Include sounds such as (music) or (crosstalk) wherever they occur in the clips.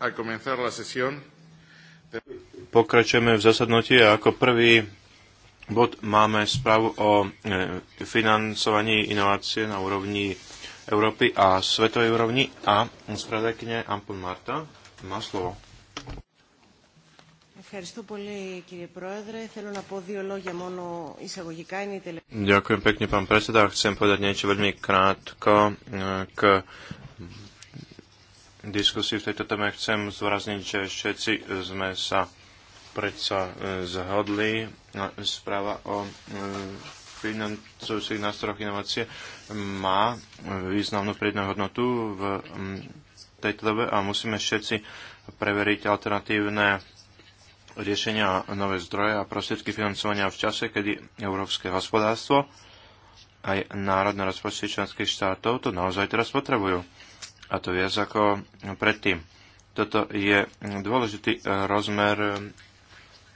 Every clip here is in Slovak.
a comenzar la sesión. Pokračujeme v zasadnutí a ako prvý bod máme správu o e, financovaní inovácie na úrovni Európy a svetovej úrovni a spravodajkyne Ampun Marta má slovo. Ďakujem pekne, pán predseda. Chcem povedať niečo veľmi krátko e, k diskusii v tejto téme chcem zvrazniť, že všetci sme sa predsa e, zhodli. No, správa o e, financujúcich nástrojoch inovácie má významnú prídnu hodnotu v tejto dobe a musíme všetci preveriť alternatívne riešenia nové zdroje a prostriedky financovania v čase, kedy európske hospodárstvo aj národné rozpočty členských štátov to naozaj teraz potrebujú a to viac ako predtým. Toto je dôležitý rozmer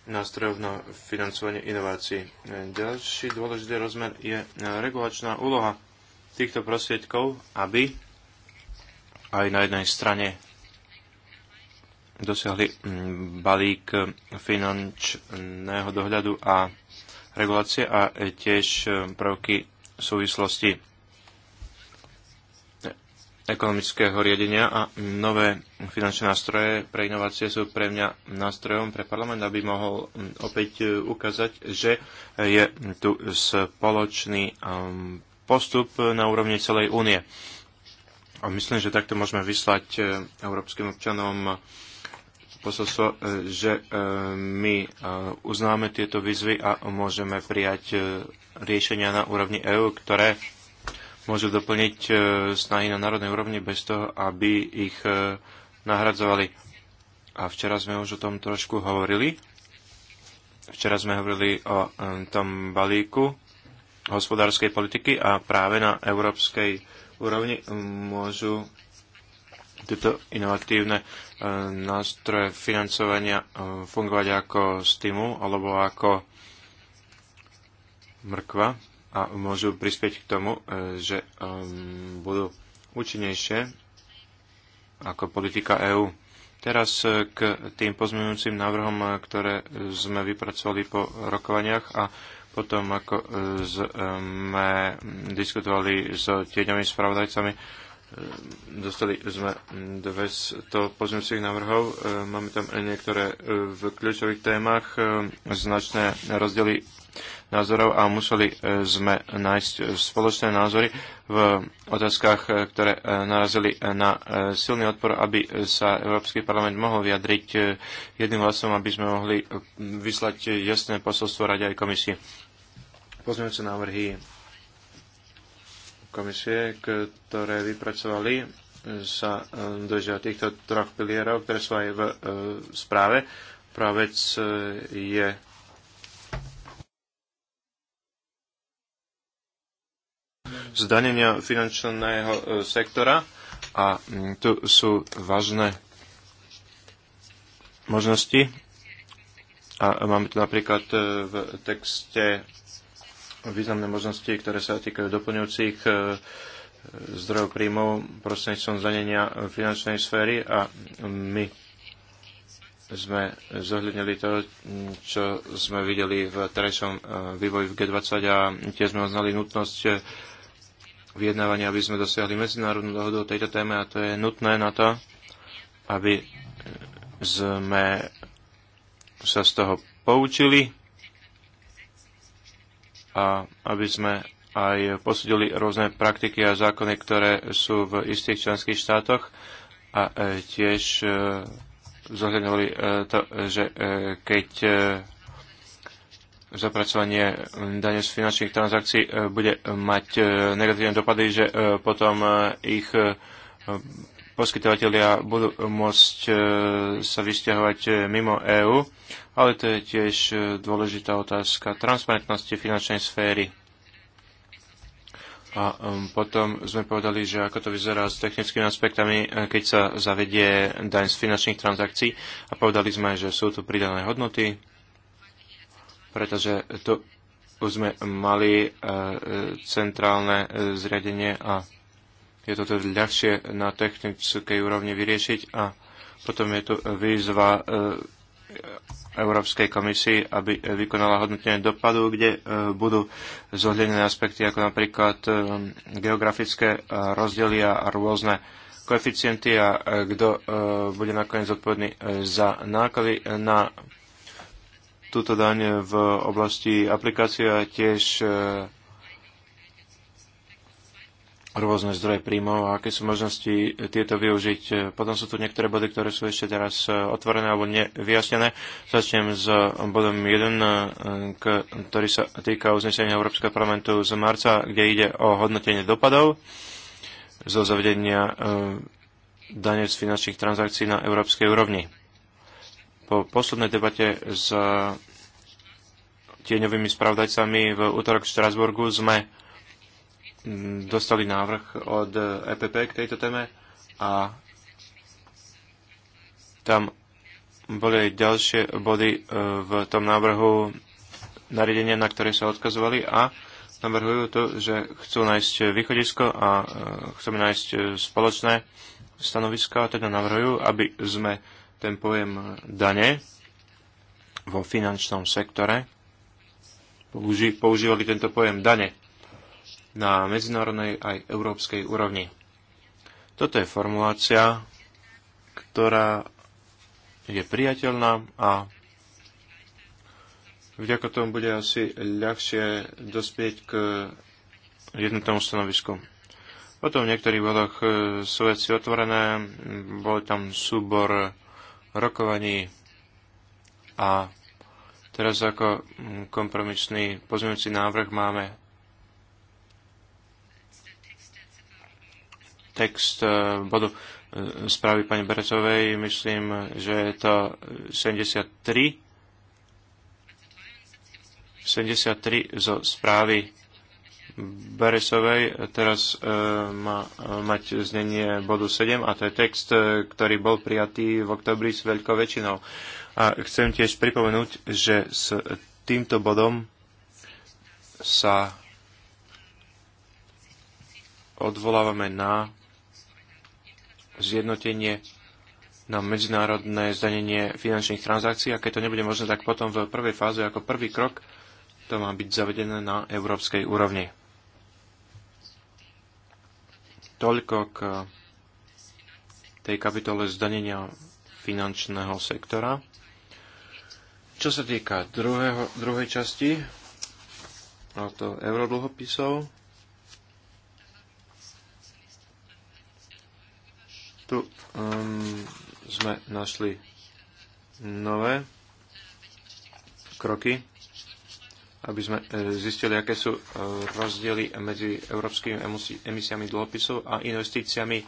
nástrojov na financovanie inovácií. Ďalší dôležitý rozmer je regulačná úloha týchto prostriedkov, aby aj na jednej strane dosiahli mm, balík finančného dohľadu a regulácie a tiež mm, prvky súvislosti ekonomického riadenia a nové finančné nástroje pre inovácie sú pre mňa nástrojom pre parlament, aby mohol opäť e, ukázať, že je tu spoločný um, postup na úrovni celej únie. A myslím, že takto môžeme vyslať e, európskym občanom posolstvo, e, že my uznáme tieto výzvy a môžeme prijať riešenia na úrovni EÚ, ktoré môžu doplniť e, snahy na národnej úrovni bez toho, aby ich e, nahradzovali. A včera sme už o tom trošku hovorili. Včera sme hovorili o e, tom balíku hospodárskej politiky a práve na európskej úrovni môžu tieto inovatívne nástroje financovania fungovať ako stimul alebo ako mrkva a môžu prispieť k tomu, e, že um, budú účinnejšie ako politika EÚ. Teraz e, k tým pozmeňujúcim návrhom, e, ktoré sme vypracovali po rokovaniach a potom ako sme diskutovali s tieňovými spravodajcami, dostali sme 200 pozmeňujúcich návrhov. Máme tam niektoré v kľúčových témach, značné rozdiely názorov a museli e, sme nájsť e, spoločné názory v e, otázkach, ktoré narazili na silný odpor, aby sa Európsky parlament mohol vyjadriť jedným hlasom, aby sme mohli vyslať jasné posolstvo Rade aj komisie. Pozmeňujúce návrhy komisie, ktoré vypracovali, sa držia týchto troch pilierov, ktoré sú aj v správe. Prvá vec je zdanenia finančného e, sektora a mm, tu sú vážne možnosti. A máme tu napríklad e, v texte významné možnosti, ktoré sa týkajú doplňujúcich e, zdrojov príjmov prostredníctvom zdanenia finančnej sféry a my sme zohľadnili to, čo sme videli v terajšom vývoji v G20 a tiež sme oznali nutnosť vyjednávania, aby sme dosiahli medzinárodnú dohodu o tejto téme a to je nutné na to, aby sme sa z toho poučili a aby sme aj posudili rôzne praktiky a zákony, ktoré sú v istých členských štátoch a e, tiež e, zohľadňovali e, to, že keď zapracovanie mm, dane z finančných transakcií e, bude mať e, negatívne dopady, že e, potom ich poskytovateľia budú môcť sa vysťahovať mimo EÚ, ale to je tiež dôležitá otázka transparentnosti finančnej sféry. A potom sme povedali, že ako to vyzerá s technickými aspektami, keď sa zavedie daň z finančných transakcií a povedali sme, že sú tu pridané hodnoty, pretože tu už sme mali e, centrálne e, zriadenie a je to teda ľahšie na technickej úrovni vyriešiť a potom je tu výzva e, Európskej komisii, aby vykonala hodnotenie dopadu, kde budú zohľadené aspekty ako napríklad geografické rozdiely a rôzne koeficienty a kto bude nakoniec zodpovedný za náklady na túto daň v oblasti aplikácie a tiež e, rôzne zdroje príjmov a aké sú možnosti tieto využiť. Potom sú tu niektoré body, ktoré sú ešte teraz e, otvorené alebo nevyjasnené. Začnem s bodom 1, e, ktorý sa týka uznesenia Európskeho parlamentu z marca, kde ide o hodnotenie dopadov zo zavedenia dane z finančných transakcií na európskej úrovni. Po poslednej debate s tieňovými spravdajcami v útorok v Štrasburgu sme dostali návrh od EPP k tejto téme a tam boli aj ďalšie body e, v tom návrhu nariadenia, na ktoré sa odkazovali a navrhujú to, že chcú nájsť východisko a e, chceme nájsť e, spoločné stanoviska, teda navrhujú, aby sme ten pojem dane vo finančnom sektore. Používali tento pojem dane na medzinárodnej aj európskej úrovni. Toto je formulácia, ktorá je priateľná a vďaka tomu bude asi ľahšie dospieť k jednotnému stanovisku. Potom v niektorých bodoch e, sú veci otvorené, bol tam súbor rokovaní a teraz ako kompromisný pozmeňujúci návrh máme text e, bodu e, správy pani Berecovej. Myslím, že je to 73 73 zo správy Beresovej teraz e, má e, mať znenie bodu 7 a to je text, e, ktorý bol prijatý v oktobri s veľkou väčšinou. A chcem tiež pripomenúť, že s týmto bodom sa odvolávame na zjednotenie na medzinárodné zdanenie finančných transakcií a keď to nebude možné, tak potom v prvej fáze ako prvý krok to má byť zavedené na európskej úrovni. Toľko k tej kapitole zdanenia finančného sektora. Čo sa týka druhého, druhej časti, a to eurodlhopisov, tu um, sme našli nové kroky aby sme e, zistili, aké sú e, rozdiely medzi európskymi emisiami dlhopisov a investíciami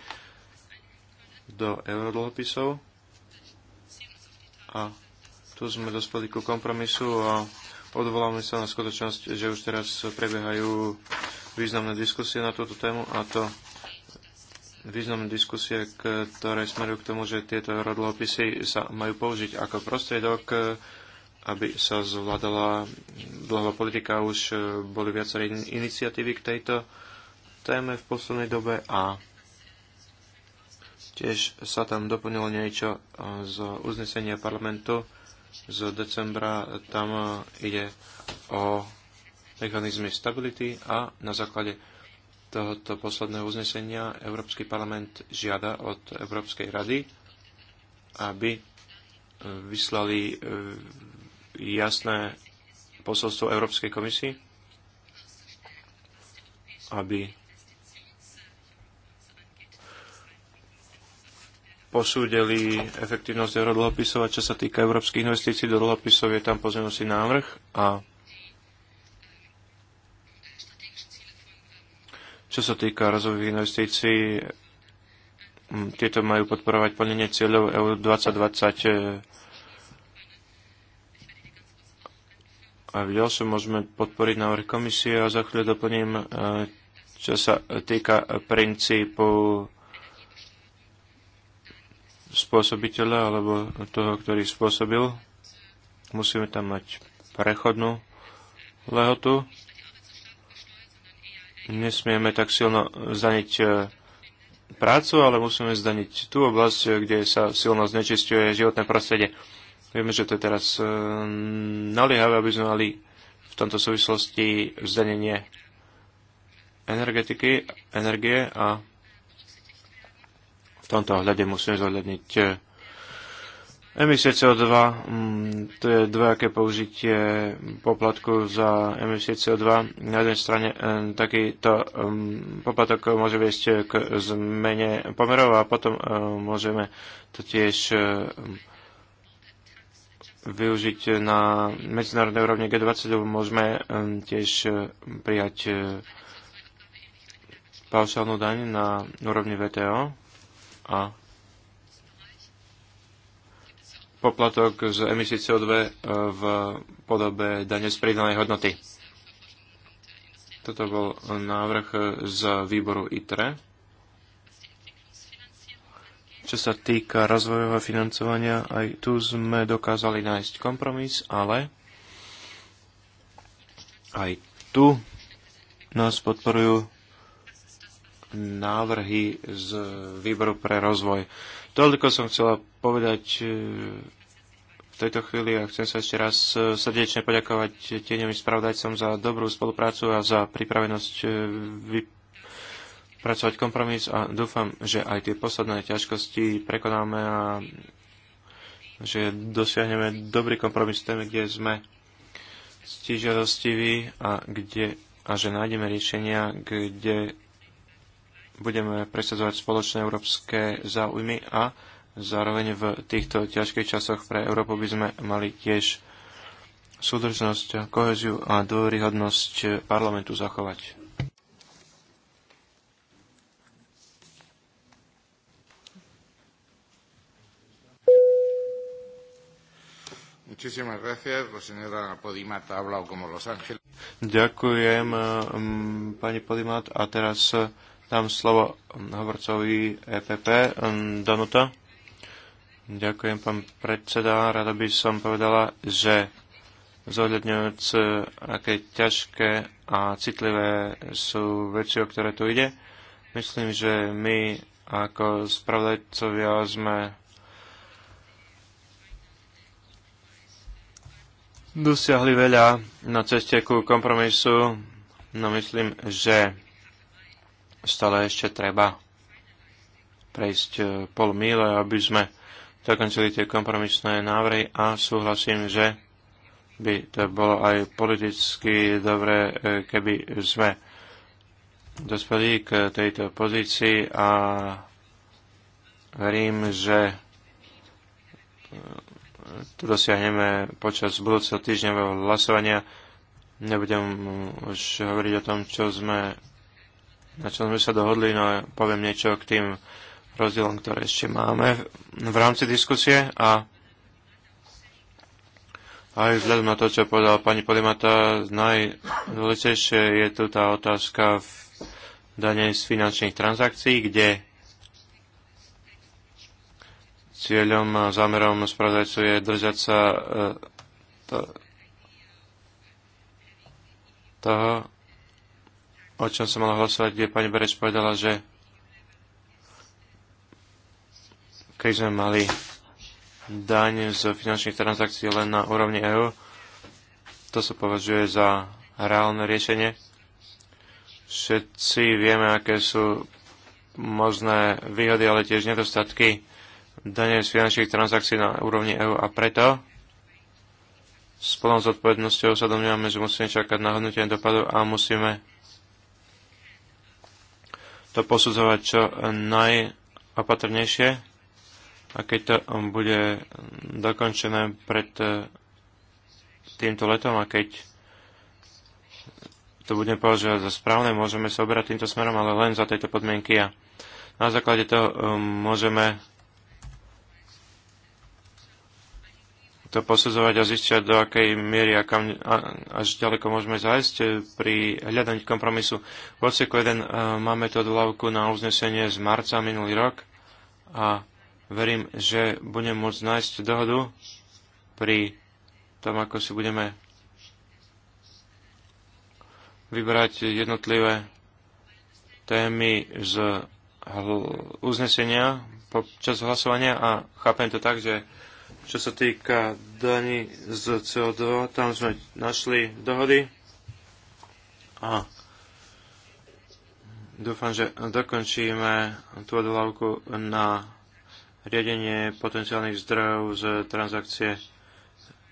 do eurodlhopisov. A tu sme dospeli ku kompromisu a odvoláme sa na skutočnosť, že už teraz prebiehajú významné diskusie na túto tému a to významné diskusie, ktoré smerujú k tomu, že tieto eurodlhopisy sa majú použiť ako prostriedok e, aby sa zvládala dlhová politika. Už e, boli viaceré iniciatívy k tejto téme v poslednej dobe a tiež sa tam doplnilo niečo e, z uznesenia parlamentu z decembra. Tam e, ide o mechanizmy stability a na základe tohoto posledného uznesenia Európsky parlament žiada od Európskej rady, aby vyslali jasné posolstvo Európskej komisii, aby posúdili efektívnosť eurodlhopisov a čo sa týka európskych investícií do dlhopisov, je tam pozornosť návrh a čo sa týka rozvojových investícií, tieto majú podporovať plnenie cieľov EU 2020 v ďalšom môžeme podporiť návrh komisie a za chvíľu doplním, e, čo sa týka princípu spôsobiteľa alebo toho, ktorý spôsobil. Musíme tam mať prechodnú lehotu. Nesmieme tak silno zdaniť e, prácu, ale musíme zdaniť tú oblasť, e, kde sa silno znečistuje životné prostredie. Vieme, že to je teraz e, naliehavé, aby sme mali v tomto súvislosti zdanenie energetiky, energie a v tomto ohľade musíme zohľadniť e, emisie CO2. Mm, to je dvojaké použitie poplatku za emisie CO2. Na jednej strane e, takýto mm, poplatok môže viesť k zmene pomerov a potom môžeme to tiež využiť na medzinárodnej úrovni G20, môžeme um, tiež um, prijať uh, paušálnu daň na úrovni VTO a poplatok z emisí CO2 uh, v podobe dane z pridanej hodnoty. Toto bol uh, návrh z výboru ITRE čo sa týka rozvojového financovania, aj tu sme dokázali nájsť kompromis, ale aj tu nás podporujú návrhy z výboru pre rozvoj. Toľko som chcela povedať e, v tejto chvíli a chcem sa ešte raz e, srdečne poďakovať tieňovým spravodajcom za dobrú spoluprácu a za pripravenosť e, pracovať kompromis a dúfam, že aj tie posledné ťažkosti prekonáme a že dosiahneme dobrý kompromis témy, kde sme stížadostiví a, kde, a že nájdeme riešenia, kde budeme presadzovať spoločné európske záujmy a zároveň v týchto ťažkých časoch pre Európu by sme mali tiež súdržnosť, koheziu a dôveryhodnosť parlamentu zachovať. Muchísimas gracias. La señora ha hablado como Los Ángeles. Ďakujem, mm, pani Podimat. A teraz eh, dám slovo hovorcovi EPP, mm, Danuta. Ďakujem, pán predseda. Rada by som povedala, že zohľadňujúc, eh, aké ťažké a citlivé sú veci, o ktoré tu ide, myslím, že my ako spravodajcovia sme dosiahli veľa na ceste ku kompromisu, no myslím, že stále ešte treba prejsť e, pol míle, aby sme dokončili tie kompromisné návrhy a súhlasím, že by to bolo aj politicky dobré, e, keby sme dospeli k tejto pozícii a verím, že e, to dosiahneme počas budúceho týždňového hlasovania. Nebudem už hovoriť o tom, čo sme, na čo sme sa dohodli, no poviem niečo k tým rozdielom, ktoré ešte máme v rámci diskusie a aj vzhľadom na to, čo povedala pani Podimata, najdôležitejšie je tu tá otázka v danej z finančných transakcií, kde cieľom a zámerom spravodajcu je držať sa e, to, toho, o čom sa malo hlasovať, kde pani Bereč povedala, že keď sme mali daň z finančných transakcií len na úrovni EU, to sa považuje za reálne riešenie. Všetci vieme, aké sú možné výhody, ale tiež nedostatky dane z finančných transakcií na úrovni EÚ a preto s plnou zodpovednosťou sa domnievame, že musíme čakať na hodnotenie dopadov a musíme to posudzovať čo najopatrnejšie a keď to bude dokončené pred eh, týmto letom a keď to budeme považovať za správne, môžeme sa obrať týmto smerom, ale len za tejto podmienky a na základe toho eh, môžeme to posudzovať a zistiať, do akej miery a kam a, až ďaleko môžeme zájsť pri hľadaní kompromisu. V odseku 1 e, máme to odvolávku na uznesenie z marca minulý rok a verím, že budem môcť nájsť dohodu pri tom, ako si budeme vybrať jednotlivé témy z uznesenia počas hlasovania a chápem to tak, že čo sa týka daní z CO2, tam sme našli dohody a dúfam, že dokončíme tú odvolávku na riadenie potenciálnych zdrojov z transakcie,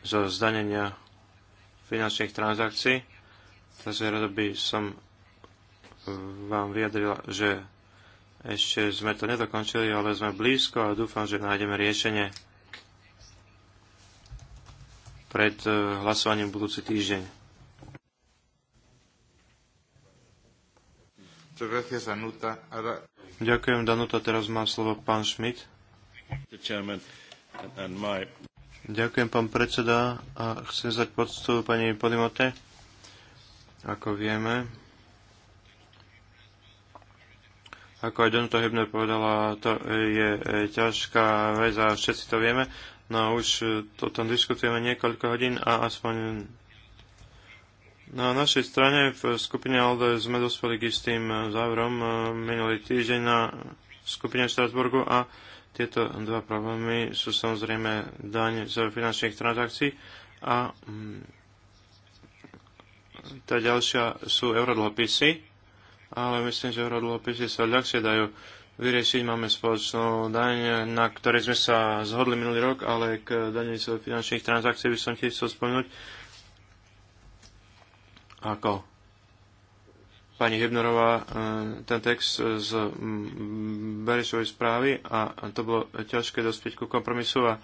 zo zdanenia finančných transakcií. Takže rado by som vám vyjadrila, že ešte sme to nedokončili, ale sme blízko a dúfam, že nájdeme riešenie pred eh, hlasovaním budúci týždeň. Ďakujem, Danuta. Teraz má slovo pán Schmidt. Ďakujem, pán predseda. A chcem zať poctu pani Podimote. Ako vieme, ako aj Donuta Hebner povedala, to je eh, ťažká vec a všetci to vieme, No už e, o tom diskutujeme niekoľko hodín a aspoň na našej strane v skupine ALDE sme dospeli k istým e, záverom e, minulý týždeň na skupine Štrasburgu a tieto dva problémy sú samozrejme daň z finančných transakcií a mm, tá ďalšia sú Eurodlopisy, ale myslím, že eurodlopisy sa ľahšie dajú vyriešiť. Máme spoločnú daň, na ktorej sme sa zhodli minulý rok, ale k daní z finančných transakcií by som tiež chcel spomenúť. Ako pani Hebnerová e, ten text z Berešovej správy a to bolo ťažké dospieť ku kompromisu a e,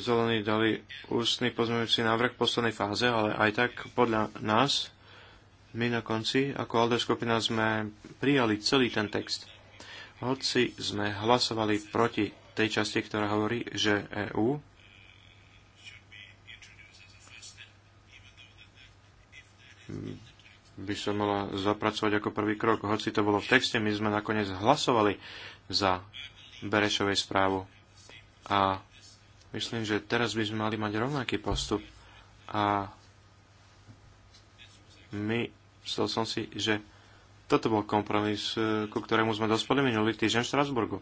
zelení dali ústny pozmeňujúci návrh v poslednej fáze, ale aj tak podľa nás my na konci, ako Alda skupina, sme prijali celý ten text. Hoci sme hlasovali proti tej časti, ktorá hovorí, že EÚ by sa mala zapracovať ako prvý krok. Hoci to bolo v texte, my sme nakoniec hlasovali za Berešovej správu. A myslím, že teraz by sme mali mať rovnaký postup. A my myslel som si, že toto bol kompromis, e, ku ktorému sme dospeli minulý týždeň v Štrasburgu.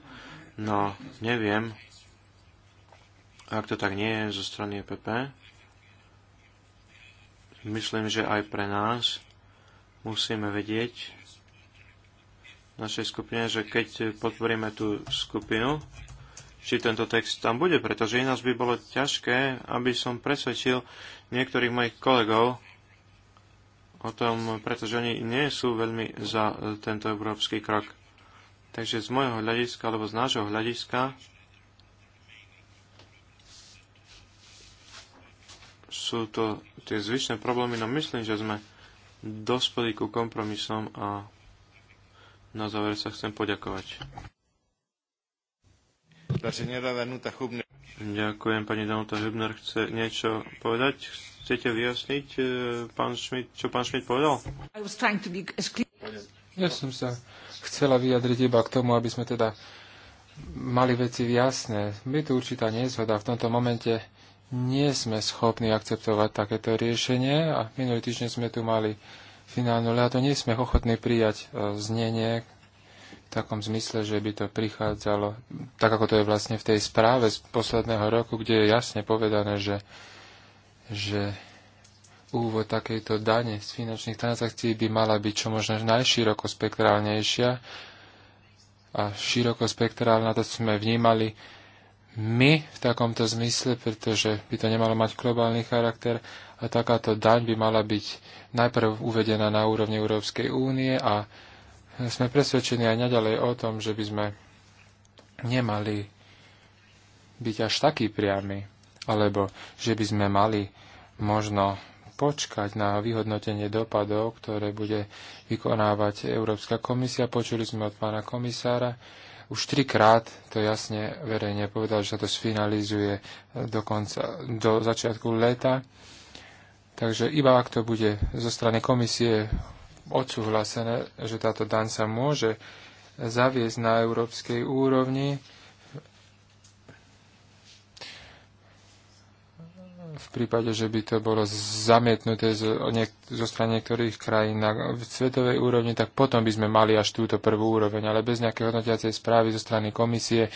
No, neviem, ak to tak nie je zo strany EPP. Myslím, že aj pre nás musíme vedieť v našej skupine, že keď podporíme tú skupinu, či tento text tam bude, pretože ináč by bolo ťažké, aby som presvedčil niektorých mojich kolegov, o tom, pretože oni nie sú veľmi za e, tento európsky krok. Takže z môjho hľadiska, alebo z nášho hľadiska, sú to tie zvyšné problémy, no myslím, že sme dospeli ku kompromisom a na záver sa chcem poďakovať. Ďakujem, pani Danuta Hübner. Chce niečo povedať? Chcete vyjasniť, e, pán Šmit, čo pán Šmit povedal? Ja som sa chcela vyjadriť iba k tomu, aby sme teda mali veci jasné. My tu určitá nezhoda. V tomto momente nie sme schopní akceptovať takéto riešenie a minulý týždeň sme tu mali finálnu leto. Nie sme ochotní prijať e, znenie v takom zmysle, že by to prichádzalo, tak ako to je vlastne v tej správe z posledného roku, kde je jasne povedané, že že úvod takejto dane z finančných transakcií by mala byť čo možno najširokospektrálnejšia A širokospektrálna to sme vnímali my v takomto zmysle, pretože by to nemalo mať globálny charakter a takáto daň by mala byť najprv uvedená na úrovni Európskej únie a sme presvedčení aj naďalej o tom, že by sme nemali byť až taký priamy alebo že by sme mali možno počkať na vyhodnotenie dopadov, ktoré bude vykonávať Európska komisia. Počuli sme od pána komisára, už trikrát to jasne verejne povedal, že sa to sfinalizuje do, konca, do začiatku leta. Takže iba ak to bude zo strany komisie odsúhlasené, že táto daň sa môže zaviesť na európskej úrovni, v prípade, že by to bolo zamietnuté zo, zo strany niektorých krajín na svetovej úrovni, tak potom by sme mali až túto prvú úroveň. Ale bez nejakej hodnotiacej správy zo strany komisie,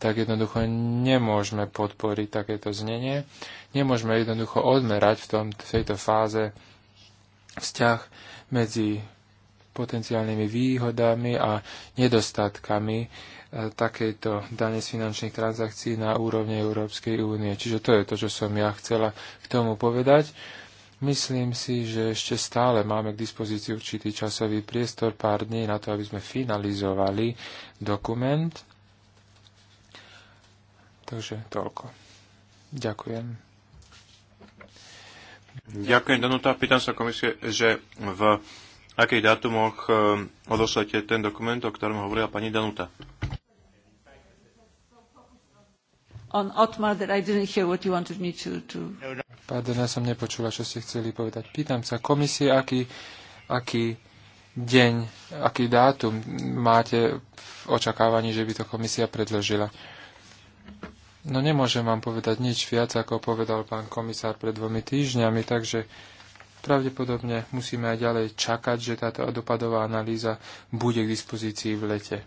tak jednoducho nemôžeme podporiť takéto znenie. Nemôžeme jednoducho odmerať v, tom, v tejto fáze vzťah medzi potenciálnymi výhodami a nedostatkami takejto dane z finančných transakcií na úrovni Európskej únie. Čiže to je to, čo som ja chcela k tomu povedať. Myslím si, že ešte stále máme k dispozícii určitý časový priestor, pár dní na to, aby sme finalizovali dokument. Takže toľko. Ďakujem. Ďakujem, Danuta. Pýtam sa komisie, že v akých dátumoch eh, odošlete ten dokument, o ktorom hovorila pani Danuta on Otmar that I didn't hear what you wanted me to... to... Pardon, ja som nepočula, čo ste chceli povedať. Pýtam sa komisie, aký, aký deň, aký dátum máte v očakávaní, že by to komisia predložila. No nemôžem vám povedať nič viac, ako povedal pán komisár pred dvomi týždňami, takže pravdepodobne musíme aj ďalej čakať, že táto dopadová analýza bude k dispozícii v lete.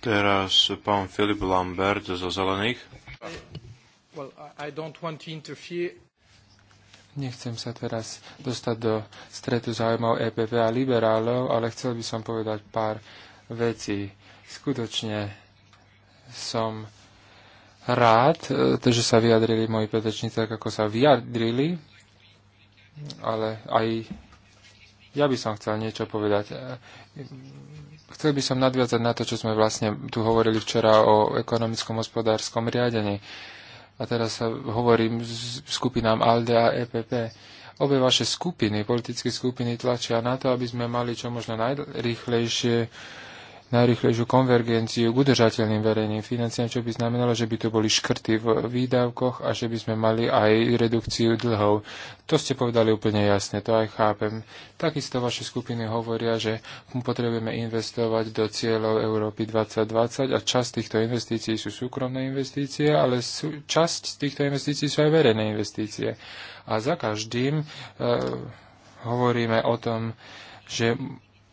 Teraz pán Filip Lambert zo Zelených. Well, I don't want to interfere. Nechcem sa teraz dostať do stretu zájmov EPP a liberálov, ale chcel by som povedať pár vecí. Skutočne som rád, e, že sa vyjadrili moji predrečníci tak, ako sa vyjadrili, ale aj ja by som chcel niečo povedať. E, Chcel by som nadviazať na to, čo sme vlastne tu hovorili včera o ekonomickom hospodárskom riadení. A teraz sa hovorím s skupinám ALDE a EPP. Obe vaše skupiny, politické skupiny, tlačia na to, aby sme mali čo možno najrýchlejšie najrychlejšiu konvergenciu k udržateľným verejným financiám, čo by znamenalo, že by to boli škrty v výdavkoch a že by sme mali aj redukciu dlhov. To ste povedali úplne jasne, to aj chápem. Takisto vaše skupiny hovoria, že potrebujeme investovať do cieľov Európy 2020 a časť týchto investícií sú súkromné investície, ale sú, časť z týchto investícií sú aj verejné investície. A za každým e, hovoríme o tom, že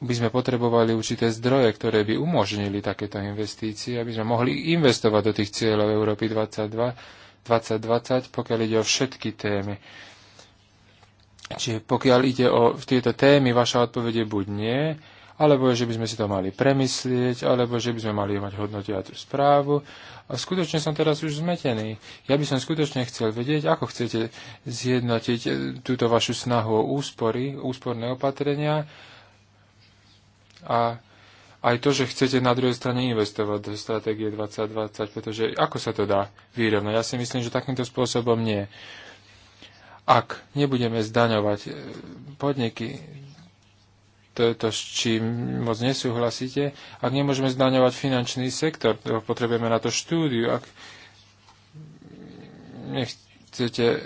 by sme potrebovali určité zdroje, ktoré by umožnili takéto investície, aby sme mohli investovať do tých cieľov Európy 22, 2020, pokiaľ ide o všetky témy. Čiže pokiaľ ide o tieto témy, vaša odpoveď je buď nie, alebo že by sme si to mali premyslieť, alebo že by sme mali mať hodnotiacú správu. A skutočne som teraz už zmetený. Ja by som skutočne chcel vedieť, ako chcete zjednotiť eh, túto vašu snahu o úspory, úsporné opatrenia, a aj to, že chcete na druhej strane investovať do stratégie 2020, pretože ako sa to dá vyrovnať? Ja si myslím, že takýmto spôsobom nie. Ak nebudeme zdaňovať e, podniky, to je to, s čím moc nesúhlasíte, ak nemôžeme zdaňovať finančný sektor, potrebujeme na to štúdiu, ak nech, chcete e,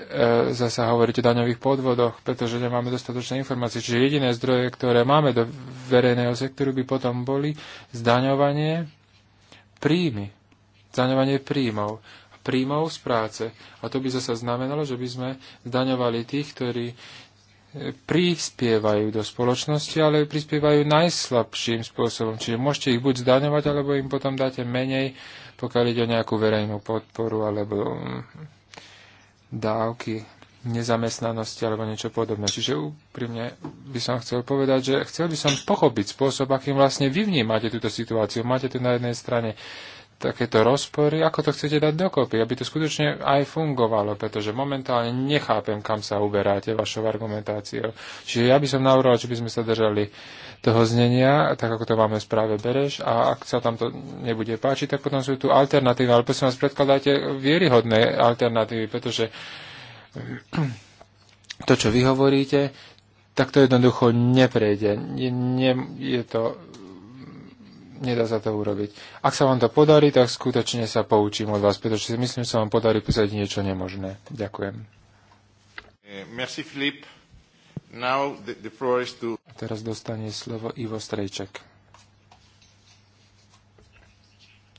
zasa hovoriť o daňových podvodoch, pretože nemáme dostatočné informácie. Čiže jediné zdroje, ktoré máme do verejného sektoru, by potom boli zdaňovanie príjmy. Zdaňovanie príjmov. Príjmov z práce. A to by zasa znamenalo, že by sme zdaňovali tých, ktorí e, prispievajú do spoločnosti, ale prispievajú najslabším spôsobom. Čiže môžete ich buď zdaňovať, alebo im potom dáte menej, pokiaľ ide o nejakú verejnú podporu alebo mm, dávky nezamestnanosti alebo niečo podobné. Čiže úprimne by som chcel povedať, že chcel by som pochopiť spôsob, akým vlastne vy vnímate túto situáciu. Máte tu na jednej strane takéto rozpory, ako to chcete dať dokopy, aby to skutočne aj fungovalo, pretože momentálne nechápem, kam sa uberáte vašou argumentáciou. Čiže ja by som navrhoval, že by sme sa držali toho znenia, tak ako to máme v správe Bereš, a ak sa tam to nebude páčiť, tak potom sú tu alternatívy, ale prosím vás, predkladajte vieryhodné alternatívy, pretože to, čo vy hovoríte, tak to jednoducho neprejde. Je, ne, je to nedá sa to urobiť. Ak sa vám to podarí, tak skutočne sa poučím od vás, pretože si myslím, že sa vám podarí písať niečo nemožné. Ďakujem. Eh, merci, Filip. Now the, the floor is to... A teraz dostane slovo Ivo Strejček.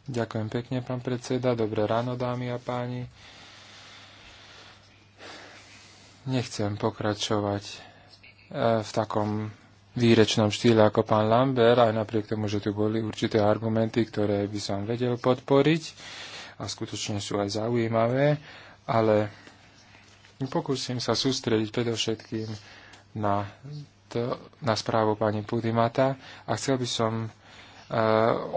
Ďakujem pekne, pán predseda. Dobré ráno, dámy a páni. Nechcem pokračovať eh, v takom výrečnom štýle ako pán Lambert, aj napriek tomu, že tu boli určité argumenty, ktoré by som vedel podporiť a skutočne sú aj zaujímavé, ale pokúsim sa sústrediť predovšetkým na, to, na správu pani Pudimata a chcel by som uh,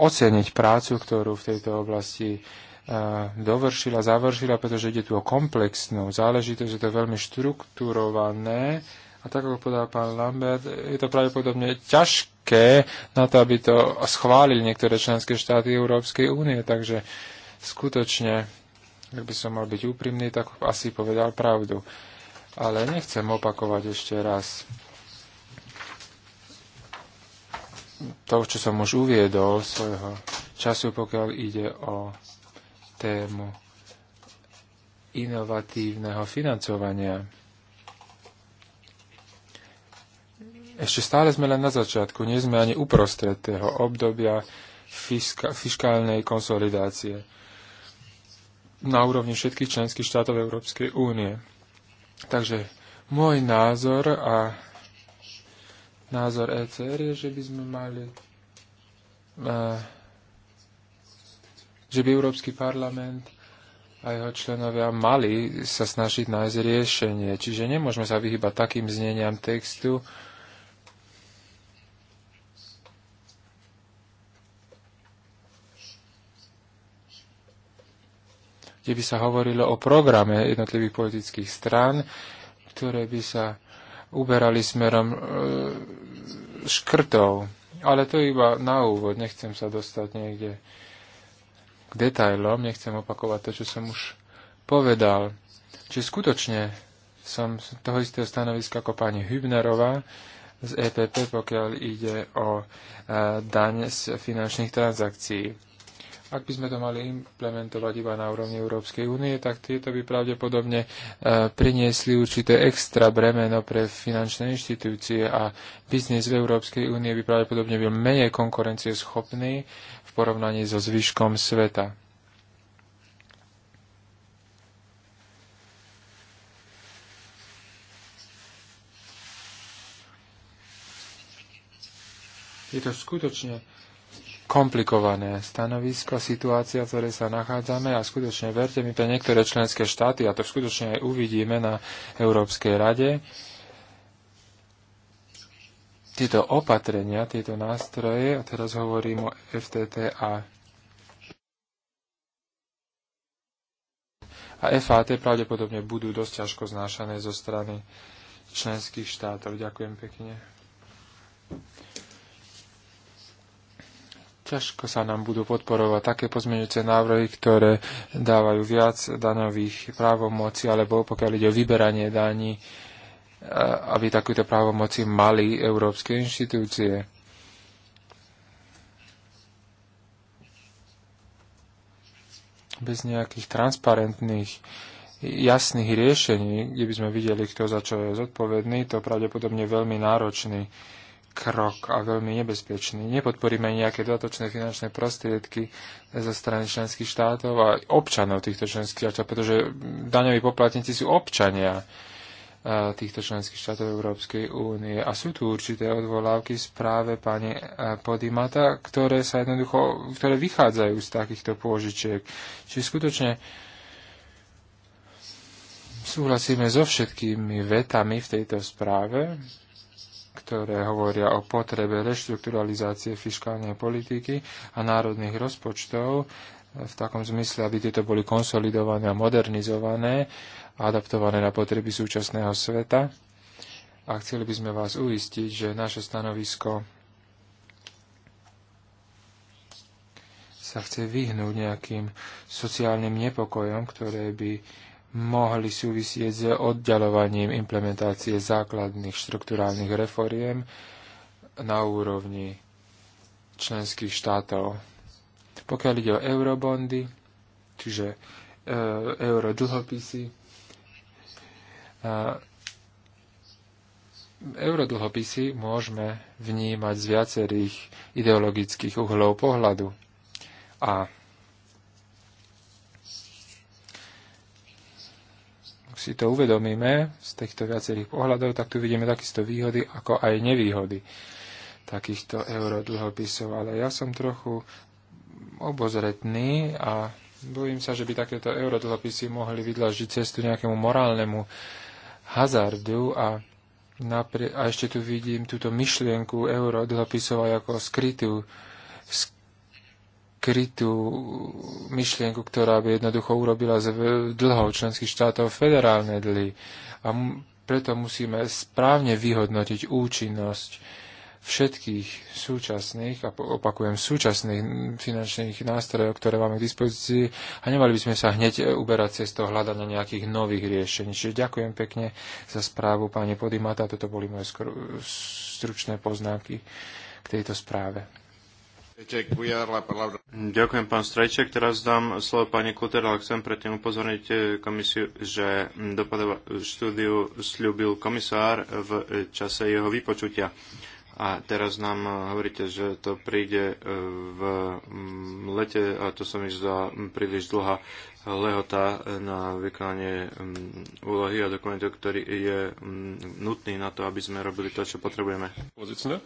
oceniť prácu, ktorú v tejto oblasti uh, dovršila, završila, pretože ide tu o komplexnú záležitosť, je to veľmi štrukturované, a tak, ako povedal pán Lambert, je to pravdepodobne ťažké na to, aby to schválili niektoré členské štáty Európskej únie. Takže skutočne, ak by som mal byť úprimný, tak asi povedal pravdu. Ale nechcem opakovať ešte raz to, čo som už uviedol svojho času, pokiaľ ide o tému inovatívneho financovania ešte stále sme len na začiatku, nie sme ani uprostred toho obdobia fiska, fiskálnej konsolidácie na úrovni všetkých členských štátov Európskej únie. Takže môj názor a názor ECR je, že by sme mali uh, že by Európsky parlament a jeho členovia mali sa snažiť nájsť riešenie. Čiže nemôžeme sa vyhybať takým zneniam textu, kde by sa hovorilo o programe jednotlivých politických strán, ktoré by sa uberali smerom e, škrtov. Ale to iba na úvod, nechcem sa dostať niekde k detailom, nechcem opakovať to, čo som už povedal. Či skutočne som z toho istého stanoviska ako pani Hübnerová z EPP, pokiaľ ide o e, daň z finančných transakcií. Ak by sme to mali implementovať iba na úrovni Európskej únie, tak tieto by pravdepodobne e, priniesli určité extra bremeno pre finančné inštitúcie a biznis v Európskej únie by pravdepodobne byl menej konkurencieschopný v porovnaní so zvyškom sveta. Je to skutočne komplikované stanovisko, situácia, v ktorej sa nachádzame a skutočne verte mi pre niektoré členské štáty, a to skutočne aj uvidíme na Európskej rade, tieto opatrenia, tieto nástroje, a teraz hovorím o FTT a a FAT pravdepodobne budú dosť ťažko znášané zo strany členských štátov. Ďakujem pekne ťažko sa nám budú podporovať také pozmeňujúce návrhy, ktoré dávajú viac daňových právomocí, alebo pokiaľ ide o vyberanie daní, e, aby takúto právomoci mali európske inštitúcie. Bez nejakých transparentných jasných riešení, kde by sme videli, kto za čo je zodpovedný, to pravdepodobne veľmi náročný krok a veľmi nebezpečný. Nepodporíme nejaké dodatočné finančné prostriedky zo strany členských štátov a občanov týchto členských štátov, pretože daňoví poplatníci sú občania e, týchto členských štátov Európskej únie. A sú tu určité odvolávky v správe pani e, Podimata, ktoré sa jednoducho, ktoré vychádzajú z takýchto pôžičiek. Čiže skutočne súhlasíme so všetkými vetami v tejto správe, ktoré hovoria o potrebe reštrukturalizácie fiskálnej politiky a národných rozpočtov v takom zmysle, aby tieto boli konsolidované a modernizované a adaptované na potreby súčasného sveta. A chceli by sme vás uistiť, že naše stanovisko sa chce vyhnúť nejakým sociálnym nepokojom, ktoré by mohli súvisieť s oddialovaním implementácie základných štruktúrálnych reforiem na úrovni členských štátov. Pokiaľ ide o eurobondy, čiže e, eurodlhopisy, eurodlhopisy môžeme vnímať z viacerých ideologických uhlov pohľadu. A si to uvedomíme z týchto viacerých pohľadov, tak tu vidíme takisto výhody, ako aj nevýhody takýchto eurodlhopisov. Ale ja som trochu obozretný a bojím sa, že by takéto eurodlhopisy mohli vydlažiť cestu nejakému morálnemu hazardu a, naprie- a ešte tu vidím túto myšlienku eurodlhopisov ako skrytú, sk- skrytú myšlienku, ktorá by jednoducho urobila z dlhov členských štátov federálne dlhy. A preto musíme správne vyhodnotiť účinnosť všetkých súčasných, a opakujem, súčasných finančných nástrojov, ktoré máme k dispozícii a nemali by sme sa hneď e, uberať cez to hľadania nejakých nových riešení. Čiže ďakujem pekne za správu pani Podimata. Toto boli moje stručné poznámky k tejto správe. Ďakujem, pán Strajček. Teraz dám slovo pani Kuter, ale chcem predtým upozorniť eh, komisiu, že hm, dopadovú štúdiu slúbil komisár v čase jeho vypočutia. A teraz nám eh, hovoríte, že to príde eh, v hm, lete a to sa mi zdá hm, príliš dlhá lehota na vykonanie úlohy a dokumentov, ktorý je nutný na to, aby sme robili to, čo potrebujeme. Pozicne.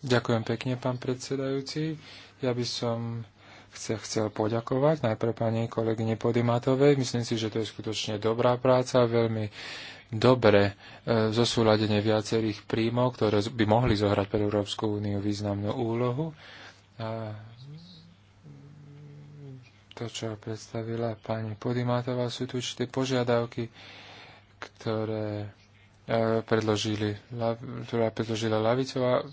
Ďakujem pekne, pán predsedajúci. Ja by som chcel, chcel poďakovať najprv pani kolegyne Podimatovej. Myslím si, že to je skutočne dobrá práca, veľmi dobre e, zosúladenie viacerých príjmov, ktoré by mohli zohrať pre Európsku úniu významnú úlohu. A to, čo predstavila pani Podimatová, sú tu určité požiadavky, ktoré e, predložili, ktorá predložila Lavicová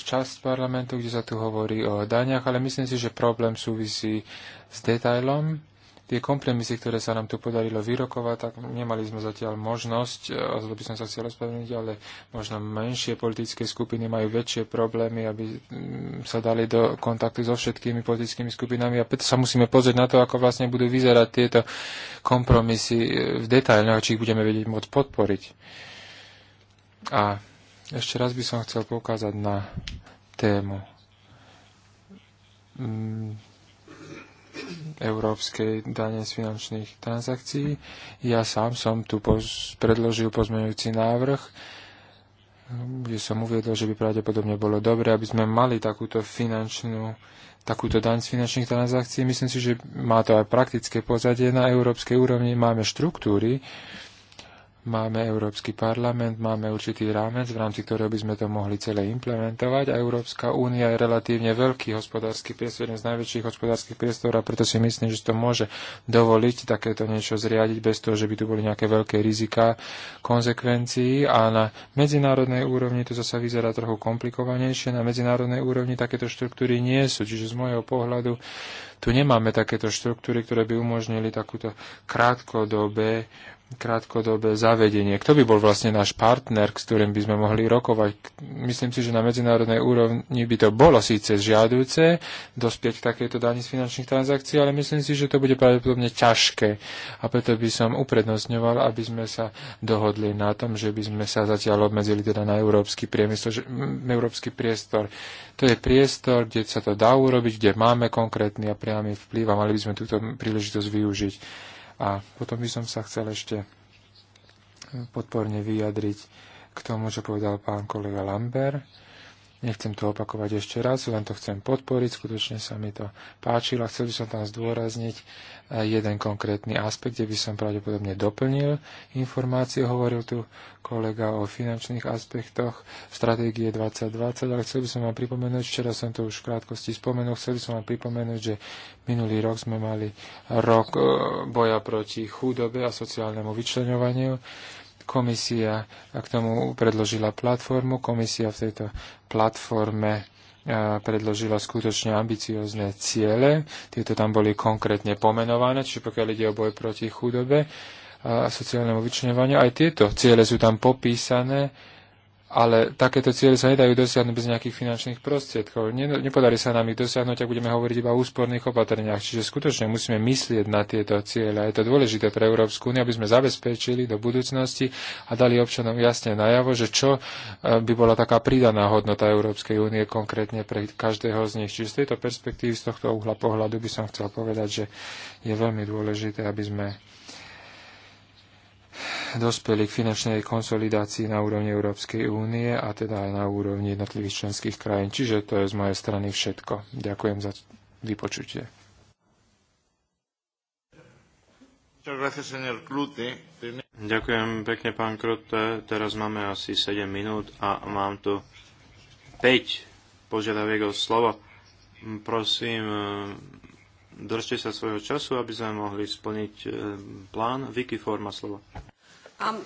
časť parlamentu, kde sa tu hovorí o daniach, ale myslím si, že problém súvisí s detailom. Tie kompromisy, ktoré sa nám tu podarilo vyrokovať, tak nemali sme zatiaľ možnosť, a to by som sa chcel ospravedlniť, ale možno menšie politické skupiny majú väčšie problémy, aby mm, sa dali do kontaktu so všetkými politickými skupinami a preto sa musíme pozrieť na to, ako vlastne budú vyzerať tieto kompromisy e, v detailoch, či ich budeme vedieť môcť podporiť. A ešte raz by som chcel poukázať na tému mm, európskej dane z finančných transakcií. Ja sám som tu poz- predložil pozmeňujúci návrh, kde som uviedol, že by pravdepodobne bolo dobre, aby sme mali takúto finančnú takúto daň z finančných transakcií. Myslím si, že má to aj praktické pozadie. Na európskej úrovni máme štruktúry, Máme Európsky parlament, máme určitý rámec, v rámci ktorého by sme to mohli celé implementovať a Európska únia je relatívne veľký hospodársky priestor, jeden z najväčších hospodárskych priestor a preto si myslím, že to môže dovoliť takéto niečo zriadiť bez toho, že by tu boli nejaké veľké rizika konsekvencií a na medzinárodnej úrovni to zase vyzerá trochu komplikovanejšie. Na medzinárodnej úrovni takéto štruktúry nie sú, čiže z môjho pohľadu tu nemáme takéto štruktúry, ktoré by umožnili takúto krátkodobé krátkodobé zavedenie. Kto by bol vlastne náš partner, s ktorým by sme mohli rokovať? Myslím si, že na medzinárodnej úrovni by to bolo síce žiadujúce dospieť k takejto dani z finančných transakcií, ale myslím si, že to bude pravdepodobne ťažké. A preto by som uprednostňoval, aby sme sa dohodli na tom, že by sme sa zatiaľ obmedzili teda na európsky priemysel, že, európsky priestor. To je priestor, kde sa to dá urobiť, kde máme konkrétny a priamy vplyv a mali by sme túto príležitosť využiť. A potom by som sa chcel ešte podporne vyjadriť k tomu, čo povedal pán kolega Lambert Nechcem to opakovať ešte raz, len to chcem podporiť, skutočne sa mi to páčilo a chcel by som tam zdôrazniť eh, jeden konkrétny aspekt, kde by som pravdepodobne doplnil informácie. Hovoril tu kolega o finančných aspektoch stratégie 2020, ale chcel by som vám pripomenúť, včera som to už v krátkosti spomenul, chcel by som vám pripomenúť, že minulý rok sme mali rok eh, boja proti chudobe a sociálnemu vyčleňovaniu. Komisia k tomu predložila platformu. Komisia v tejto platforme e, predložila skutočne ambiciozne ciele. Tieto tam boli konkrétne pomenované, čiže pokiaľ ide o boj proti chudobe a sociálnemu vyčňovaniu, aj tieto ciele sú tam popísané ale takéto ciele sa nedajú dosiahnuť bez nejakých finančných prostriedkov. Nepodarí sa nám ich dosiahnuť, ak budeme hovoriť iba o úsporných opatreniach. Čiže skutočne musíme myslieť na tieto ciele. Je to dôležité pre Európsku úniu, aby sme zabezpečili do budúcnosti a dali občanom jasne najavo, že čo e, by bola taká pridaná hodnota Európskej únie konkrétne pre každého z nich. Čiže z tejto perspektívy, z tohto uhla pohľadu by som chcel povedať, že je veľmi dôležité, aby sme dospeli k finančnej konsolidácii na úrovni Európskej únie a teda aj na úrovni jednotlivých členských krajín. Čiže to je z mojej strany všetko. Ďakujem za vypočutie. Ďakujem pekne, pán Krote. Teraz máme asi 7 minút a mám tu 5 požiadaviek o slovo. Prosím, držte sa svojho času, aby sme mohli splniť eh, plán. Vicky Forma slova. Um,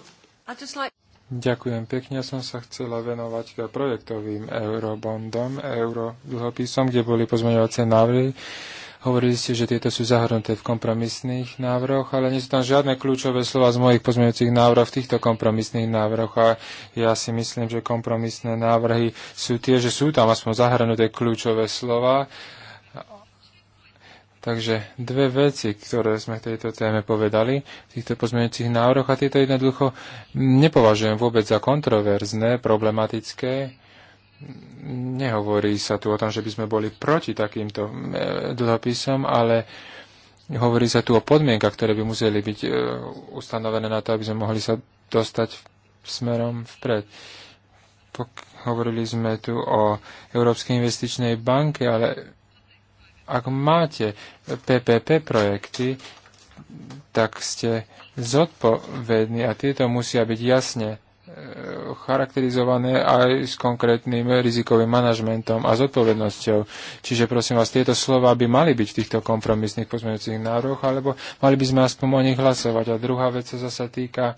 Ďakujem pekne. Ja som sa chcela venovať projektovým eurobondom, eurodlhopisom, kde boli pozmeňovacie návrhy. Hovorili ste, že tieto sú zahrnuté v kompromisných návrhoch, ale nie sú tam žiadne kľúčové slova z mojich pozmeňujúcich návrhov v týchto kompromisných návrhoch a ja si myslím, že kompromisné návrhy sú tie, že sú tam aspoň zahrnuté kľúčové slova Takže dve veci, ktoré sme v tejto téme povedali, v týchto pozmeňujúcich návrhoch, a tieto jednoducho nepovažujem vôbec za kontroverzné, problematické. Nehovorí sa tu o tom, že by sme boli proti takýmto e, dlhopisom, ale hovorí sa tu o podmienkach, ktoré by museli byť e, ustanovené na to, aby sme mohli sa dostať smerom vpred. Pok- hovorili sme tu o Európskej investičnej banke, ale ak máte PPP projekty, tak ste zodpovední a tieto musia byť jasne e, charakterizované aj s konkrétnym rizikovým manažmentom a zodpovednosťou. Čiže prosím vás, tieto slova by mali byť v týchto kompromisných pozmeňujúcich návrhoch, alebo mali by sme aspoň o nich hlasovať. A druhá vec sa zasa týka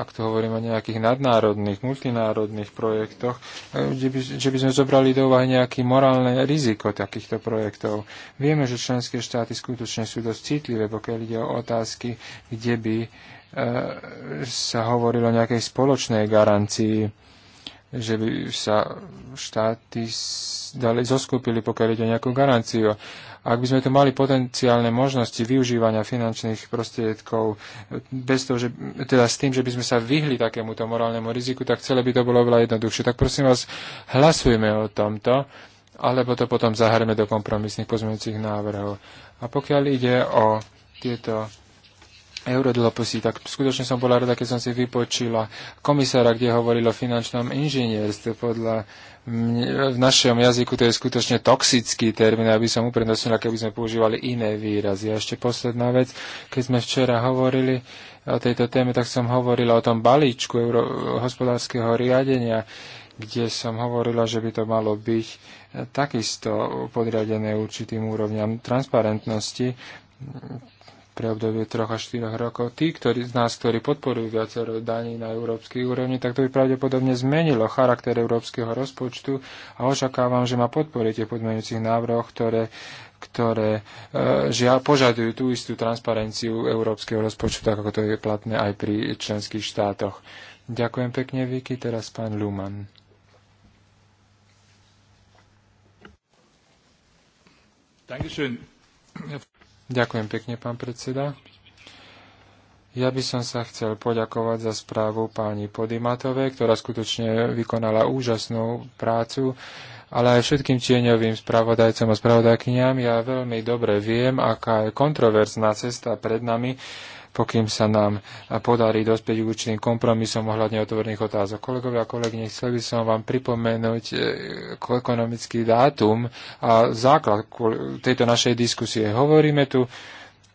ak to hovorím o nejakých nadnárodných, multinárodných projektoch, že eh, by, že by sme zobrali do úvahy nejaké morálne riziko takýchto projektov. Vieme, že členské štáty skutočne sú dosť citlivé, pokiaľ ide o otázky, kde by e, sa hovorilo o nejakej spoločnej garancii, že by sa štáty dali, zoskupili, pokiaľ ide o nejakú garanciu. Ak by sme tu mali potenciálne možnosti využívania finančných prostriedkov bez toho, že, teda s tým, že by sme sa vyhli takémuto morálnemu riziku, tak celé by to bolo oveľa jednoduchšie. Tak prosím vás, hlasujme o tomto, alebo to potom zahrme do kompromisných pozmeňujúcich návrhov. A pokiaľ ide o tieto Eurodlopusy, tak skutočne som bola rada, keď som si vypočila komisára, kde hovoril o finančnom inžinierstve. Podľa mne, v našom jazyku to je skutočne toxický termín, aby som uprednostnila, keby sme používali iné výrazy. A ešte posledná vec, keď sme včera hovorili o tejto téme, tak som hovorila o tom balíčku euro- hospodárskeho riadenia, kde som hovorila, že by to malo byť takisto podriadené určitým úrovňam transparentnosti pre obdobie 3 až 4 rokov. Tí, ktorí z nás, ktorí podporujú viacero daní na európskej úrovni, tak to by pravdepodobne zmenilo charakter európskeho rozpočtu a očakávam, že ma podporíte v podmenujúcich návrhoch, ktoré, ktoré e, žia, požadujú tú istú transparenciu európskeho rozpočtu, tak ako to je platné aj pri členských štátoch. Ďakujem pekne, Vicky. Teraz pán Luman. Dankeschön. Ďakujem pekne, pán predseda. Ja by som sa chcel poďakovať za správu páni Podimatovej, ktorá skutočne vykonala úžasnú prácu, ale aj všetkým tieňovým spravodajcom a spravodajkyniam. Ja veľmi dobre viem, aká je kontroverzná cesta pred nami, pokým sa nám podarí dospieť k kompromisom ohľadne otvorených otázok. Kolegovia a kolegyne, chcel by som vám pripomenúť e, ekonomický dátum a základ tejto našej diskusie. Hovoríme tu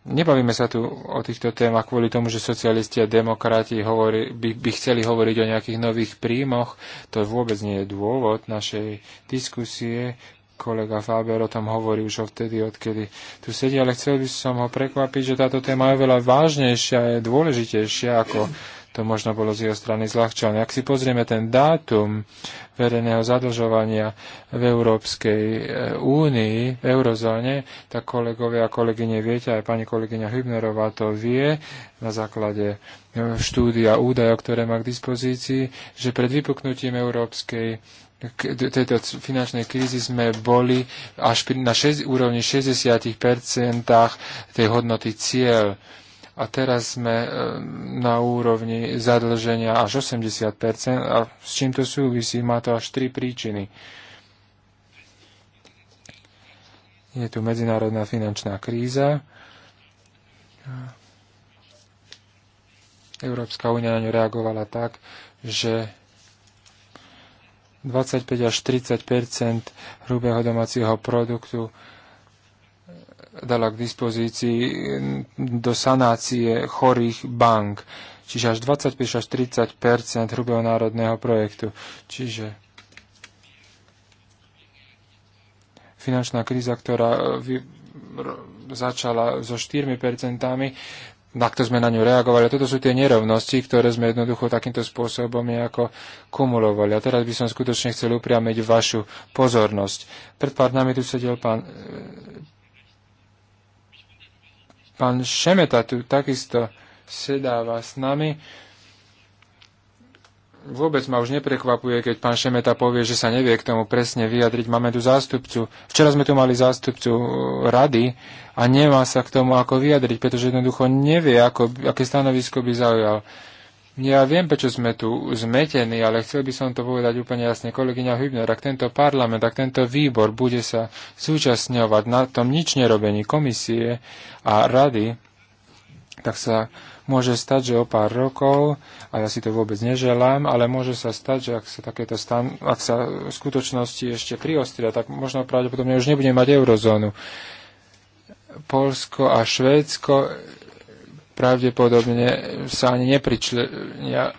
Nebavíme sa tu o týchto témach kvôli tomu, že socialisti a demokrati hovorí, by, by chceli hovoriť o nejakých nových príjmoch. To vôbec nie je dôvod našej diskusie kolega Faber o tom hovorí už vtedy, odkedy tu sedí, ale chcel by som ho prekvapiť, že táto téma je veľa vážnejšia, a je dôležitejšia, ako to možno bolo z jeho strany zľahčené. Ak si pozrieme ten dátum verejného zadlžovania v Európskej e, únii, v eurozóne, tak kolegovia a kolegyne viete, aj pani kolegyňa Hübnerová to vie na základe e, štúdia údajov, ktoré má k dispozícii, že pred vypuknutím Európskej tejto finančnej krízy sme boli až na šest, úrovni 60% tej hodnoty cieľ. A teraz sme e, na úrovni zadlženia až 80%. A s čím to súvisí? Má to až tri príčiny. Je tu medzinárodná finančná kríza. Európska únia na ňu reagovala tak, že 25 až 30 hrubého domácieho produktu dala k dispozícii do sanácie chorých bank. Čiže až 25 až 30 hrubého národného projektu. Čiže finančná kríza, ktorá vy, začala so 4 percentami, na takto sme na ňu reagovali. A toto sú tie nerovnosti, ktoré sme jednoducho takýmto spôsobom nejako kumulovali. A teraz by som skutočne chcel upriamiť vašu pozornosť. Pred pár dňami tu sedel pán, e, pán Šemeta, tu takisto sedáva s nami vôbec ma už neprekvapuje, keď pán Šemeta povie, že sa nevie k tomu presne vyjadriť. Máme tu zástupcu. Včera sme tu mali zástupcu e, rady a nemá sa k tomu ako vyjadriť, pretože jednoducho nevie, ako, aké stanovisko by zaujal. Ja viem, prečo sme tu zmetení, ale chcel by som to povedať úplne jasne. Kolegyňa Hübner, ak tento parlament, ak tento výbor bude sa súčasňovať na tom nič nerobení komisie a rady, tak sa Môže stať, že o pár rokov, a ja si to vôbec neželám, ale môže sa stať, že ak sa takéto stan- ak sa v skutočnosti ešte priostria, tak možno pravdepodobne už nebude mať eurozónu. Polsko a Švédsko pravdepodobne sa ani nepričlenia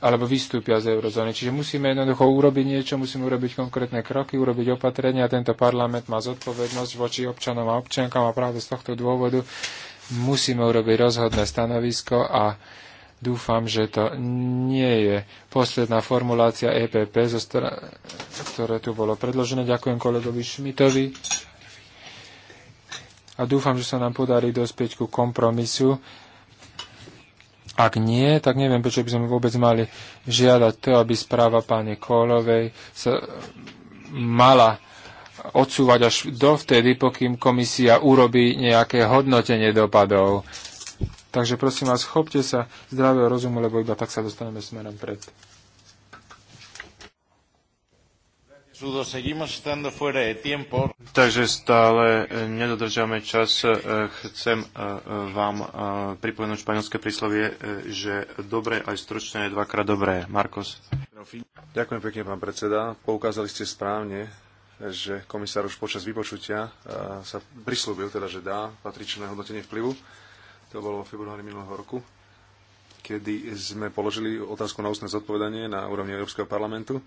alebo vystúpia z eurozóny. Čiže musíme jednoducho urobiť niečo, musíme urobiť konkrétne kroky, urobiť opatrenia. Tento parlament má zodpovednosť voči občanom a občankám a práve z tohto dôvodu musíme urobiť rozhodné stanovisko a dúfam, že to nie je posledná formulácia EPP, zo ktoré tu bolo predložené. Ďakujem kolegovi Šmitovi a dúfam, že sa nám podarí dospieť ku kompromisu. Ak nie, tak neviem, prečo by sme vôbec mali žiadať to, aby správa pani Kolovej sa mala odsúvať až dovtedy, pokým komisia urobí nejaké hodnotenie dopadov. Takže prosím vás, chopte sa zdravého rozumu, lebo iba tak sa dostaneme smerom pred. Takže stále eh, nedodržame čas. Eh, chcem eh, vám pripomenúť španielské príslovie, že dobre aj stručné je dvakrát dobré. Markos. Ďakujem pekne, pán predseda. Poukázali ste správne že komisár už počas vypočutia e, sa prislúbil, teda, že dá patričné hodnotenie vplyvu. To bolo v februári minulého roku, kedy sme položili otázku na ústne zodpovedanie na úrovni Európskeho parlamentu.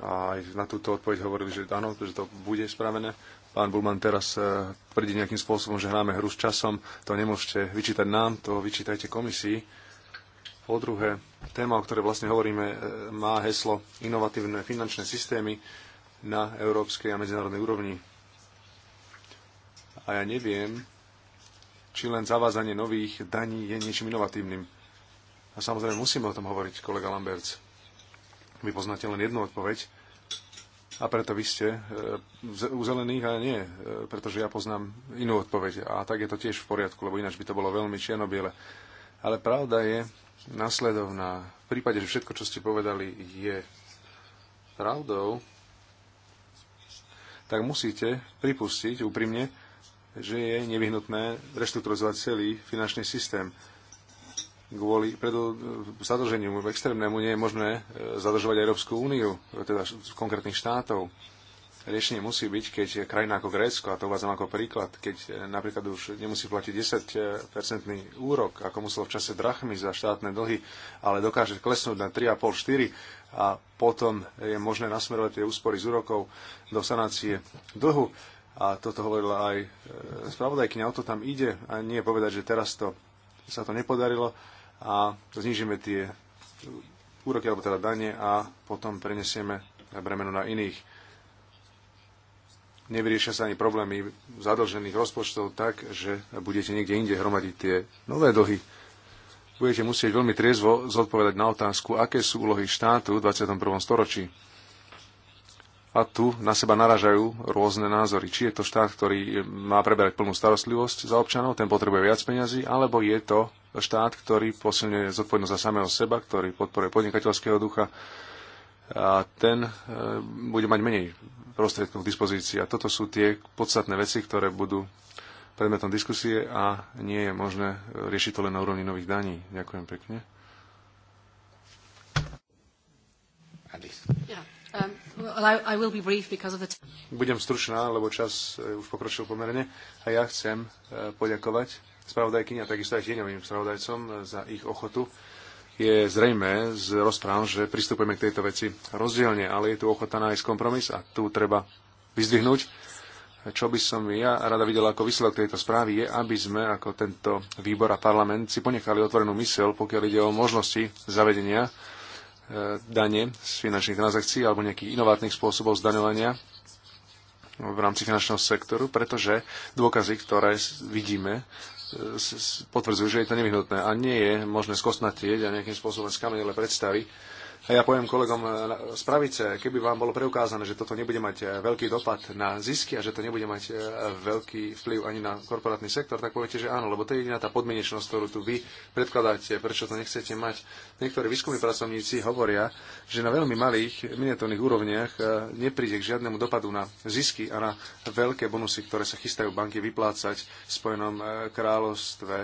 A aj na túto odpoveď hovorili, že áno, že to bude spravené. Pán Bulman teraz e, tvrdí nejakým spôsobom, že hráme hru s časom. To nemôžete vyčítať nám, to vyčítajte komisii. Po druhé, téma, o ktorej vlastne hovoríme, e, má heslo inovatívne finančné systémy na európskej a medzinárodnej úrovni. A ja neviem, či len zavázanie nových daní je niečím inovatívnym. A samozrejme musíme o tom hovoriť, kolega Lamberts. Vy poznáte len jednu odpoveď a preto vy ste e, u zelených a nie, e, pretože ja poznám inú odpoveď a tak je to tiež v poriadku, lebo ináč by to bolo veľmi čierno-biele. Ale pravda je nasledovná. V prípade, že všetko, čo ste povedali, je pravdou, tak musíte pripustiť úprimne, že je nevyhnutné reštrukturizovať celý finančný systém. Kvôli zadlženiu extrémnemu nie je možné e, zadržovať Európsku úniu, e, teda konkrétnych štátov riešenie musí byť, keď krajina ako Grécko, a to uvádzam ako príklad, keď e, napríklad už nemusí platiť 10-percentný úrok, ako muselo v čase drachmy za štátne dlhy, ale dokáže klesnúť na 3,5-4 a potom je možné nasmerovať tie úspory z úrokov do sanácie dlhu. A toto hovorila aj e, spravodajkňa, o to tam ide a nie povedať, že teraz to, sa to nepodarilo a znižíme tie úroky alebo teda dane a potom prenesieme bremeno na iných nevyriešia sa ani problémy zadlžených rozpočtov tak, že budete niekde inde hromadiť tie nové dlhy. Budete musieť veľmi triezvo zodpovedať na otázku, aké sú úlohy štátu v 21. storočí. A tu na seba naražajú rôzne názory. Či je to štát, ktorý má preberať plnú starostlivosť za občanov, ten potrebuje viac peňazí, alebo je to štát, ktorý posilňuje zodpovednosť za samého seba, ktorý podporuje podnikateľského ducha a ten eh, bude mať menej prostriedkov k dispozícii. A toto sú tie podstatné veci, ktoré budú predmetom diskusie a nie je možné e, riešiť to len na úrovni nových daní. Ďakujem pekne. Um, Budem stručná, lebo čas e, už pokročil pomerne a ja chcem e, poďakovať spravodajkyni a takisto aj tieňovým spravodajcom za ich ochotu je zrejme z rozpráv, že pristupujeme k tejto veci rozdielne, ale je tu ochota nájsť kompromis a tu treba vyzdvihnúť. Čo by som ja rada videla ako výsledok tejto správy je, aby sme ako tento výbor a parlament si ponechali otvorenú myseľ, pokiaľ ide o možnosti zavedenia e, dane z finančných transakcií alebo nejakých inovátnych spôsobov zdaňovania v rámci finančného sektoru, pretože dôkazy, ktoré vidíme potvrdzujú, že je to nevyhnutné a nie je možné skosnatieť a nejakým spôsobom skamenele predstavy a ja poviem kolegom eh, z pravice, keby vám bolo preukázané, že toto nebude mať eh, veľký dopad na zisky a že to nebude mať eh, veľký vplyv ani na korporátny sektor, tak poviete, že áno, lebo to je jediná tá podmienečnosť, ktorú tu vy predkladáte, prečo to nechcete mať. Niektorí výskumní pracovníci hovoria, že na veľmi malých miniatúrnych úrovniach nepríde k žiadnemu dopadu na zisky a na veľké bonusy, ktoré sa chystajú banky vyplácať v Spojenom kráľovstve,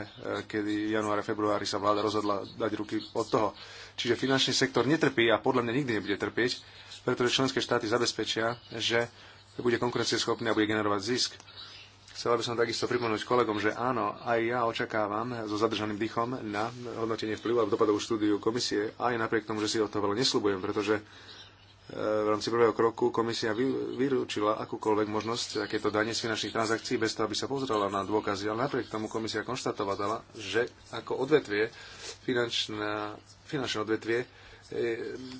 kedy januári, februári sa vláda rozhodla dať ruky od toho. Čiže finančný sektor netrpí a podľa mňa nikdy nebude trpieť, pretože členské štáty zabezpečia, že bude konkurencieschopný a bude generovať zisk. Chcela by som takisto pripomenúť kolegom, že áno, aj ja očakávam so zadržaným dýchom na hodnotenie vplyvu a dopadovú štúdiu komisie, aj napriek tomu, že si od toho veľa nesľubujem, pretože v rámci prvého kroku komisia vylúčila akúkoľvek možnosť takéto dane z finančných transakcií bez toho, aby sa pozrela na dôkazy. Ale napriek tomu komisia konštatovala, že ako odvetvie, finančná, finančné odvetvie, e,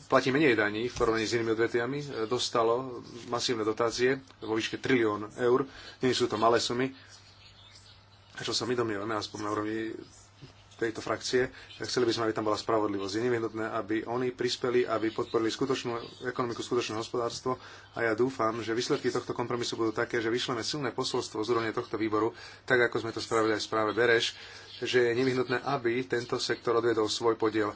platí menej daní v porovnaní s inými odvetviami, e, dostalo masívne dotácie vo výške trilión eur. Nie sú to malé sumy. A čo sa my domnievame, aspoň na úrovni tejto frakcie. Chceli by sme, aby tam bola spravodlivosť. Je nevyhnutné, aby oni prispeli, aby podporili skutočnú ekonomiku, skutočné hospodárstvo a ja dúfam, že výsledky tohto kompromisu budú také, že vyšleme silné posolstvo z úrovne tohto výboru, tak ako sme to spravili aj v správe Bereš, že je nevyhnutné, aby tento sektor odvedol svoj podiel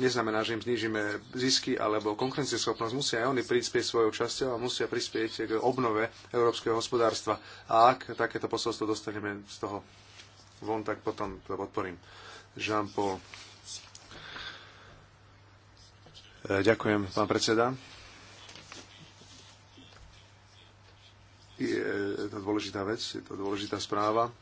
neznamená, že im znížime zisky alebo konkurencieschopnosť. Musia aj oni prispieť svojou časťou a musia prispieť k obnove európskeho hospodárstva. A ak takéto posolstvo dostaneme z toho von, tak potom to podporím. Jean-Paul. E, ďakujem, pán predseda. E, je to dôležitá vec, je to dôležitá správa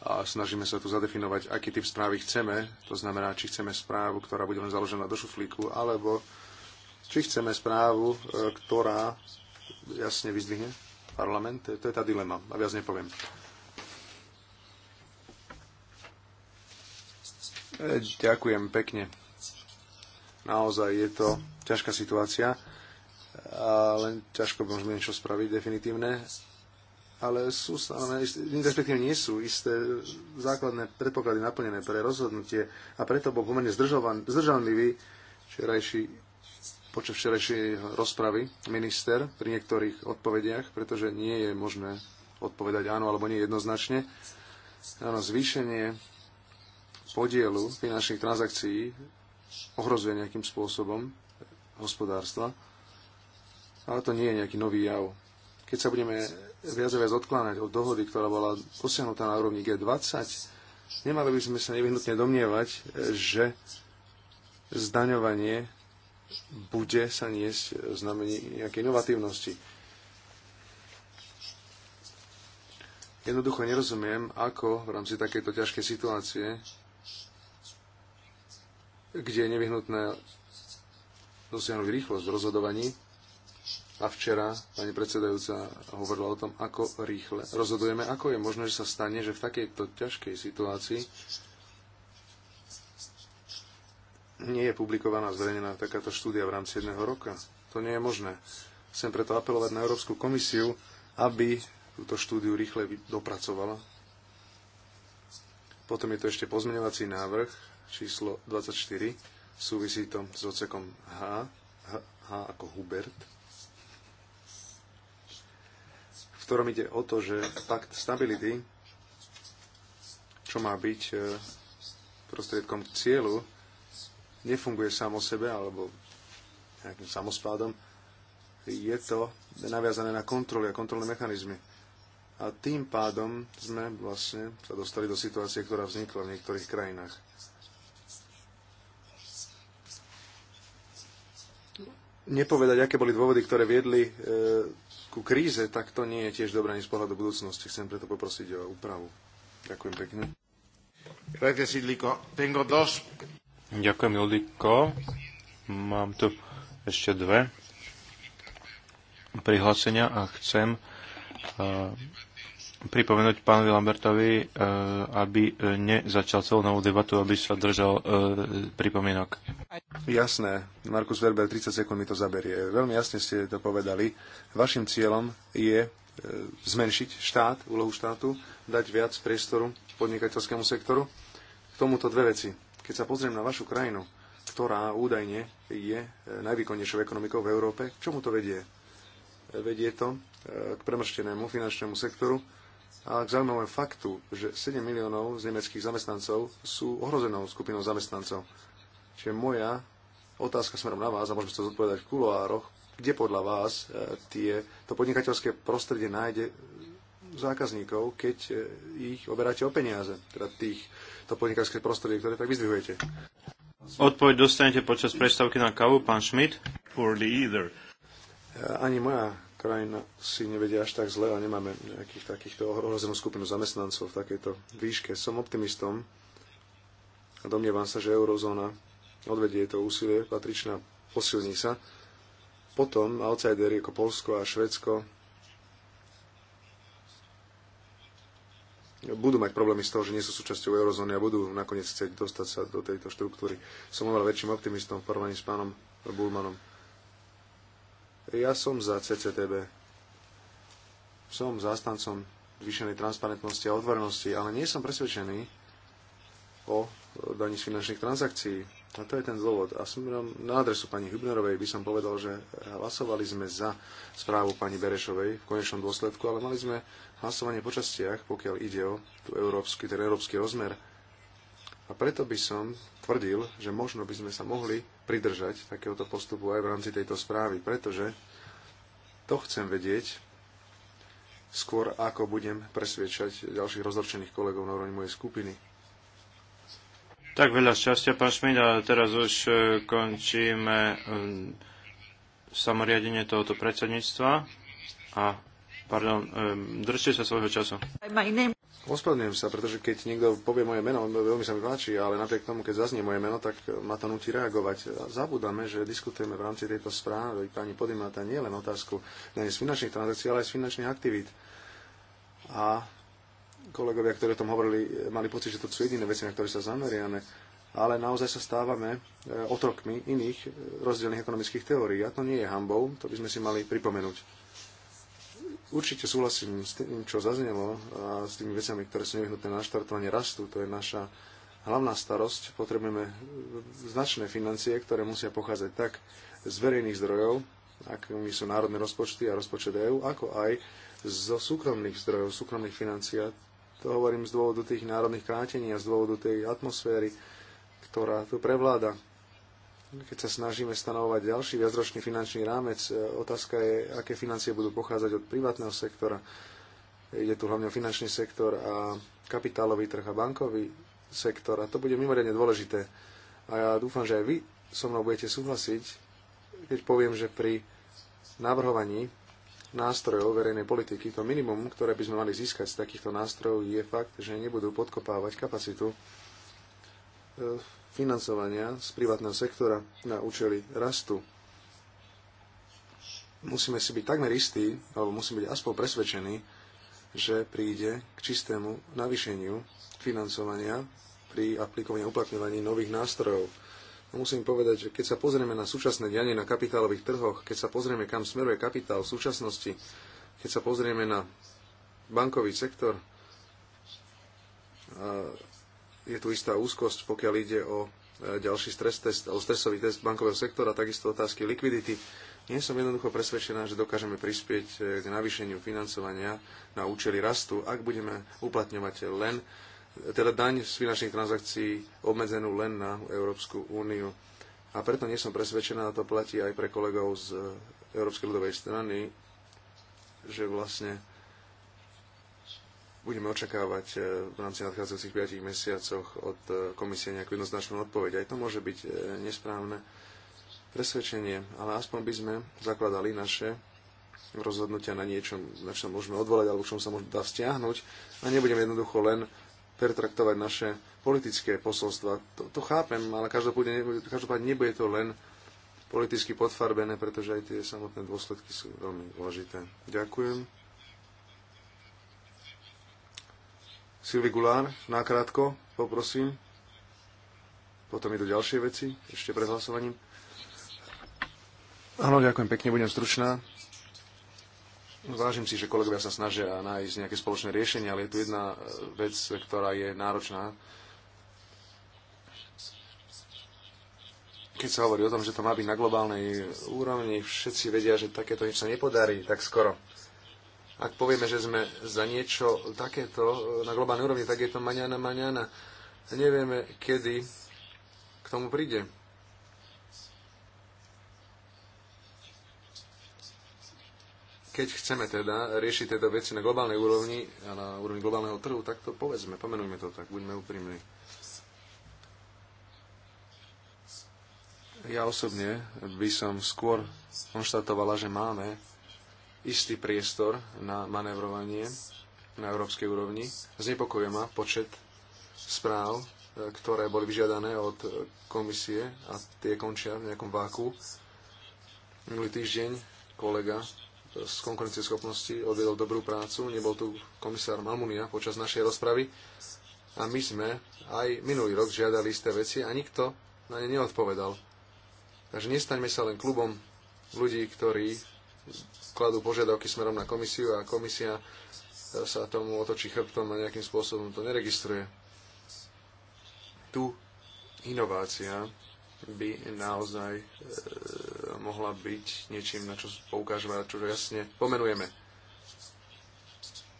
a snažíme sa tu zadefinovať, aký typ správy chceme. To znamená, či chceme správu, ktorá bude len založená do šuflíku, alebo či chceme správu, e, ktorá jasne vyzdvihne parlament. To je tá dilema, a viac nepoviem. Ďakujem pekne. Naozaj je to ťažká situácia. A len ťažko môžeme niečo spraviť definitívne. Ale sú stanovené, respektíve nie sú isté základné predpoklady naplnené pre rozhodnutie a preto bol pomerne zdržanlivý včerajší, počas včerajšej rozpravy minister pri niektorých odpovediach, pretože nie je možné odpovedať áno alebo nie jednoznačne. Áno, zvýšenie podielu finančných transakcií ohrozuje nejakým spôsobom hospodárstva. Ale to nie je nejaký nový jav. Keď sa budeme viac a viac odkláňať od dohody, ktorá bola dosiahnutá na úrovni G20, nemali by sme sa nevyhnutne domnievať, že zdaňovanie bude sa niesť v znamení nejakej inovatívnosti. Jednoducho nerozumiem, ako v rámci takejto ťažkej situácie kde je nevyhnutné dosiahnuť rýchlosť v rozhodovaní. A včera pani predsedajúca hovorila o tom, ako rýchle rozhodujeme, ako je možné, že sa stane, že v takejto ťažkej situácii nie je publikovaná, zverejnená takáto štúdia v rámci jedného roka. To nie je možné. Chcem preto apelovať na Európsku komisiu, aby túto štúdiu rýchle dopracovala. Potom je to ešte pozmeňovací návrh číslo 24. Súvisí to s ocekom H, H, H ako Hubert, v ktorom ide o to, že pakt stability, čo má byť e, prostriedkom cieľu, nefunguje samo sebe alebo nejakým samospádom. Je to naviazané na kontroly a kontrolné mechanizmy. A tým pádom sme vlastne sa dostali do situácie, ktorá vznikla v niektorých krajinách. nepovedať, aké boli dôvody, ktoré viedli e, ku kríze, tak to nie je tiež dobré ani z pohľadu budúcnosti. Chcem preto poprosiť o úpravu. Ďakujem pekne. Ďakujem, Ildiko. Mám tu ešte dve prihlásenia a chcem e, pripomenúť pánovi Lambertovi, e, aby e, nezačal celú novú debatu, aby sa držal e, pripomienok. Jasné, Markus Werber, 30 sekúnd mi to zaberie. Veľmi jasne ste to povedali. Vašim cieľom je zmenšiť štát, úlohu štátu, dať viac priestoru podnikateľskému sektoru. K tomuto dve veci. Keď sa pozriem na vašu krajinu, ktorá údajne je najvýkonnejšou ekonomikou v Európe, k čomu to vedie? Vedie to k premrštenému finančnému sektoru, a k zaujímavému faktu, že 7 miliónov z nemeckých zamestnancov sú ohrozenou skupinou zamestnancov. Čiže moja otázka smerom na vás, a môžeme sa zodpovedať v kuloároch, kde podľa vás e, tie, to podnikateľské prostredie nájde zákazníkov, keď e, ich oberáte o peniaze, teda tých, to podnikateľské prostredie, ktoré tak vyzdvihujete. Odpoveď dostanete počas predstavky na kavu, pán Schmidt. Poorly either. E, ani moja krajina si nevedia až tak zle a nemáme nejakých takýchto ohrozenú skupinu zamestnancov v takejto výške. Som optimistom a domnievam sa, že eurozóna odvedie to úsilie patričná, posilní sa. Potom outsidery ako Polsko a Švedsko budú mať problémy z toho, že nie sú súčasťou eurozóny a budú nakoniec chcieť dostať sa do tejto štruktúry. Som oveľa väčším optimistom v porovnaní s pánom Bulmanom. Ja som za CCTB. Som zástancom zvýšenej transparentnosti a otvorenosti, ale nie som presvedčený o daní z finančných transakcií. A to je ten dôvod. A smerom na adresu pani Hübnerovej by som povedal, že hlasovali sme za správu pani Berešovej v konečnom dôsledku, ale mali sme hlasovanie po častiach, pokiaľ ide o tú európsky, ten európsky rozmer. A preto by som tvrdil, že možno by sme sa mohli pridržať takéhoto postupu aj v rámci tejto správy, pretože to chcem vedieť skôr, ako budem presviečať ďalších rozhorčených kolegov na úrovni mojej skupiny. Tak veľa šťastia, pán Šmíd, a teraz už e, končíme e, samoriadenie tohoto predsedníctva. A, pardon, e, držte sa svojho času. Ospravedlňujem sa, pretože keď niekto povie moje meno, veľmi sa mi páči, ale napriek tomu, keď zaznie moje meno, tak ma to nutí reagovať. Zabúdame, že diskutujeme v rámci tejto správy pani Podimáta nie len otázku dane z finančných transakcií, ale aj z finančných aktivít. A kolegovia, ktorí o tom hovorili, mali pocit, že to sú jediné veci, na ktoré sa zameriame, ale naozaj sa stávame e, otrokmi iných e, rozdielných ekonomických teórií. A to nie je hambou, to by sme si mali pripomenúť. Určite súhlasím s tým, čo zaznelo a s tými vecami, ktoré sú nevyhnutné na štartovanie rastu. To je naša hlavná starosť. Potrebujeme značné financie, ktoré musia pochádzať tak z verejných zdrojov, akými sú národné rozpočty a rozpočet EÚ, ako aj zo súkromných zdrojov, súkromných financií. To hovorím z dôvodu tých národných krátení a z dôvodu tej atmosféry, ktorá tu prevláda keď sa snažíme stanovovať ďalší viacročný finančný rámec, e, otázka je, aké financie budú pochádzať od privátneho sektora. Ide tu hlavne o finančný sektor a kapitálový trh a bankový sektor a to bude mimoriadne dôležité. A ja dúfam, že aj vy so mnou budete súhlasiť, keď poviem, že pri navrhovaní nástrojov verejnej politiky, to minimum, ktoré by sme mali získať z takýchto nástrojov, je fakt, že nebudú podkopávať kapacitu e, financovania z privátneho sektora na účely rastu. Musíme si byť takmer istí, alebo musíme byť aspoň presvedčení, že príde k čistému navýšeniu financovania pri aplikovaní a uplatňovaní nových nástrojov. A musím povedať, že keď sa pozrieme na súčasné dianie na kapitálových trhoch, keď sa pozrieme, kam smeruje kapitál v súčasnosti, keď sa pozrieme na bankový sektor, je tu istá úzkosť, pokiaľ ide o e, ďalší stres test, alebo stresový test bankového sektora, takisto otázky likvidity. Nie som jednoducho presvedčená, že dokážeme prispieť e, k navýšeniu financovania na účely rastu, ak budeme uplatňovať len teda daň z finančných transakcií obmedzenú len na Európsku úniu. A preto nie som presvedčená, a to platí aj pre kolegov z e, Európskej ľudovej strany, že vlastne budeme očakávať e, v rámci nadchádzajúcich 5 mesiacoch od e, komisie nejakú jednoznačnú odpoveď. Aj to môže byť e, nesprávne presvedčenie, ale aspoň by sme zakladali naše rozhodnutia na niečom, na čo môžeme odvolať alebo čom sa možno dá stiahnuť a nebudeme jednoducho len pertraktovať naše politické posolstva. To, to chápem, ale každopádne, každopádne nebude to len politicky podfarbené, pretože aj tie samotné dôsledky sú veľmi dôležité. Ďakujem. Silvi Gulár, nakrátko, poprosím. Potom idú ďalšie veci, ešte pred hlasovaním. Áno, ďakujem pekne, budem stručná. Vážim si, že kolegovia sa snažia nájsť nejaké spoločné riešenie, ale je tu jedna e, vec, ktorá je náročná. Keď sa hovorí o tom, že to má byť na globálnej úrovni, všetci vedia, že takéto nič sa nepodarí tak skoro ak povieme, že sme za niečo takéto na globálnej úrovni, tak je to maňana, maňana. Nevieme, kedy k tomu príde. keď chceme teda riešiť tieto veci na globálnej úrovni a na úrovni globálneho trhu, tak to povedzme, pomenujme to tak, buďme úprimní. Ja osobne by som skôr konštatovala, že máme istý priestor na manevrovanie na európskej úrovni. Znepokojuje ma počet správ, e, ktoré boli vyžiadané od e, komisie a tie končia v nejakom váku. Minulý týždeň kolega e, z konkurencieschopnosti odvedol dobrú prácu, nebol tu komisár Malmunia počas našej rozpravy a my sme aj minulý rok žiadali isté veci a nikto na ne neodpovedal. Takže nestaňme sa len klubom ľudí, ktorí skladú požiadavky smerom na komisiu a komisia e, sa tomu otočí chrbtom a nejakým spôsobom to neregistruje. Tu inovácia by naozaj e, mohla byť niečím, na čo poukážeme, čo jasne pomenujeme.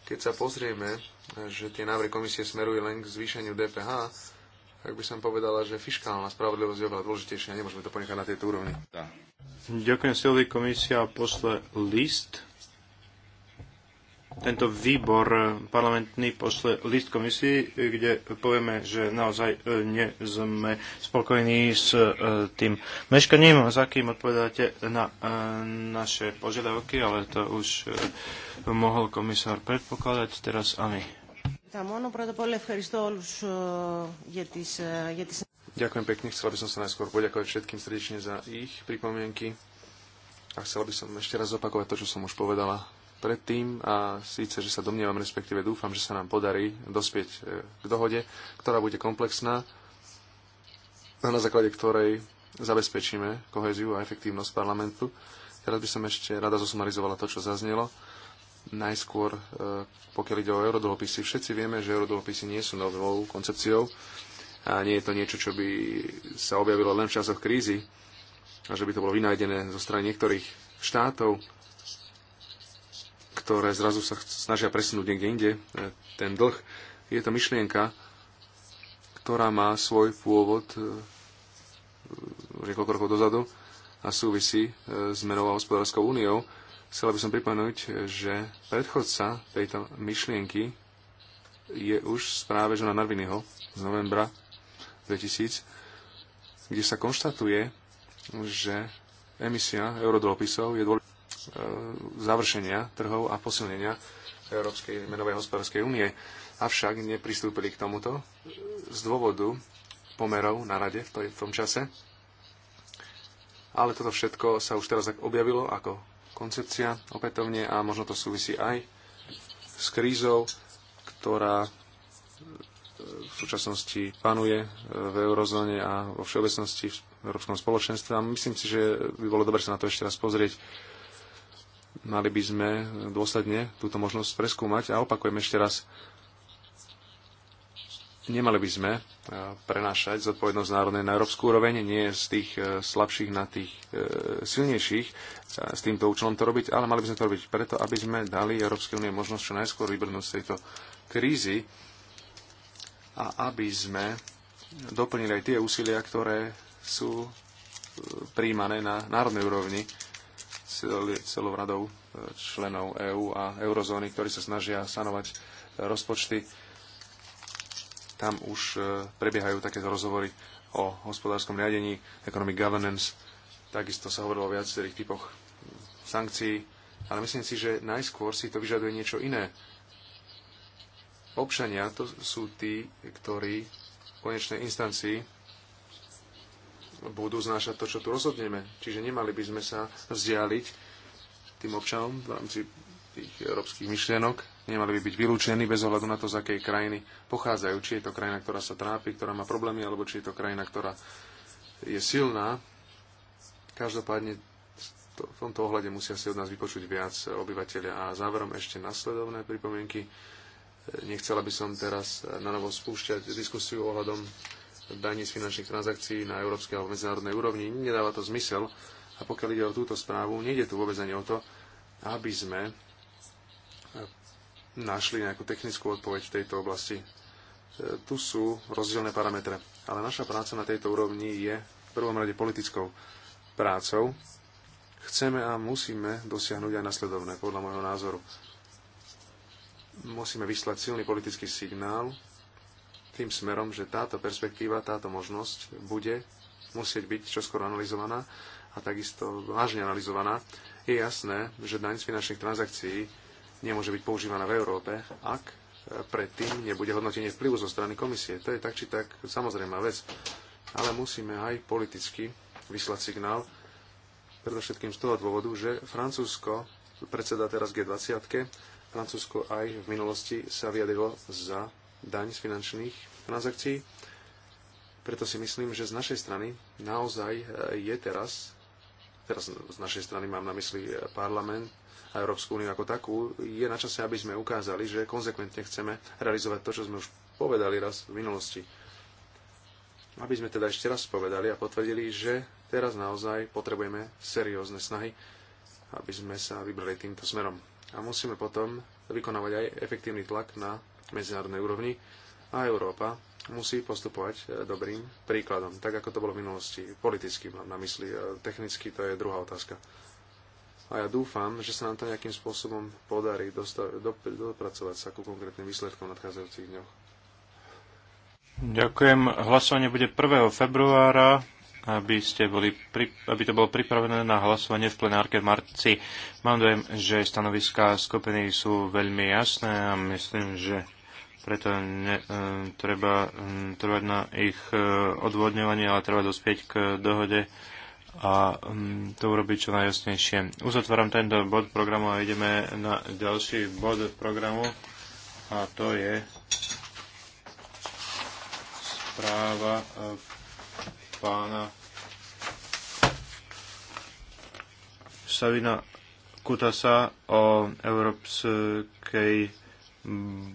Keď sa pozrieme, že tie návrhy komisie smerujú len k zvýšeniu DPH, tak by som povedala, že fiskálna spravodlivosť je oveľa dôležitejšia, nemôžeme to ponechať na tejto úrovni. Tá. Ďakujem Silvi, komisia posle list. Tento výbor e, parlamentný posle list komisii, kde povieme, že naozaj e, nie sme spokojní s e, tým meškaním, za kým odpovedáte na naše požiadavky, ale to už mohol komisár predpokladať, teraz a my. Ďakujem pekne, chcela by som sa najskôr poďakovať všetkým srdečne za ich pripomienky a chcela by som ešte raz opakovať to, čo som už povedala predtým a síce, že sa domnievam, respektíve dúfam, že sa nám podarí dospieť e, k dohode, ktorá bude komplexná a na základe ktorej zabezpečíme koheziu a efektívnosť parlamentu. Teraz by som ešte rada zosumarizovala to, čo zaznelo. Najskôr, e, pokiaľ ide o eurodlhopisy, všetci vieme, že eurodlhopisy nie sú novou koncepciou a nie je to niečo, čo by sa objavilo len v časoch krízy a že by to bolo vynájdené zo strany niektorých štátov, ktoré zrazu sa snažia presunúť niekde inde e, ten dlh. Je to myšlienka, ktorá má svoj pôvod e, už niekoľko rokov dozadu a súvisí s menou a hospodárskou úniou Chcela by som pripomenúť, že predchodca tejto myšlienky je už v správe Žona Narviniho z novembra 2000, kde sa konštatuje, že emisia eurodolopisov je dôležitá e, završenia trhov a posilnenia Európskej menovej hospodárskej únie. Avšak nepristúpili k tomuto z dôvodu pomerov na rade v tom čase. Ale toto všetko sa už teraz objavilo ako koncepcia opätovne a možno to súvisí aj s krízou, ktorá e, v súčasnosti panuje e, v eurozóne a vo všeobecnosti v Európskom spoločenstve. A myslím si, že by bolo dobre sa na to ešte raz pozrieť. Mali by sme dôsledne túto možnosť preskúmať a opakujem ešte raz, Nemali by sme e, prenášať zodpovednosť národnej na európsku úroveň, nie z tých e, slabších na tých e, silnejších s týmto účelom to robiť, ale mali by sme to robiť preto, aby sme dali Európskej únie možnosť čo najskôr vybrnúť z tejto krízy a aby sme doplnili aj tie úsilia, ktoré sú príjmané na národnej úrovni celou radou členov EÚ a eurozóny, ktorí sa snažia sanovať rozpočty tam už e, prebiehajú takéto rozhovory o hospodárskom riadení, economic governance, takisto sa hovorilo o viacerých typoch sankcií, ale myslím si, že najskôr si to vyžaduje niečo iné. Občania to sú tí, ktorí v konečnej instancii budú znášať to, čo tu rozhodneme. Čiže nemali by sme sa vzdialiť tým občanom v rámci tých európskych myšlienok nemali by byť vylúčení bez ohľadu na to, z akej krajiny pochádzajú. Či je to krajina, ktorá sa trápi, ktorá má problémy, alebo či je to krajina, ktorá je silná. Každopádne v tomto ohľade musia si od nás vypočuť viac obyvateľia. A záverom ešte nasledovné pripomienky. Nechcela by som teraz na novo spúšťať diskusiu ohľadom daní z finančných transakcií na európskej alebo medzinárodnej úrovni. Nedáva to zmysel. A pokiaľ ide o túto správu, nejde tu vôbec ani o to, aby sme našli nejakú technickú odpoveď v tejto oblasti. E, tu sú rozdielne parametre, ale naša práca na tejto úrovni je v prvom rade politickou prácou. Chceme a musíme dosiahnuť aj nasledovné, podľa môjho názoru. Musíme vyslať silný politický signál tým smerom, že táto perspektíva, táto možnosť bude musieť byť čoskoro analyzovaná a takisto vážne analyzovaná. Je jasné, že daň z finančných transakcií nemôže byť používaná v Európe, ak e, predtým nebude hodnotenie vplyvu zo strany komisie. To je tak či tak samozrejmá vec. Ale musíme aj politicky vyslať signál, predovšetkým z toho dôvodu, že Francúzsko predseda teraz G20. Francúzsko aj v minulosti sa vyjadrilo za daň z finančných transakcií. Preto si myslím, že z našej strany naozaj e, je teraz, teraz z našej strany mám na mysli e, parlament, a Európsku úniu ako takú, je na čase, aby sme ukázali, že konzekventne chceme realizovať to, čo sme už povedali raz v minulosti. Aby sme teda ešte raz povedali a potvrdili, že teraz naozaj potrebujeme seriózne snahy, aby sme sa vybrali týmto smerom. A musíme potom vykonávať aj efektívny tlak na medzinárodnej úrovni a Európa musí postupovať e, dobrým príkladom, tak ako to bolo v minulosti. Politicky mám na mysli, e, technicky to je druhá otázka. A ja dúfam, že sa nám to nejakým spôsobom podarí dopracovať sa ku konkrétnym výsledkom v nadchádzajúcich dňoch. Ďakujem. Hlasovanie bude 1. februára, aby, ste boli pri, aby to bolo pripravené na hlasovanie v plenárke v marci. Mám dojem, že stanoviská skupiny sú veľmi jasné a myslím, že preto ne, e, treba mm, trvať na ich e, odvodňovanie, ale treba dospieť k dohode a mm, to urobiť čo najjasnejšie. Uzatváram tento bod programu a ideme na ďalší bod programu a to je správa e, pána Savina Kutasa o Európskej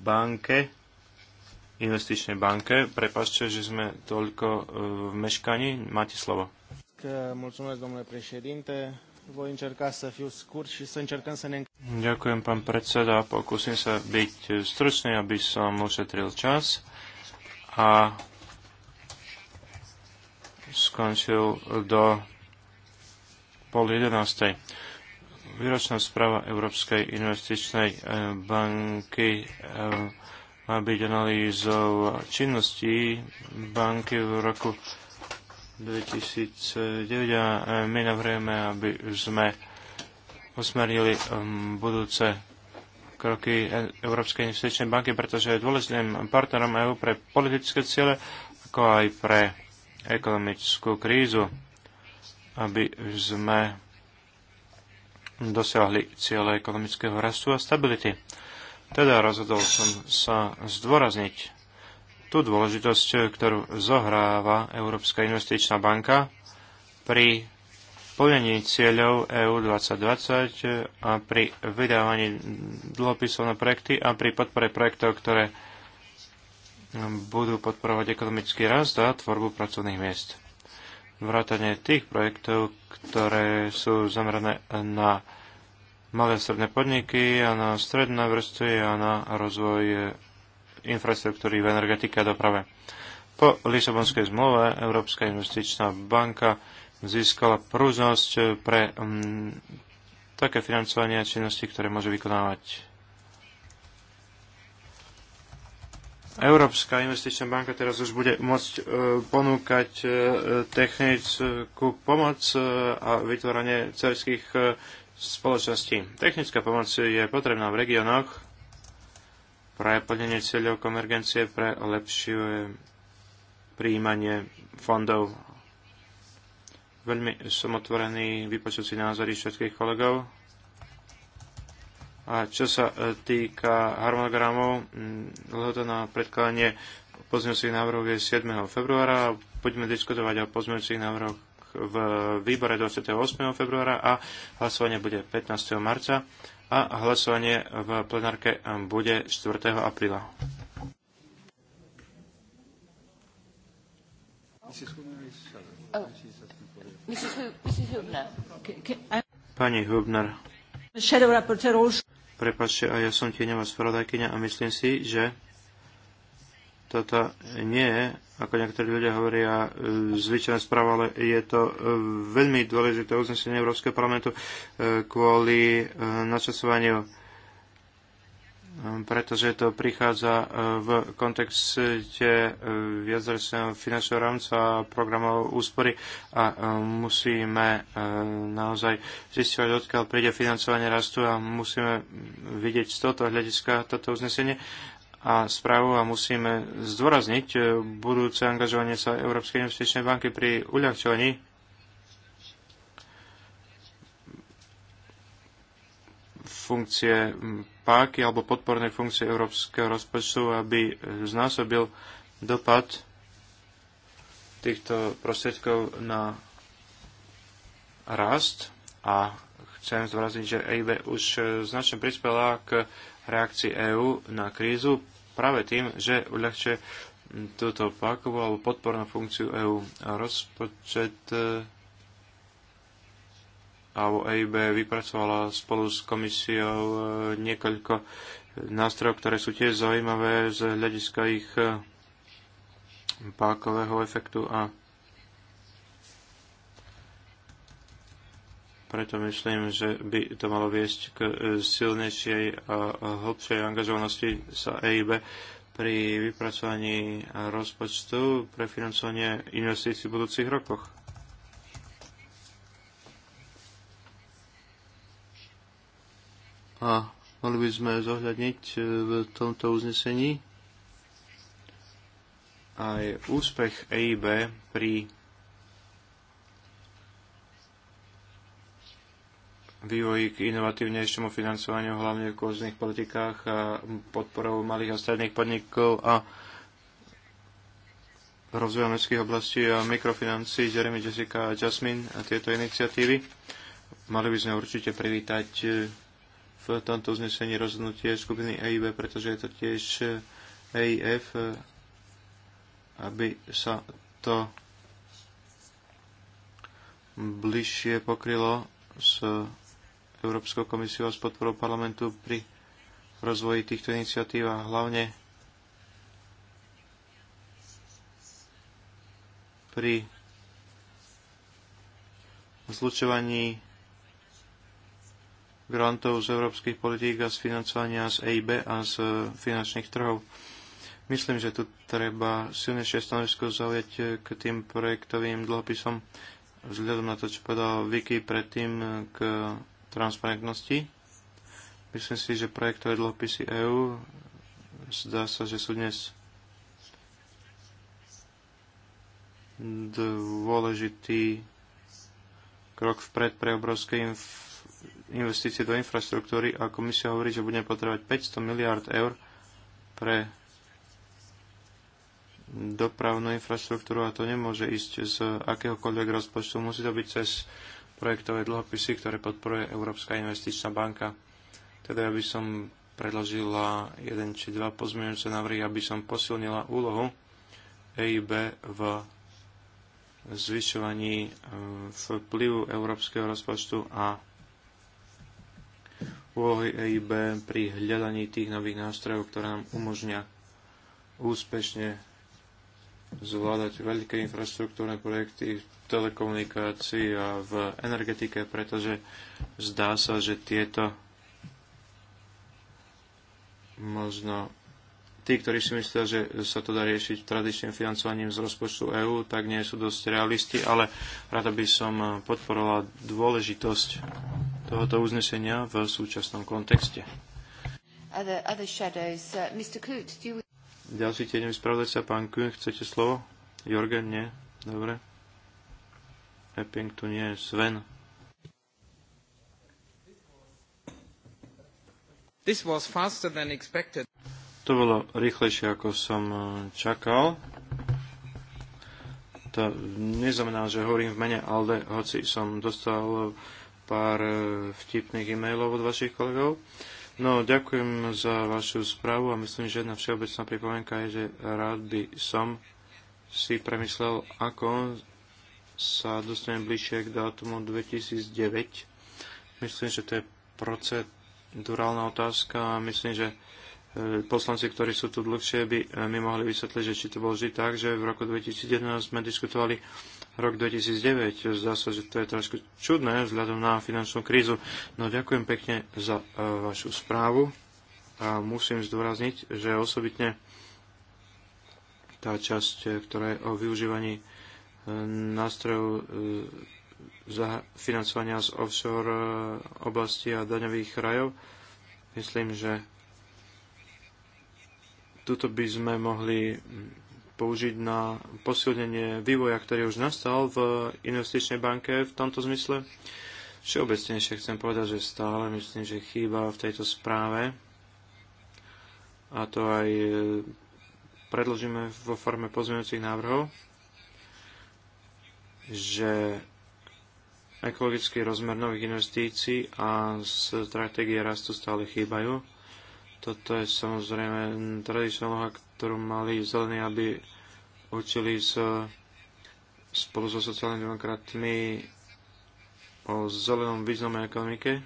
banke investičnej banke. Prepašte, že sme toľko e, v meškaní. Máte slovo mulțumesc, domnule președinte. Voi încerca să fiu scurt și să încercăm să ne... Ďakujem, pán predseda. Pokúsim sa byť stručný, aby som ušetril čas. A skončil do pol jedenástej. Výročná správa Európskej investičnej eh, banky eh, má byť analýzou činností banky v roku 2009 a e, my navrieme, aby sme usmerili e, budúce kroky e, Európskej investičnej banky, pretože je dôležitým partnerom EÚ pre politické ciele, ako aj pre ekonomickú krízu, aby sme dosiahli ciele ekonomického rastu a stability. Teda rozhodol som sa zdôrazniť tú dôležitosť, ktorú zohráva Európska investičná banka pri plnení cieľov EU 2020 a pri vydávaní dlhopisov na projekty a pri podpore projektov, ktoré budú podporovať ekonomický rast a tvorbu pracovných miest. Vrátanie tých projektov, ktoré sú zamerané na malé a stredné podniky a na stredné vrstvy a na rozvoj infraštruktúry v energetike a doprave. Po Lisabonskej zmluve Európska investičná banka získala prúznosť pre um, také financovanie a činnosti, ktoré môže vykonávať. Európska investičná banka teraz už bude môcť e, ponúkať e, technickú pomoc e, a vytvorenie cerských e, spoločností. Technická pomoc je potrebná v regiónoch, pre plnenie cieľov konvergencie, pre lepšie príjmanie fondov. Veľmi som otvorený vypočuť si názory všetkých kolegov. A čo sa e, týka harmonogramov, mm, lhota na predkladanie pozmeňujúcich návrhov je 7. februára. Poďme diskutovať o pozmeňujúcich návrhoch v výbore 28. februára a hlasovanie bude 15. marca a hlasovanie v plenárke bude 4. apríla. Pani Hubner. Prepačte, a ja som tieňová spravodajkynia a myslím si, že toto nie je, ako niektorí ľudia hovoria, e, zvyčajná správa, ale je to e, veľmi dôležité uznesenie Európskeho parlamentu e, kvôli načasovaniu pretože to prichádza v kontexte viacročného finančného rámca a programov úspory a musíme naozaj zistiť, odkiaľ príde financovanie rastu a musíme vidieť z toto hľadiska toto uznesenie a správu a musíme zdôrazniť e, budúce angažovanie sa Európskej investičnej banky pri uľahčovaní funkcie páky alebo podpornej funkcie európskeho rozpočtu, aby znásobil dopad týchto prostriedkov na rast a chcem zdôrazniť, že EIB už značne prispela k reakcii EÚ na krízu práve tým, že uľahčuje túto pákovú alebo podpornú funkciu EÚ. Rozpočet e, alebo EIB vypracovala spolu s komisiou e, niekoľko nástrojov, ktoré sú tiež zaujímavé z hľadiska ich e, pákového efektu a Preto myslím, že by to malo viesť k e, silnejšej a hlbšej angažovanosti sa EIB pri vypracovaní rozpočtu pre financovanie investícií v budúcich rokoch. A mali by sme zohľadniť e, v tomto uznesení aj úspech EIB pri vývoji k inovatívnejšiemu financovaniu, hlavne v kôznych politikách a podporou malých a stredných podnikov a rozvoja mestských oblastí a mikrofinancí. Jeremy, Jessica a Jasmine a tieto iniciatívy. Mali by sme určite privítať e, v tomto uznesení rozhodnutie skupiny EIB, pretože je to tiež EIF, e, aby sa to bližšie pokrylo s Európskou komisiou a s podporou parlamentu pri rozvoji týchto iniciatív a hlavne pri zlučovaní grantov z európskych politík a z financovania z EIB a z finančných trhov. Myslím, že tu treba silnejšie stanovisko zaujať k tým projektovým dlhopisom vzhľadom na to, čo povedal Vicky predtým k transparentnosti. Myslím si, že projektové dlhopisy EÚ zdá sa, že sú dnes dôležitý krok vpred pre obrovské inf- investície do infraštruktúry a komisia hovorí, že budeme potrebovať 500 miliard eur pre dopravnú infraštruktúru a to nemôže ísť z akéhokoľvek rozpočtu. Musí to byť cez projektové dlhopisy, ktoré podporuje Európska investičná banka. Teda ja by som predložila jeden či dva pozmeňujúce návrhy, aby som posilnila úlohu EIB v zvyšovaní e, vplyvu európskeho rozpočtu a úlohy EIB pri hľadaní tých nových nástrojov, ktoré nám umožňa úspešne zvládať veľké infraštruktúrne projekty v telekomunikácii a v energetike, pretože zdá sa, že tieto možno tí, ktorí si myslia, že sa to dá riešiť tradičným financovaním z rozpočtu EÚ, tak nie sú dosť realisti, ale rada by som podporovala dôležitosť tohoto uznesenia v súčasnom kontexte. Other, other shadows. Uh, Mr. do you... Ďalší tieňový spravodajca, pán Kuhn, chcete slovo? Jorgen, nie? Dobre. Epping tu nie, Sven. This was faster than expected. To bolo rýchlejšie, ako som eh, čakal. To neznamená, že hovorím v mene Alde, hoci som dostal eh, pár eh, vtipných e-mailov od vašich kolegov. Uh, No, ďakujem za vašu správu a myslím, že jedna všeobecná pripomienka je, že rád by som si premyslel, ako sa dostanem bližšie k dátumu 2009. Myslím, že to je procedurálna otázka a myslím, že E, poslanci, ktorí sú tu dlhšie, by e, mi mohli vysvetliť, že či to bolo vždy tak, že v roku 2011 sme diskutovali rok 2009. Zdá sa, že to je trošku čudné vzhľadom na finančnú krízu. No ďakujem pekne za e, vašu správu a musím zdôrazniť, že osobitne tá časť, ktorá je o využívaní nástrojov za financovania z offshore oblasti a daňových rajov. Myslím, že Tuto by sme mohli mm, použiť na posilnenie vývoja, ktorý už nastal v investičnej banke v tomto zmysle. Všeobecnejšie chcem povedať, že stále myslím, že chýba v tejto správe a to aj e, predložíme vo forme pozmeňujúcich návrhov, že ekologický rozmer nových investícií a stratégie rastu stále chýbajú toto je samozrejme tradičná loha, ktorú mali zelení, aby učili s, spolu so sociálnymi demokratmi o zelenom význame ekonomike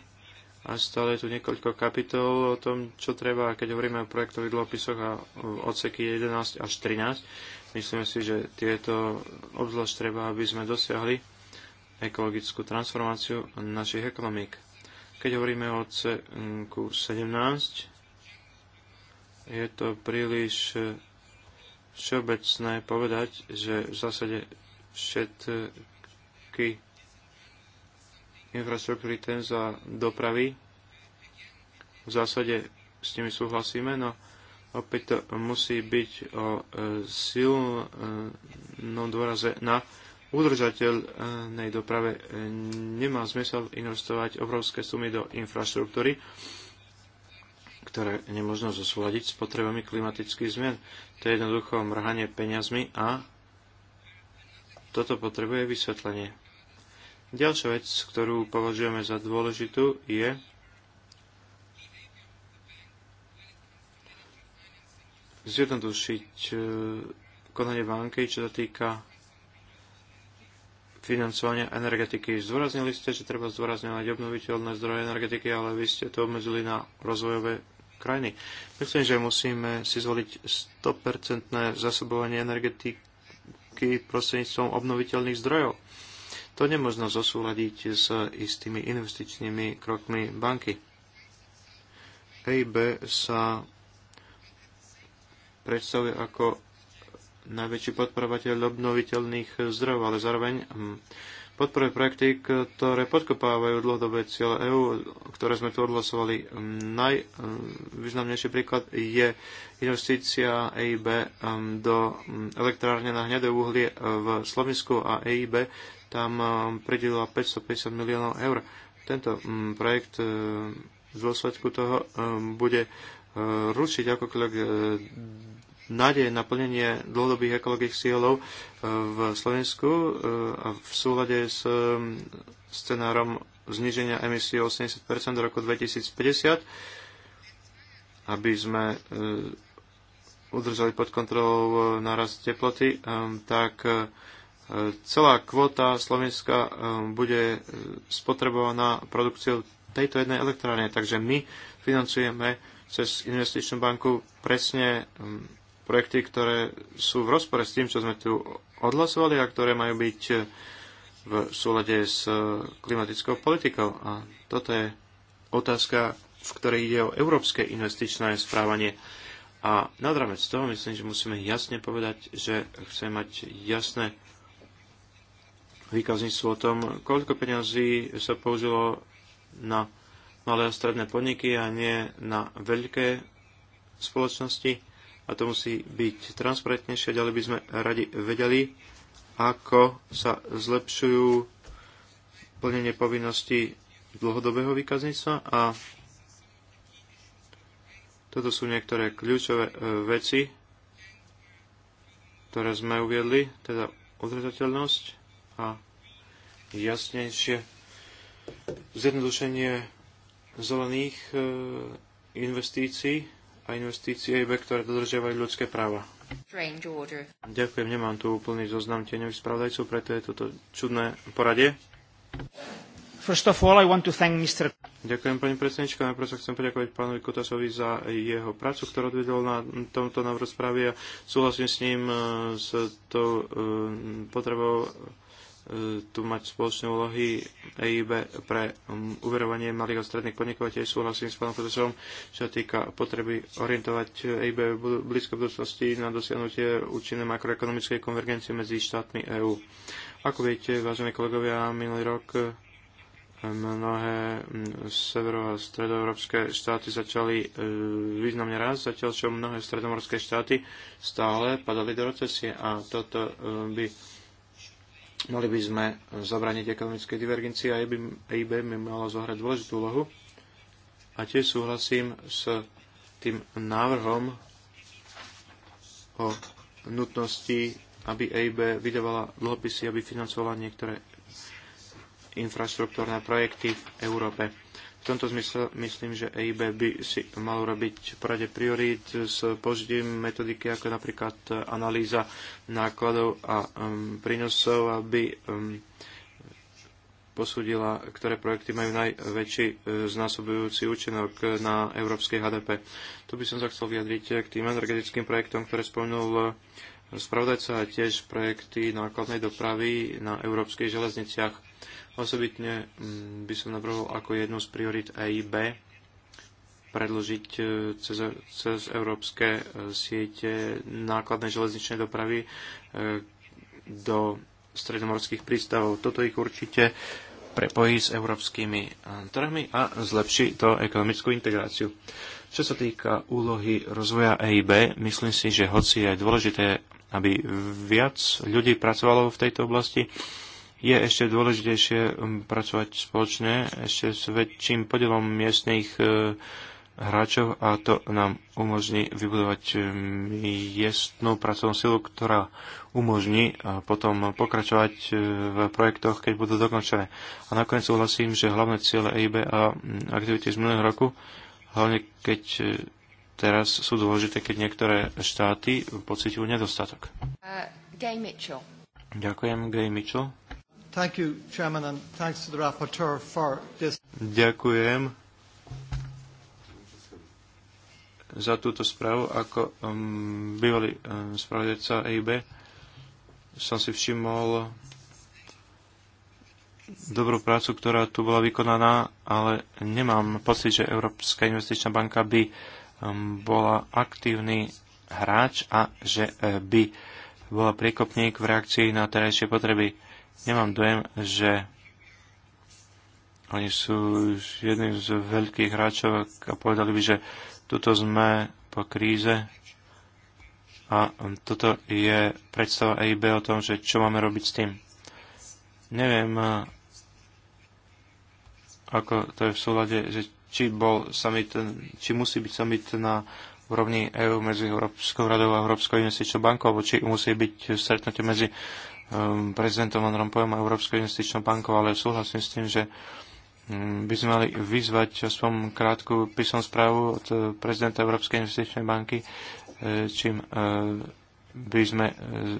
a stále je tu niekoľko kapitol o tom, čo treba, keď hovoríme o projektových dlhopisoch a odseky 11 až 13. Myslím si, že tieto obzvlášť treba, aby sme dosiahli ekologickú transformáciu našich ekonomík. Keď hovoríme o odseku 17, je to príliš eh, všeobecné povedať, že v zásade všetky infraštruktúry za dopravy v zásade s nimi súhlasíme, no opäť to musí byť o eh, silnom dôraze na udržateľnej doprave. Eh, nemá zmysel investovať obrovské sumy do infraštruktúry, ktoré nemôžno zosúľadiť s potrebami klimatických zmien. To je jednoducho mrhanie peniazmi a toto potrebuje vysvetlenie. Ďalšia vec, ktorú považujeme za dôležitú, je zjednodušiť e, konanie banky, čo sa týka financovania energetiky. Zdôraznili ste, že treba zdôrazňovať obnoviteľné zdroje energetiky, ale vy ste to obmedzili na rozvojové krajiny. Myslím, že musíme si zvoliť 100% zasobovanie energetiky prostredníctvom obnoviteľných zdrojov. To nemôžno zosúľadiť s istými investičnými krokmi banky. EIB sa predstavuje ako najväčší podporovateľ obnoviteľných zdrojov, ale zároveň hm, podporuje projekty, ktoré podkopávajú dlhodobé cieľe EÚ, ktoré sme tu odhlasovali. Mm, najvýznamnejší príklad je investícia EIB mm, do mm, elektrárne na hnedé uhlie e, v Slovensku a EIB tam e, pridelila 550 miliónov eur. Tento projekt e, v dôsledku toho bude rušiť akokoľvek nádej na plnenie dlhodobých ekologických cieľov e, v Slovensku e, a v súlade s scenárom zniženia emisí 80 do roku 2050, aby sme e, udržali pod kontrolou nárast teploty, tak celá kvota Slovenska bude spotrebovaná produkciou tejto jednej elektrárne. Takže my financujeme cez investičnú banku presne projekty, ktoré sú v rozpore s tým, čo sme tu odhlasovali a ktoré majú byť v súlade s e, klimatickou politikou. A toto je otázka, v ktorej ide o európske investičné správanie. A nad rámec toho myslím, že musíme jasne povedať, že chceme mať jasné výkazníctvo o tom, koľko peňazí sa použilo na malé a stredné podniky a nie na veľké spoločnosti a to musí byť transparentnejšie. Ďalej by sme radi vedeli, ako sa zlepšujú plnenie povinností dlhodobého výkazníctva a toto sú niektoré kľúčové e, veci, ktoré sme uviedli, teda odrezateľnosť a jasnejšie zjednodušenie zelených e, investícií a investície EIB, ktoré dodržiavajú ľudské práva. Ďakujem, nemám tu úplný zoznam tieňových spravodajcov, preto je toto čudné poradie. All, Ďakujem pani predsednička. Najprv sa chcem poďakovať pánovi Kotasovi za jeho prácu, ktorú odvedol na tomto návrhu správy a súhlasím s ním e, s tou e, potrebou tu mať spoločné úlohy EIB pre um, uverovanie malých a stredných podnikov. Tiež súhlasím s pánom profesorom, čo sa týka potreby orientovať EIB v blízkej budúcnosti na dosiahnutie účinnej makroekonomickej konvergencie medzi štátmi EÚ. Ako viete, vážení kolegovia, minulý rok um, mnohé um, severo- a stredoeurópske štáty začali uh, významne rásť, zatiaľ čo mnohé stredomorské štáty stále padali do recesie a toto uh, by Mali by sme zabrániť ekonomickej divergencii a EIB e by mala zohrať dôležitú úlohu. A tiež súhlasím s tým návrhom o nutnosti, aby EIB vydávala dlhopisy, aby financovala niektoré infraštruktúrne projekty v Európe v tomto zmysle myslím, že EIB by si mal robiť porade priorít s použitím metodiky ako napríklad analýza nákladov a um, prínosov, aby um, posúdila, ktoré projekty majú najväčší e, znásobujúci účinok na európskej HDP. Tu by som sa chcel vyjadriť k tým energetickým projektom, ktoré spomenul e, spravodajca a tiež projekty nákladnej dopravy na európskych železniciach. Osobitne mm, by som navrhol ako jednu z priorit EIB predložiť e, cez, cez európske e, siete nákladnej železničnej dopravy e, do stredomorských prístavov. Toto ich určite prepojí s európskymi trhmi a zlepší to ekonomickú integráciu. Čo sa týka úlohy rozvoja EIB, myslím si, že hoci je dôležité, aby viac ľudí pracovalo v tejto oblasti, je ešte dôležitejšie um, pracovať spoločne ešte s väčším podielom miestných e, hráčov a to nám umožní vybudovať e, miestnú pracovnú silu, ktorá umožní e, potom pokračovať v projektoch, keď budú dokončené. A nakoniec súhlasím, že hlavné ciele EIB a mm, aktivity z minulého roku, hlavne keď teraz sú dôležité, keď niektoré štáty pocitujú nedostatok. Uh, Gay Mitchell. Ďakujem, Gay Mitchell. You, Chairman, Ďakujem za túto správu. Ako um, bývalý um, spravodajca EIB som si všimol dobrú prácu, ktorá tu bola vykonaná, ale nemám pocit, že Európska investičná banka by um, bola aktívny hráč a že uh, by bola priekopník v reakcii na terajšie potreby nemám dojem, že oni sú jedným z veľkých hráčov a povedali by, že tuto sme po kríze a toto je predstava EIB o tom, že čo máme robiť s tým. Neviem, ako to je v súlade, že či, bol summit, či musí byť summit na úrovni EU medzi Európskou radou a Európskou investičnou bankou, alebo či musí byť stretnutie medzi Um, prezidentom Van Rompuyom a Európskou investičnou bankou, ale súhlasím s tým, že um, by sme mali vyzvať aspoň krátku písom správu od eh, prezidenta Európskej investičnej banky, eh, čím eh, by sme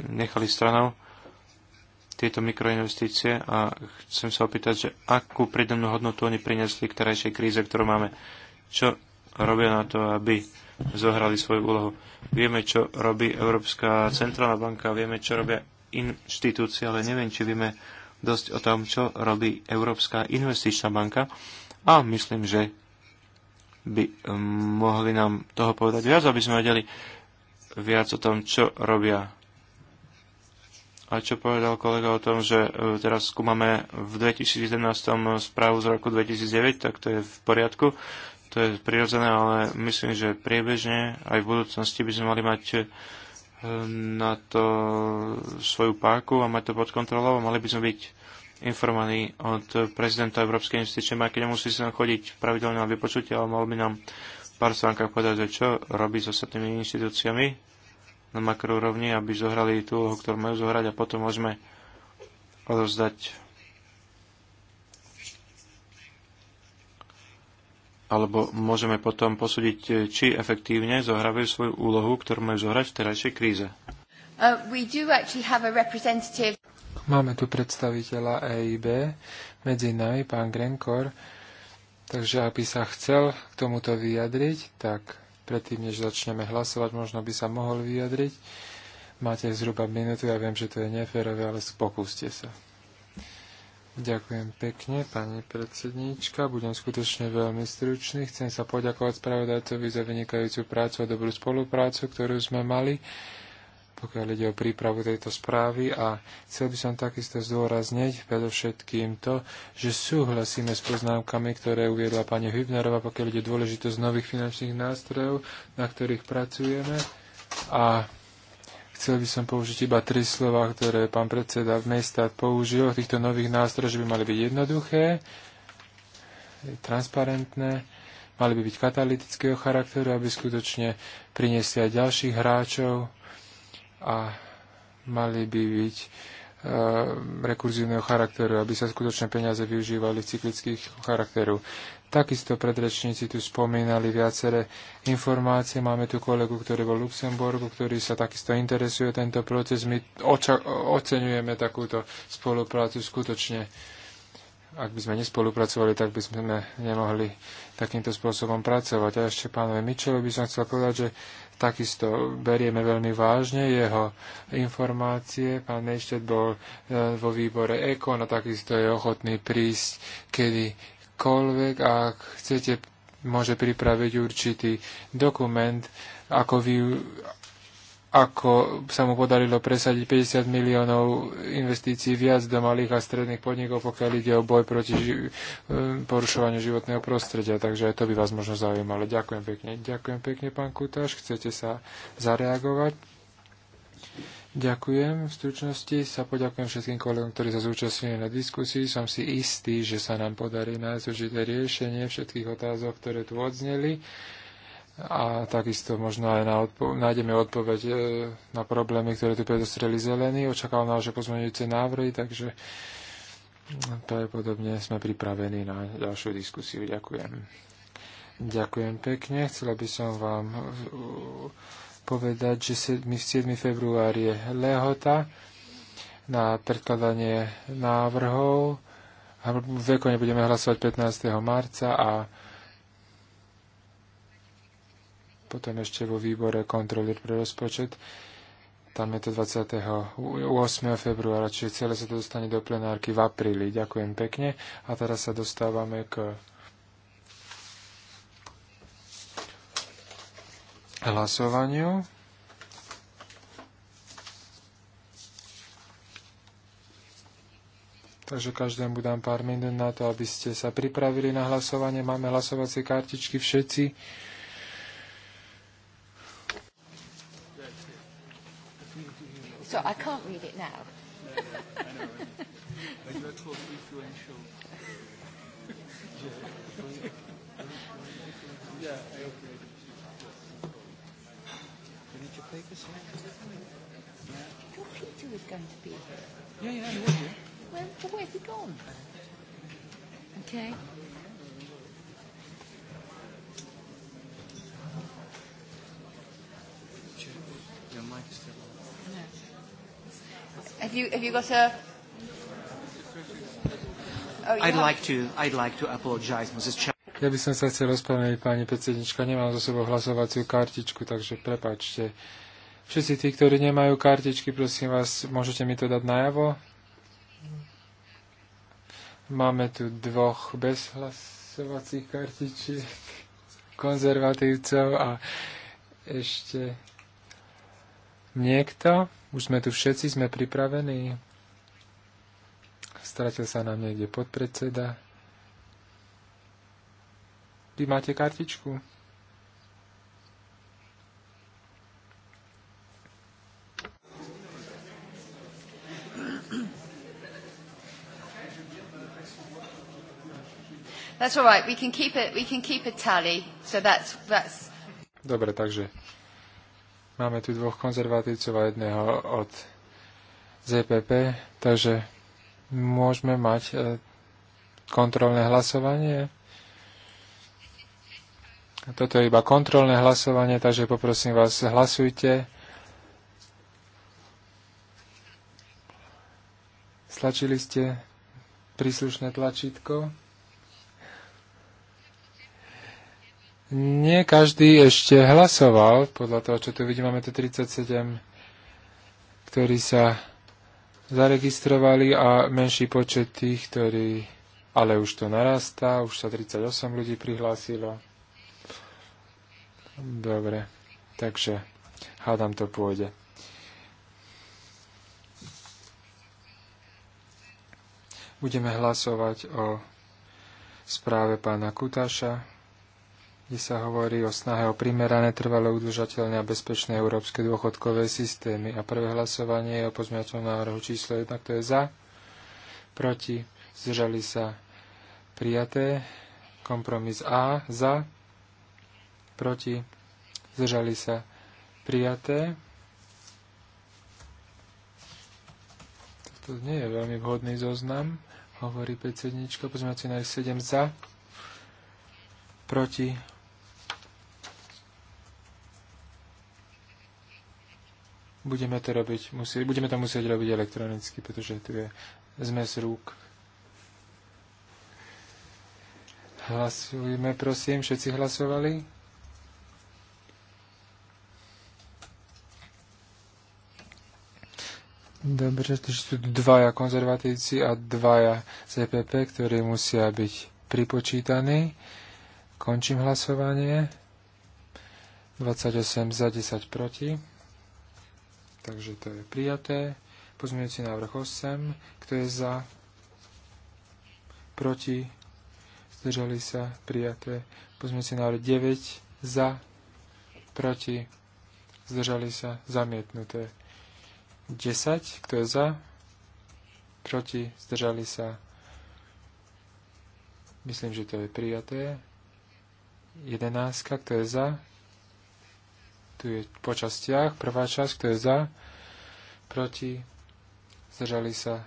nechali stranou tieto mikroinvestície a chcem sa opýtať, že akú pridanú hodnotu oni priniesli k terajšej kríze, ktorú máme. Čo robia na to, aby zohrali svoju úlohu. Vieme, čo robí Európska centrálna banka, vieme, čo robia inštitúcie, ale neviem, či vieme dosť o tom, čo robí Európska investičná banka a myslím, že by um, mohli nám toho povedať viac, aby sme vedeli viac o tom, čo robia. A čo povedal kolega o tom, že e, teraz skúmame v 2011 správu z roku 2009, tak to je v poriadku. To je prirodzené, ale myslím, že priebežne aj v budúcnosti by sme mali mať e, na to svoju páku a mať to pod kontrolou mali by sme byť informovaní od prezidenta Európskej investičnej banky. Nemusí sa chodiť pravidelne na vypočutie, ale mal by nám v pár stránkach povedať, že čo robí s ostatnými inštitúciami na makroúrovni, aby zohrali tú úlohu, ktorú majú zohrať a potom môžeme odovzdať alebo môžeme potom posúdiť, e, či efektívne zohrávajú svoju úlohu, ktorú majú zohrať v terajšej kríze. Uh, Máme tu predstaviteľa EIB medzi nami, pán Grenkor, takže ak by sa chcel k tomuto vyjadriť, tak predtým, než začneme hlasovať, možno by sa mohol vyjadriť. Máte zhruba minútu, ja viem, že to je neférové, ale pokúste sa. Ďakujem pekne, pani predsedníčka. Budem skutočne veľmi stručný. Chcem sa poďakovať spravodajcovi za vynikajúcu prácu a dobrú spoluprácu, ktorú sme mali, pokiaľ ide o prípravu tejto správy. A chcel by som takisto zdôrazniť predovšetkým to, že súhlasíme s poznámkami, ktoré uviedla pani Hübnerová, pokiaľ ide o dôležitosť nových finančných nástrojov, na ktorých pracujeme. A Chcel by som použiť iba tri slova, ktoré pán predseda v mestách použil. Týchto nových nástrojov že by mali byť jednoduché, transparentné, mali by byť katalytického charakteru, aby skutočne priniesli aj ďalších hráčov a mali by byť e, rekurzívneho charakteru, aby sa skutočne peniaze využívali cyklických charakteru. Takisto predrečníci tu spomínali viaceré informácie. Máme tu kolegu, ktorý bol v Luxemburgu, ktorý sa takisto interesuje tento proces. My oča- oceňujeme takúto spoluprácu skutočne. Ak by sme nespolupracovali, tak by sme nemohli takýmto spôsobom pracovať. A ešte pánovi Mičelovi by som chcel povedať, že takisto berieme veľmi vážne jeho informácie. Pán Neštet bol eh, vo výbore EKON a takisto je ochotný prísť, kedy koľvek a ak chcete, môže pripraviť určitý dokument, ako, vy, ako sa mu podarilo presadiť 50 miliónov investícií viac do malých a stredných podnikov, pokiaľ ide o boj proti ži- e, porušovaniu životného prostredia. Takže aj to by vás možno zaujímalo. Ďakujem pekne. Ďakujem pekne, pán Kutáš. Chcete sa zareagovať? Ďakujem. V stručnosti sa poďakujem všetkým kolegom, ktorí sa zúčastnili na diskusii. Som si istý, že sa nám podarí nájsť určité riešenie všetkých otázok, ktoré tu odzneli. A takisto možno aj na odpo- nájdeme odpoveď e, na problémy, ktoré tu predostreli zelení. Očakávam že pozmeňujúce návrhy, takže pravdepodobne sme pripravení na ďalšiu diskusiu. Ďakujem. Ďakujem pekne. Chcela by som vám povedať, že 7. 7. február je lehota na predkladanie návrhov. Vekone budeme hlasovať 15. marca a potom ešte vo výbore kontroly pre rozpočet. Tam je to 28. februára, čiže celé sa to dostane do plenárky v apríli. Ďakujem pekne. A teraz sa dostávame k hlasovaniu. Takže každému dám pár minút na to, aby ste sa pripravili na hlasovanie. Máme hlasovacie kartičky všetci. So I can't read it now. (laughs) (laughs) (laughs) yeah, Your Peter was going to be here. Yeah, yeah, he was here. Where, where's he gone? Okay. Your mic is still on. Have you have you got a? Oh, I'd have... like to I'd like to apologise, Mrs. Chair. Ja by som sa chcel ospravedlniť, pani predsednička, nemám zo sebou hlasovaciu kartičku, takže prepačte. Všetci tí, ktorí nemajú kartičky, prosím vás, môžete mi to dať najavo? Máme tu dvoch bez hlasovacích kartičiek, konzervatívcov a ešte niekto. Už sme tu všetci, sme pripravení. Stratil sa nám niekde podpredseda. Vy máte kartičku? That's all right. We can keep it. We can keep a tally. So that's that's. Dobre, takže máme tu dvoch konzervatívcov a jedného od ZPP, takže môžeme mať e, kontrolné hlasovanie. Toto je iba kontrolné hlasovanie, takže poprosím vás, hlasujte. Stlačili ste príslušné tlačítko. Nie každý ešte hlasoval, podľa toho, čo tu vidím, máme tu 37, ktorí sa zaregistrovali a menší počet tých, ktorí... Ale už to narastá, už sa 38 ľudí prihlásilo. Dobre, takže hádam to pôjde. Budeme hlasovať o správe pána Kutáša, kde sa hovorí o snahe o primerané, trvalé, udržateľné a bezpečné európske dôchodkové systémy. A prvé hlasovanie je o pozmeňacom návrhu číslo 1, to je za, proti, zdržali sa prijaté, kompromis A, za, proti, zdržali sa prijaté. Toto nie je veľmi vhodný zoznam, hovorí predsednička. Pozmeňovací návrh 7 za, proti, Budeme to, robiť, musí, budeme to musieť robiť elektronicky, pretože tu je zmes rúk. Hlasujeme, prosím, všetci hlasovali? Dobre, že sú dvaja konzervatívci a dvaja ZPP, e ktorí musia byť pripočítaní. Končím hlasovanie. 28 za 10 proti. Takže to je prijaté. Pozmeňujúci návrh 8. Kto je za? Proti? Zdržali sa? Prijaté. Pozmeňujúci návrh 9. Za? Proti? Zdržali sa? Zamietnuté. 10, kto je za, proti, zdržali sa. Myslím, že to je prijaté. 11, kto je za, tu je po častiach, prvá časť, kto je za, proti, zdržali sa.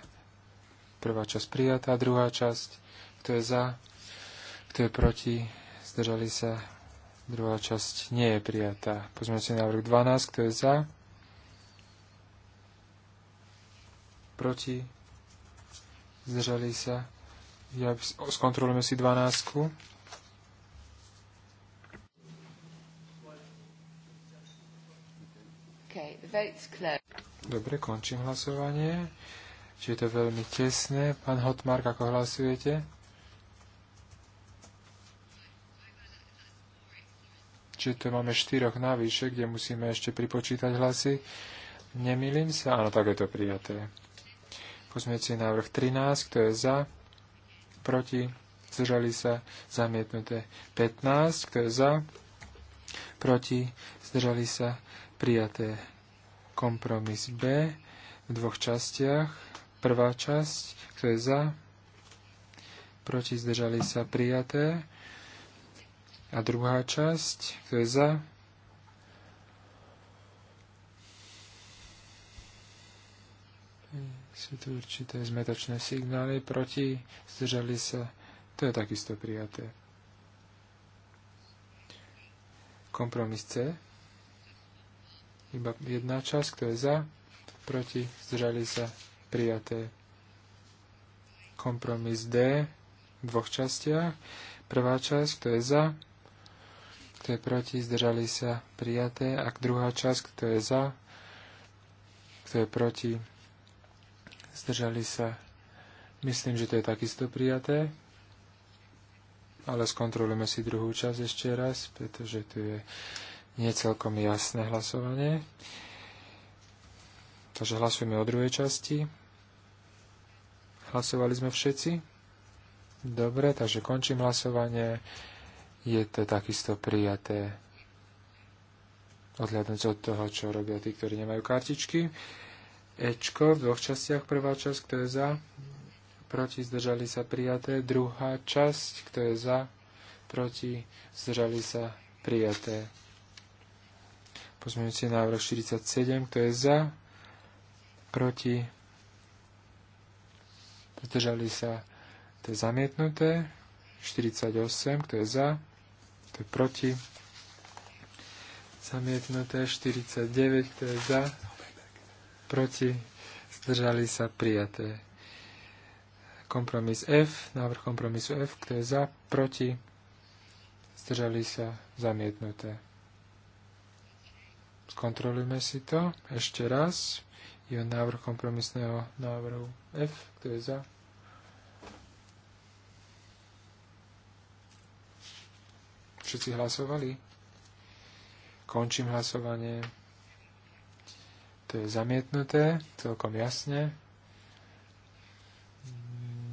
Prvá časť prijatá, druhá časť, kto je za, kto je proti, zdržali sa. Druhá časť nie je prijatá. Pozmeňte návrh 12, kto je za, proti, zdržali sa. Ja, skontrolujeme si 12. Dobre, končím hlasovanie. Čiže je to veľmi tesné. Pán Hotmark, ako hlasujete? Čiže to máme štyroch navyše, kde musíme ešte pripočítať hlasy. Nemilím sa? Áno, tak je to prijaté. Pozmeňujúci návrh 13, kto je za, proti, zdržali sa, zamietnuté 15, kto je za, proti, zdržali sa, prijaté kompromis B v dvoch častiach. Prvá časť, kto je za, proti, zdržali sa, prijaté. A druhá časť, kto je za, Sú tu určité zmetočné signály proti, zdržali sa. To je takisto prijaté. Kompromis C. Iba jedna časť, kto je za, proti, zdržali sa, prijaté. Kompromis D v dvoch častiach. Prvá časť, kto je za, kto je proti, zdržali sa, prijaté. Ak druhá časť, kto je za, kto je proti, zdržali sa. Myslím, že to je takisto prijaté, ale skontrolujeme si druhú časť ešte raz, pretože tu je niecelkom jasné hlasovanie. Takže hlasujeme o druhej časti. Hlasovali sme všetci? Dobre, takže končím hlasovanie. Je to takisto prijaté odhľadnúť od toho, čo robia tí, ktorí nemajú kartičky. Ečko v dvoch častiach. Prvá časť, kto je za, proti, zdržali sa prijaté. Druhá časť, kto je za, proti, zdržali sa prijaté. Pozmeňujúci návrh 47, kto je za, proti, zdržali sa, to je zamietnuté. 48, kto je za, kto je proti, zamietnuté. 49, kto je za, proti, zdržali sa prijaté. Kompromis F, návrh kompromisu F, kto je za, proti, zdržali sa zamietnuté. Skontrolujme si to ešte raz. Je návrh kompromisného návrhu F, kto je za, Všetci hlasovali? Končím hlasovanie. To je zamietnuté, celkom jasne.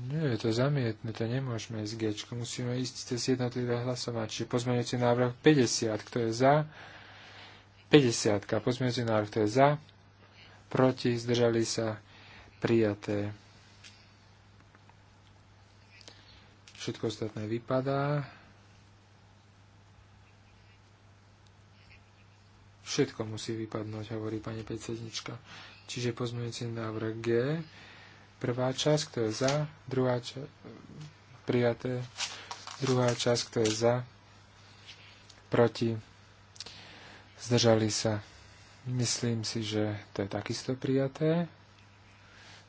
Nie je to zamietnuté, nemôžeme ísť G, musíme ísť cez jednotlivé hlasovať. Čiže pozmeňujúci návrh 50, kto je za, 50, pozmeňujúci návrh, kto je za, proti, zdržali sa, prijaté. Všetko ostatné vypadá. Všetko musí vypadnúť, hovorí pani predsednička. Čiže pozmeňujúci návrh G. Prvá časť, kto je za, druhá časť, prijaté, druhá časť, kto je za, proti, zdržali sa. Myslím si, že to je takisto prijaté.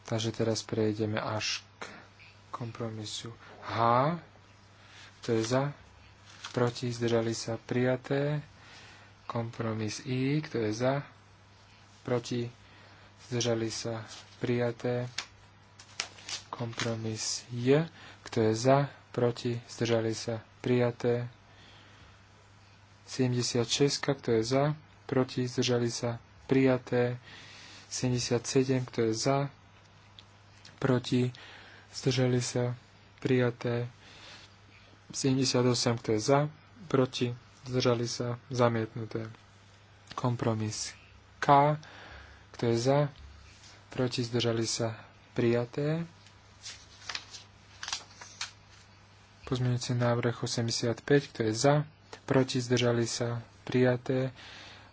Takže teraz prejdeme až k kompromisu H. Kto je za, proti, zdržali sa prijaté. Kompromis I, kto je za, proti, zdržali sa prijaté. Kompromis J, kto je za, proti, zdržali sa prijaté. 76, kto je za, proti, zdržali sa prijaté. 77, kto je za, proti, zdržali sa prijaté. 78, kto je za, proti, zdržali sa, zamietnuté. Kompromis K, kto je za, proti, zdržali sa, prijaté. Pozmeňujúci návrh 85, kto je za, proti, zdržali sa, prijaté.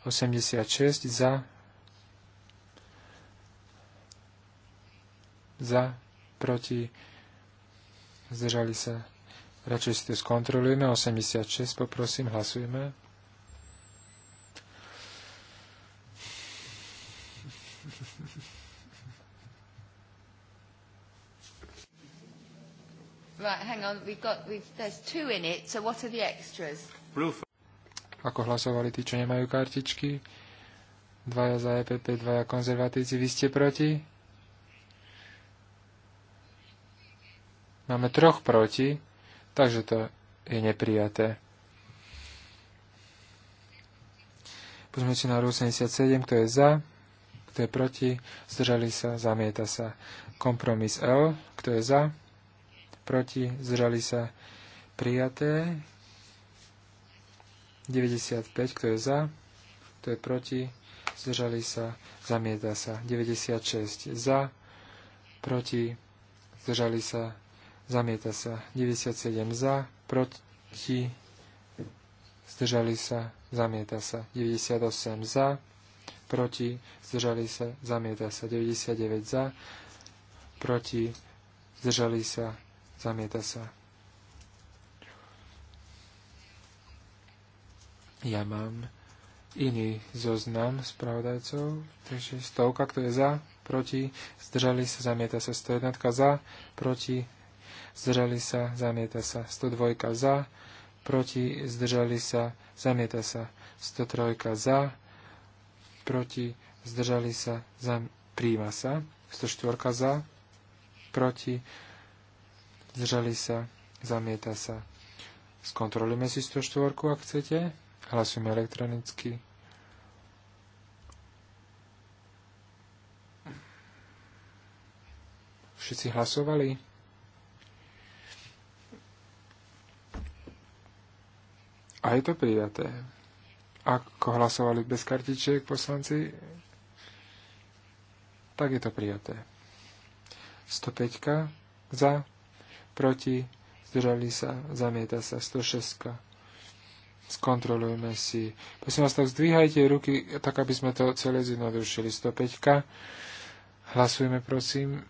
86 za, za, proti, zdržali sa, Radšej si to skontrolujeme. 86 poprosím, hlasujeme. Right, hang on, we've got, we've, there's two in it, so what are the extras? Ako hlasovali tí, čo nemajú kartičky? Dvaja za EPP, dvaja konzervatíci, vy ste proti? Máme troch proti. Takže to je neprijaté. si na 87, kto je za, kto je proti, zdržali sa, zamieta sa. Kompromis L, kto je za, proti, zdržali sa, prijaté. 95, kto je za, kto je proti, zdržali sa, zamieta sa. 96, za, proti, zdržali sa, Zamieta sa 97 za, proti, zdržali sa, zamieta sa 98 za, proti, zdržali sa, zamieta sa 99 za, proti, zdržali sa, zamieta sa. Ja mám iný zoznam spravodajcov, takže stovka, kto je za, proti, zdržali sa, zamieta sa 101 za, proti, zdržali sa, zamieta sa. 102 za, proti, zdržali sa, zamieta sa. 103 za, proti, zdržali sa, zam, príjma sa. 104 za, proti, zdržali sa, zamieta sa. Skontrolujeme si 104, ak chcete. Hlasujeme elektronicky. Všetci hlasovali? A je to prijaté. Ako hlasovali bez kartičiek poslanci, tak je to prijaté. 105 za, proti, zdržali sa, zamieta sa, 106. Skontrolujme si. Prosím vás, tak zdvíhajte ruky, tak aby sme to celé zjednodušili. 105. hlasujeme, prosím.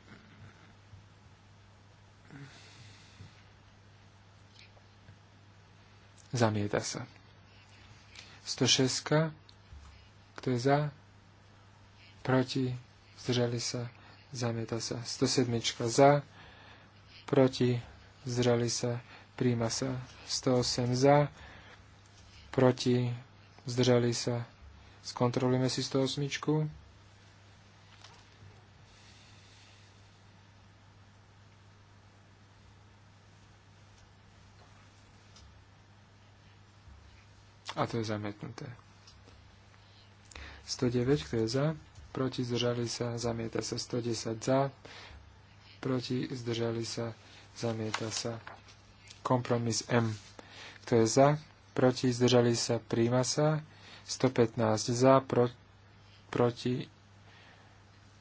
Zamieta sa. 106. Kto je za? Proti? Zdržali sa? Zamieta sa. 107. Za? Proti? Zdržali sa? Príjma sa. 108. Za? Proti? Zdržali sa? Skontrolujeme si 108. a to je zamietnuté. 109, kto je za, proti zdržali sa, zamieta sa. 110 za, proti zdržali sa, zamieta sa. Kompromis M. Kto je za, proti zdržali sa, príjma sa. 115 za, pro, proti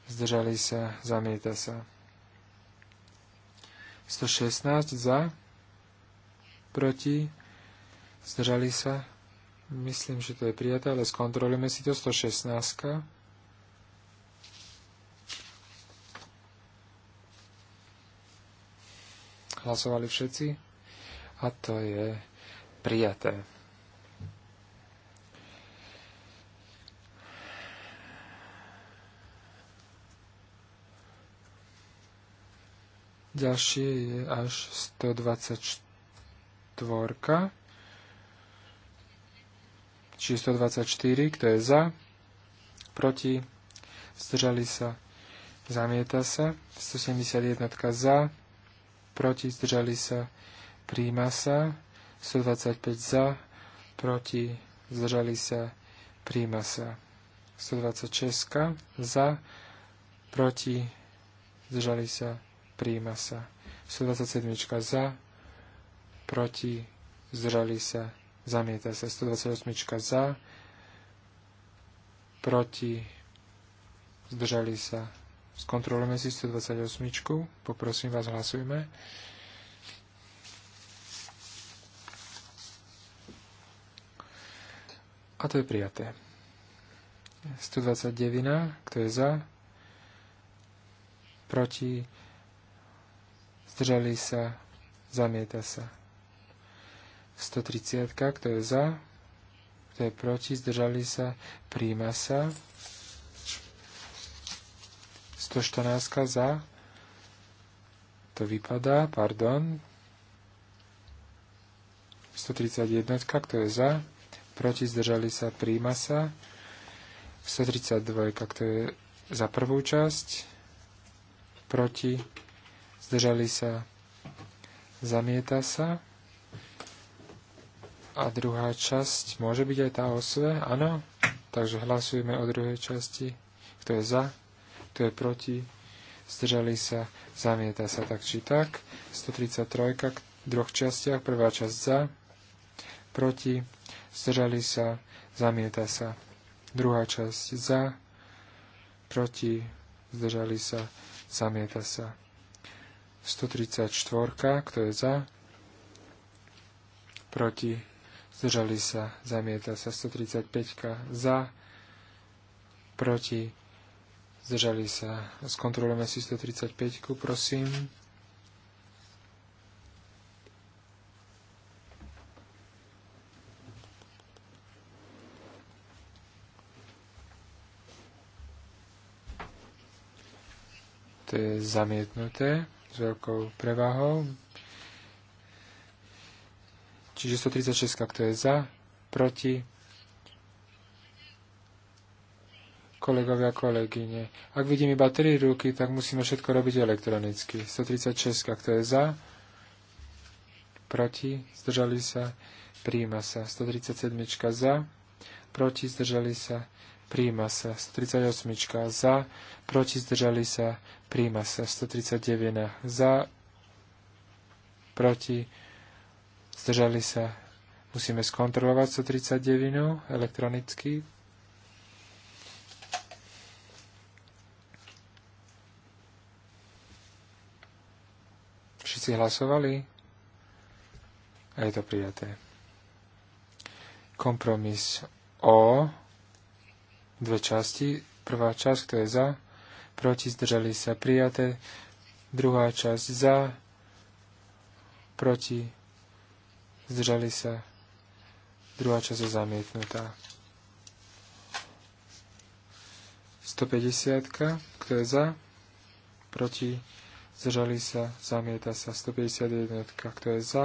zdržali sa, zamieta sa. 116 za, proti, zdržali sa, Myslím, že to je prijaté, ale skontrolujeme si to. 116. Hlasovali všetci? A to je prijaté. Ďalšie je až 124. Čiže 124, kto je za, proti, zdržali sa, zamieta sa. 171 za, proti, zdržali sa, príjma sa. 125 za, proti, zdržali sa, príjma sa. 126 za, proti, zdržali sa, príjma sa. 127 za, proti, zdržali sa, Zamieta sa 128 za, proti, zdržali sa. Skontrolujeme si 128. Poprosím vás, hlasujme. A to je prijaté. 129. Kto je za? Proti? Zdržali sa? Zamieta sa. 130, kto je za, kto je proti, zdržali sa, príjma sa. 114 za, to vypadá, pardon. 131, kto je za, proti, zdržali sa, príjma sa. 132, kto je za prvú časť, proti, zdržali sa, zamieta sa. A druhá časť, môže byť aj tá o sve? Áno. Takže hlasujeme o druhej časti. Kto je za, kto je proti, zdržali sa, zamieta sa tak či tak. 133 v dvoch častiach, prvá časť za, proti, zdržali sa, zamieta sa. Druhá časť za, proti, zdržali sa, zamieta sa. 134, kto je za, proti, zdržali sa, zamieta sa 135 za, proti, zdržali sa. Skontrolujeme si 135, prosím. To je zamietnuté s veľkou prevahou. Čiže 136, kto je za, proti. Kolegovia, kolegyne. Ak vidím iba 3 ruky, tak musíme všetko robiť elektronicky. 136, kto je za, proti, zdržali sa, príjma sa. 137 za, proti, zdržali sa, príjma sa 138 za, proti zdržali sa, príjma sa 139 za, proti zdržali sa. Musíme skontrolovať 139 elektronicky. Všetci hlasovali a je to prijaté. Kompromis O, dve časti. Prvá časť, kto je za, proti, zdržali sa prijaté. Druhá časť za, proti, zdržali sa, druhá časť je zamietnutá. 150, kto je za, proti, zdržali sa, zamieta sa. 151, kto je za,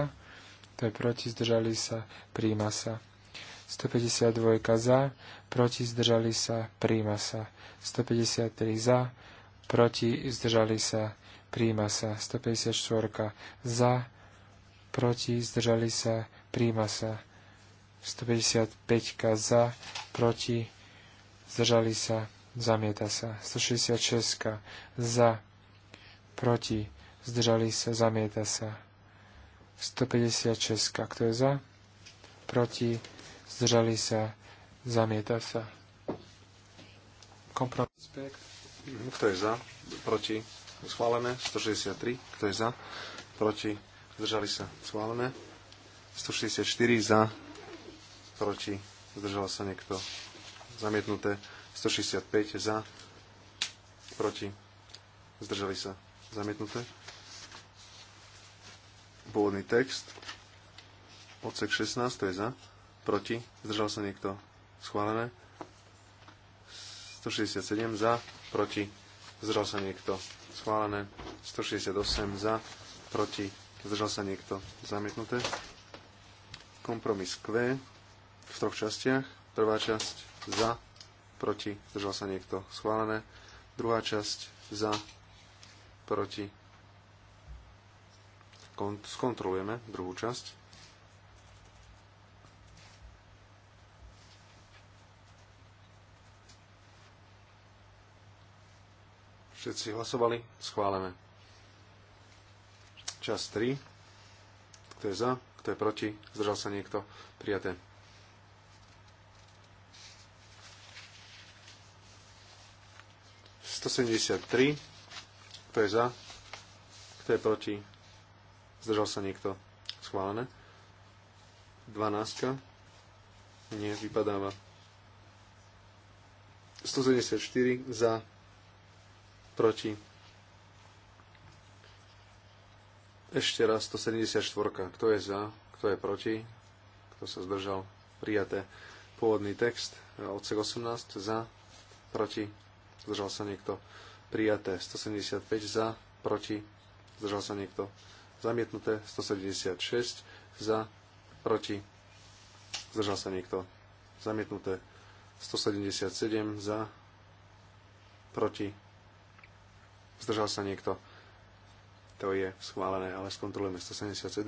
kto je proti, zdržali sa, príjma sa. 152 za, proti, zdržali sa, príjma sa. 153 za, proti, zdržali sa, príjma sa. 154 za, proti, zdržali sa, príjma sa. 155 za, proti, zdržali sa, zamieta sa. 166 za, proti, zdržali sa, zamieta sa. 156, kto je za, proti, zdržali sa, zamieta sa. Kompromis Kto je za, proti, schválené. 163, kto je za, proti, zdržali sa schválené. 164 za, proti, zdržal sa niekto zamietnuté. 165 za, proti, zdržali sa zamietnuté. Pôvodný text, odsek 16, to je za, proti, zdržal sa niekto schválené. 167 za, proti, zdržal sa niekto schválené. 168 za, proti, Zdržal sa niekto? Zamietnuté. Kompromis Q v troch častiach. Prvá časť za, proti, zdržal sa niekto, schválené. Druhá časť za, proti. skontrolujeme druhú časť. Všetci hlasovali, Schválené. Čas 3. Kto je za? Kto je proti? Zdržal sa niekto? Prijaté. Kto je za? Kto je proti? Zdržal sa niekto? Schválené. 12. Nie, vypadáva. 174 za, proti, Ešte raz 174. Kto je za? Kto je proti? Kto sa zdržal? Prijaté. Pôvodný text. E, odsek 18. Za? Proti? Zdržal sa niekto? Prijaté. 175. Za? Proti? Zdržal sa niekto? Zamietnuté. 176. Za? Proti? Zdržal sa niekto? Zamietnuté. 177. Za? Proti? Zdržal sa niekto? To je schválené, ale skontrolujeme 177.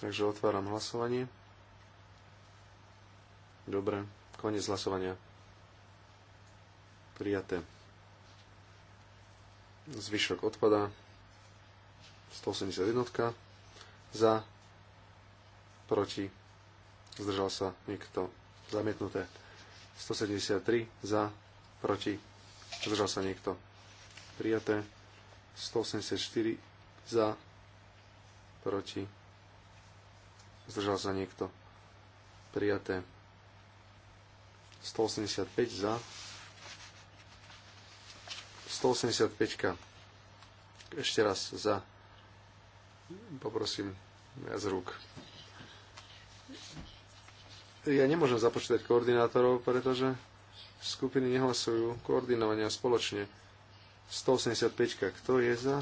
Takže otváram hlasovanie. Dobre, koniec hlasovania. Prijaté. Zvyšok odpada. 181. Za. Proti. Zdržal sa niekto. Zamietnuté. 173 za, proti, zdržal sa niekto. Prijaté 184 za, proti, zdržal sa niekto. Prijaté 185 za, 185 -ka. ešte raz za poprosím viac rúk ja nemôžem započítať koordinátorov, pretože skupiny nehlasujú koordinovania spoločne. 185. Kto je za?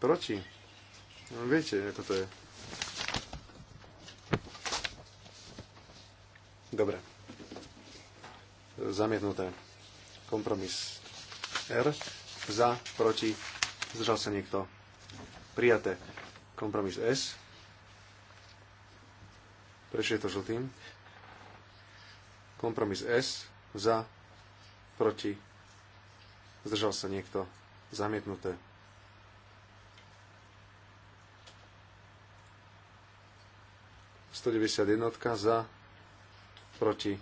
Proti? No, viete, ako to je. Dobre. Zamietnuté. Kompromis. R. Za, proti, zdržal sa niekto. Prijaté. Kompromis S. Prečo je to žltým? Kompromis S. Za. Proti. Zdržal sa niekto. Zamietnuté. jednotka za, proti,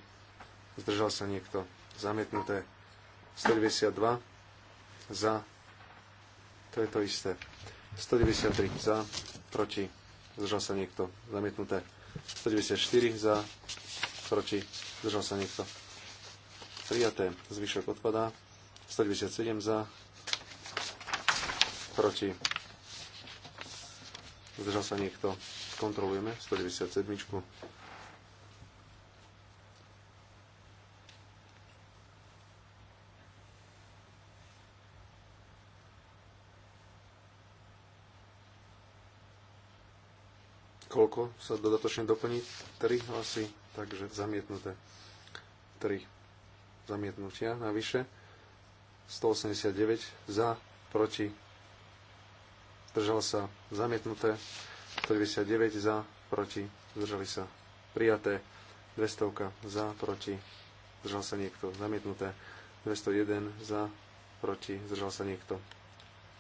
zdržal sa niekto, zamietnuté. 192 za, to je to isté. 193 za, proti, zdržal sa niekto, zamietnuté. 194 za, proti, zdržal sa niekto. Prijaté, zvyšok odpadá. 197 za, proti, zdržal sa niekto. Kontrolujeme 197. ako sa dodatočne doplniť. 3 hlasy, takže zamietnuté. 3 zamietnutia navyše. 189 za, proti, zdržal sa, zamietnuté. 199 za, proti, zdržali sa, prijaté. 200 za, proti, zdržal sa niekto, zamietnuté. 201 za, proti, zdržal sa niekto,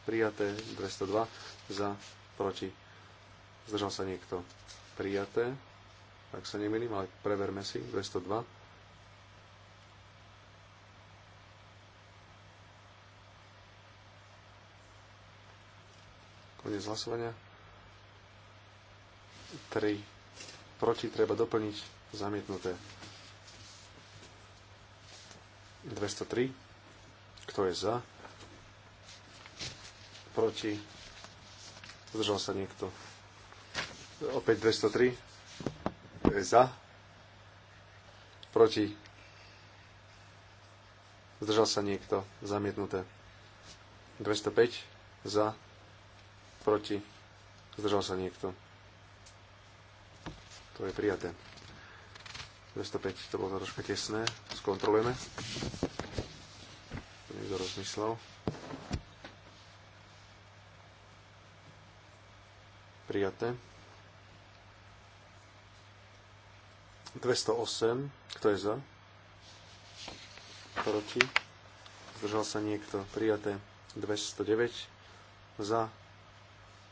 prijaté. 202 za, proti, Zdržal sa niekto? Prijaté. tak sa nemýlim, ale preverme si. 202. Koniec hlasovania. 3. Proti treba doplniť zamietnuté. 203. Kto je za? Proti. Zdržal sa niekto. Opäť 203. To je za. Proti. Zdržal sa niekto. Zamietnuté. 205. Za. Proti. Zdržal sa niekto. To je prijaté. 205, to bolo troška tesné. Skontrolujeme. Niekto rozmyslel. Prijaté. 208. Kto je za? Proti? Zdržal sa niekto? Prijaté. 209. Za?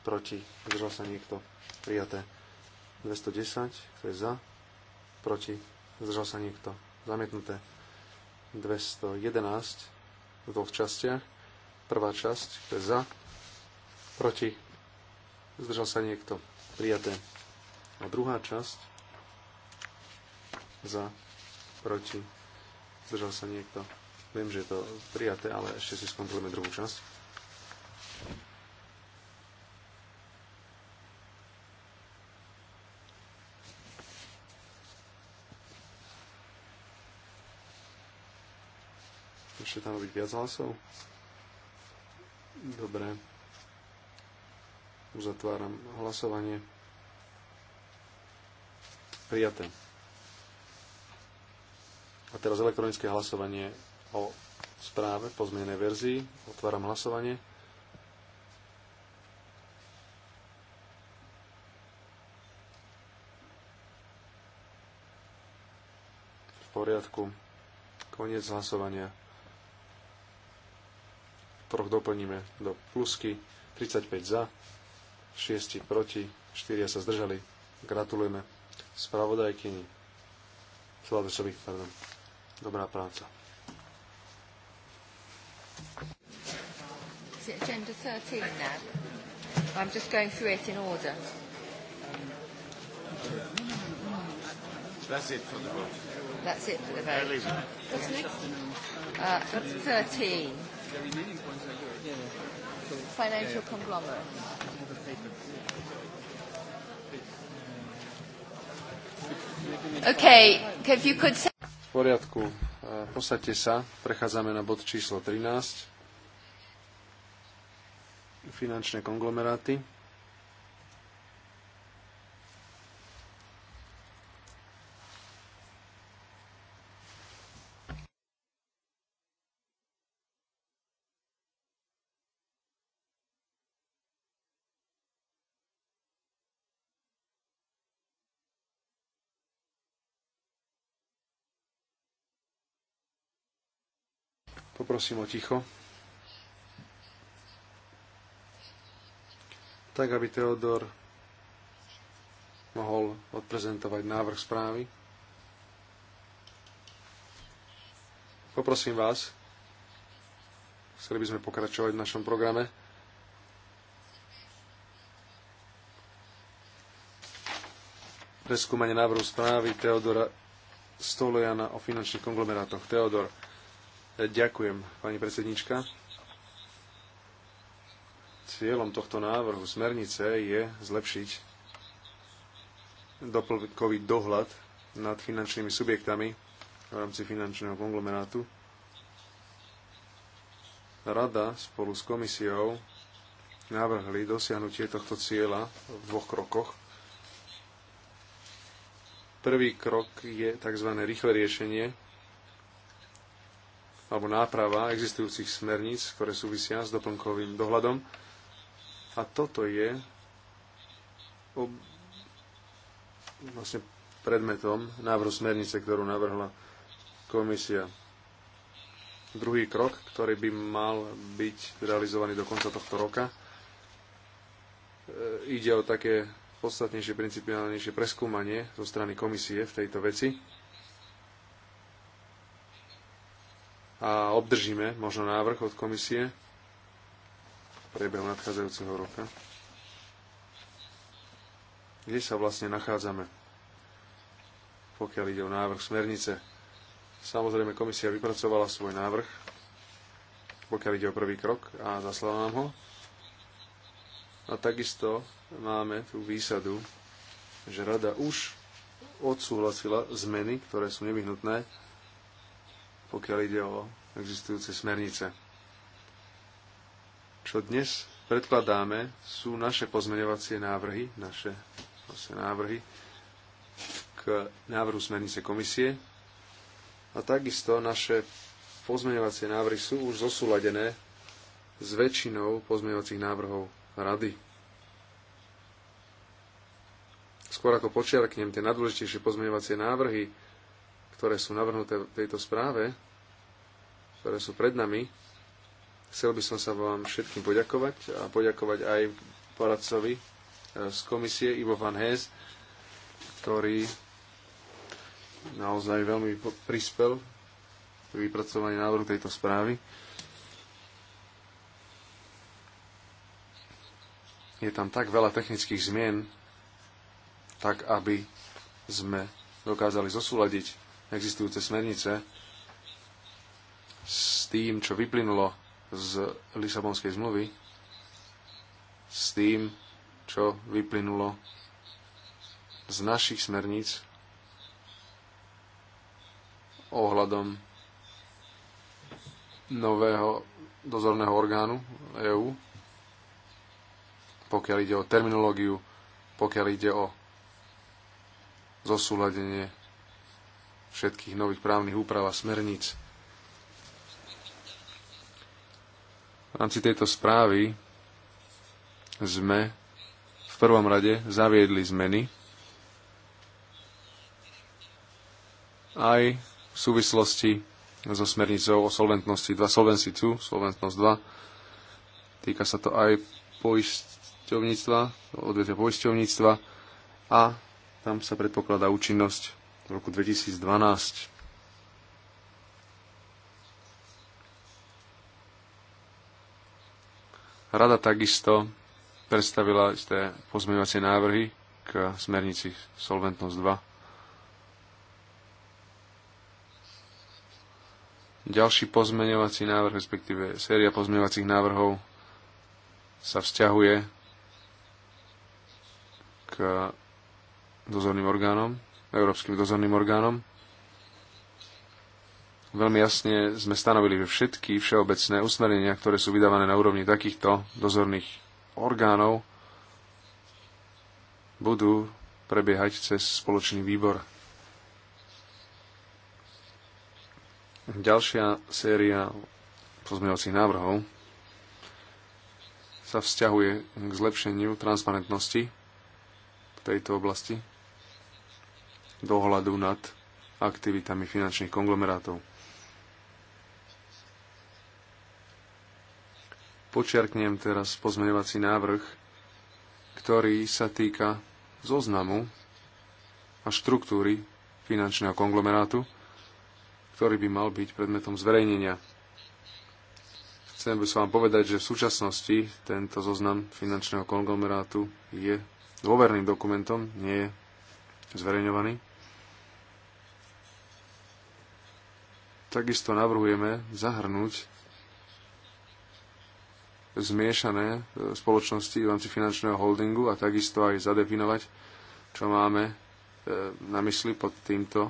Proti? Zdržal sa niekto? Prijaté. 210. Kto je za? Proti? Zdržal sa niekto? Zamietnuté. 211 v dvoch častiach. Prvá časť, kto je za, proti, zdržal sa niekto, prijaté. A druhá časť, za, proti, zdržal sa niekto. Viem, že je to prijaté, ale ešte si skontrolujeme druhú časť. Ešte tam robiť viac hlasov? Dobre. Uzatváram hlasovanie. Prijaté. A teraz elektronické hlasovanie o správe po zmenenej verzii. Otváram hlasovanie. V poriadku. Koniec hlasovania. Troch doplníme do plusky. 35 za, 6 proti, 4 sa zdržali. Gratulujeme spravodajkyni. Slavesovi. pardon. Dobrá práca. Is it agenda now? I'm just going through it in order. That's it for the vote. That's it for the vote. What's next? Uh, 13. Financial conglomerates. Okay, if you could v poriadku, e, posaďte sa, prechádzame na bod číslo 13. Finančné konglomeráty. Poprosím o ticho. Tak, aby Teodor mohol odprezentovať návrh správy. Poprosím vás, chceli by sme pokračovať v našom programe. Preskúmanie návrhu správy Teodora Stolojana o finančných konglomerátoch. Teodor, Ďakujem, pani predsednička. Cieľom tohto návrhu smernice je zlepšiť doplnkový dohľad nad finančnými subjektami v rámci finančného konglomerátu. Rada spolu s komisiou navrhli dosiahnutie tohto cieľa v dvoch krokoch. Prvý krok je tzv. rýchle riešenie alebo náprava existujúcich smerníc, ktoré súvisia s doplnkovým dohľadom. A toto je ob... vlastne predmetom návrhu smernice, ktorú navrhla komisia. Druhý krok, ktorý by mal byť realizovaný do konca tohto roka, e, ide o také podstatnejšie, principiálnejšie preskúmanie zo strany komisie v tejto veci a obdržíme možno návrh od komisie v priebehu nadchádzajúceho roka. Kde sa vlastne nachádzame, pokiaľ ide o návrh smernice? Samozrejme, komisia vypracovala svoj návrh, pokiaľ ide o prvý krok a zaslala nám ho. A takisto máme tú výsadu, že rada už odsúhlasila zmeny, ktoré sú nevyhnutné pokiaľ ide o existujúce smernice. Čo dnes predkladáme, sú naše pozmeňovacie návrhy, naše vlastne návrhy k návrhu smernice komisie a takisto naše pozmeňovacie návrhy sú už zosúladené s väčšinou pozmeňovacích návrhov rady. Skôr ako počiarknem tie najdôležitejšie pozmeňovacie návrhy, ktoré sú navrhnuté v tejto správe, ktoré sú pred nami. Chcel by som sa vám všetkým poďakovať a poďakovať aj poradcovi eh, z komisie Ivo Van Hez, ktorý naozaj veľmi prispel k vypracovaní návrhu tejto správy. je tam tak veľa technických zmien, tak aby sme dokázali zosúľadiť existujúce smernice s tým, čo vyplynulo z Lisabonskej zmluvy, s tým, čo vyplynulo z našich smerníc ohľadom nového dozorného orgánu EÚ, pokiaľ ide o terminológiu, pokiaľ ide o zosúladenie všetkých nových právnych úprav a smerníc. V rámci tejto správy sme v prvom rade zaviedli zmeny aj v súvislosti so smernicou o solventnosti 2, Solvency 2, Solventnosť 2. Týka sa to aj poisťovníctva, odvetia poisťovníctva a tam sa predpokladá účinnosť v roku 2012. Rada takisto predstavila isté pozmeňovacie návrhy k smernici Solventnosť 2. Ďalší pozmeňovací návrh, respektíve séria pozmeňovacích návrhov sa vzťahuje k dozorným orgánom Európskym dozorným orgánom. Veľmi jasne sme stanovili, že všetky všeobecné usmernenia, ktoré sú vydávané na úrovni takýchto dozorných orgánov, budú prebiehať cez spoločný výbor. Ďalšia séria pozmeňovacích návrhov sa vzťahuje k zlepšeniu transparentnosti v tejto oblasti dohľadu nad aktivitami finančných konglomerátov. Počiarknem teraz pozmeňovací návrh, ktorý sa týka zoznamu a štruktúry finančného konglomerátu, ktorý by mal byť predmetom zverejnenia. Chcem by som vám povedať, že v súčasnosti tento zoznam finančného konglomerátu je dôverným dokumentom, nie je zverejňovaný. Takisto navrhujeme zahrnúť zmiešané e, spoločnosti v rámci finančného holdingu a takisto aj zadefinovať, čo máme e, na mysli pod týmto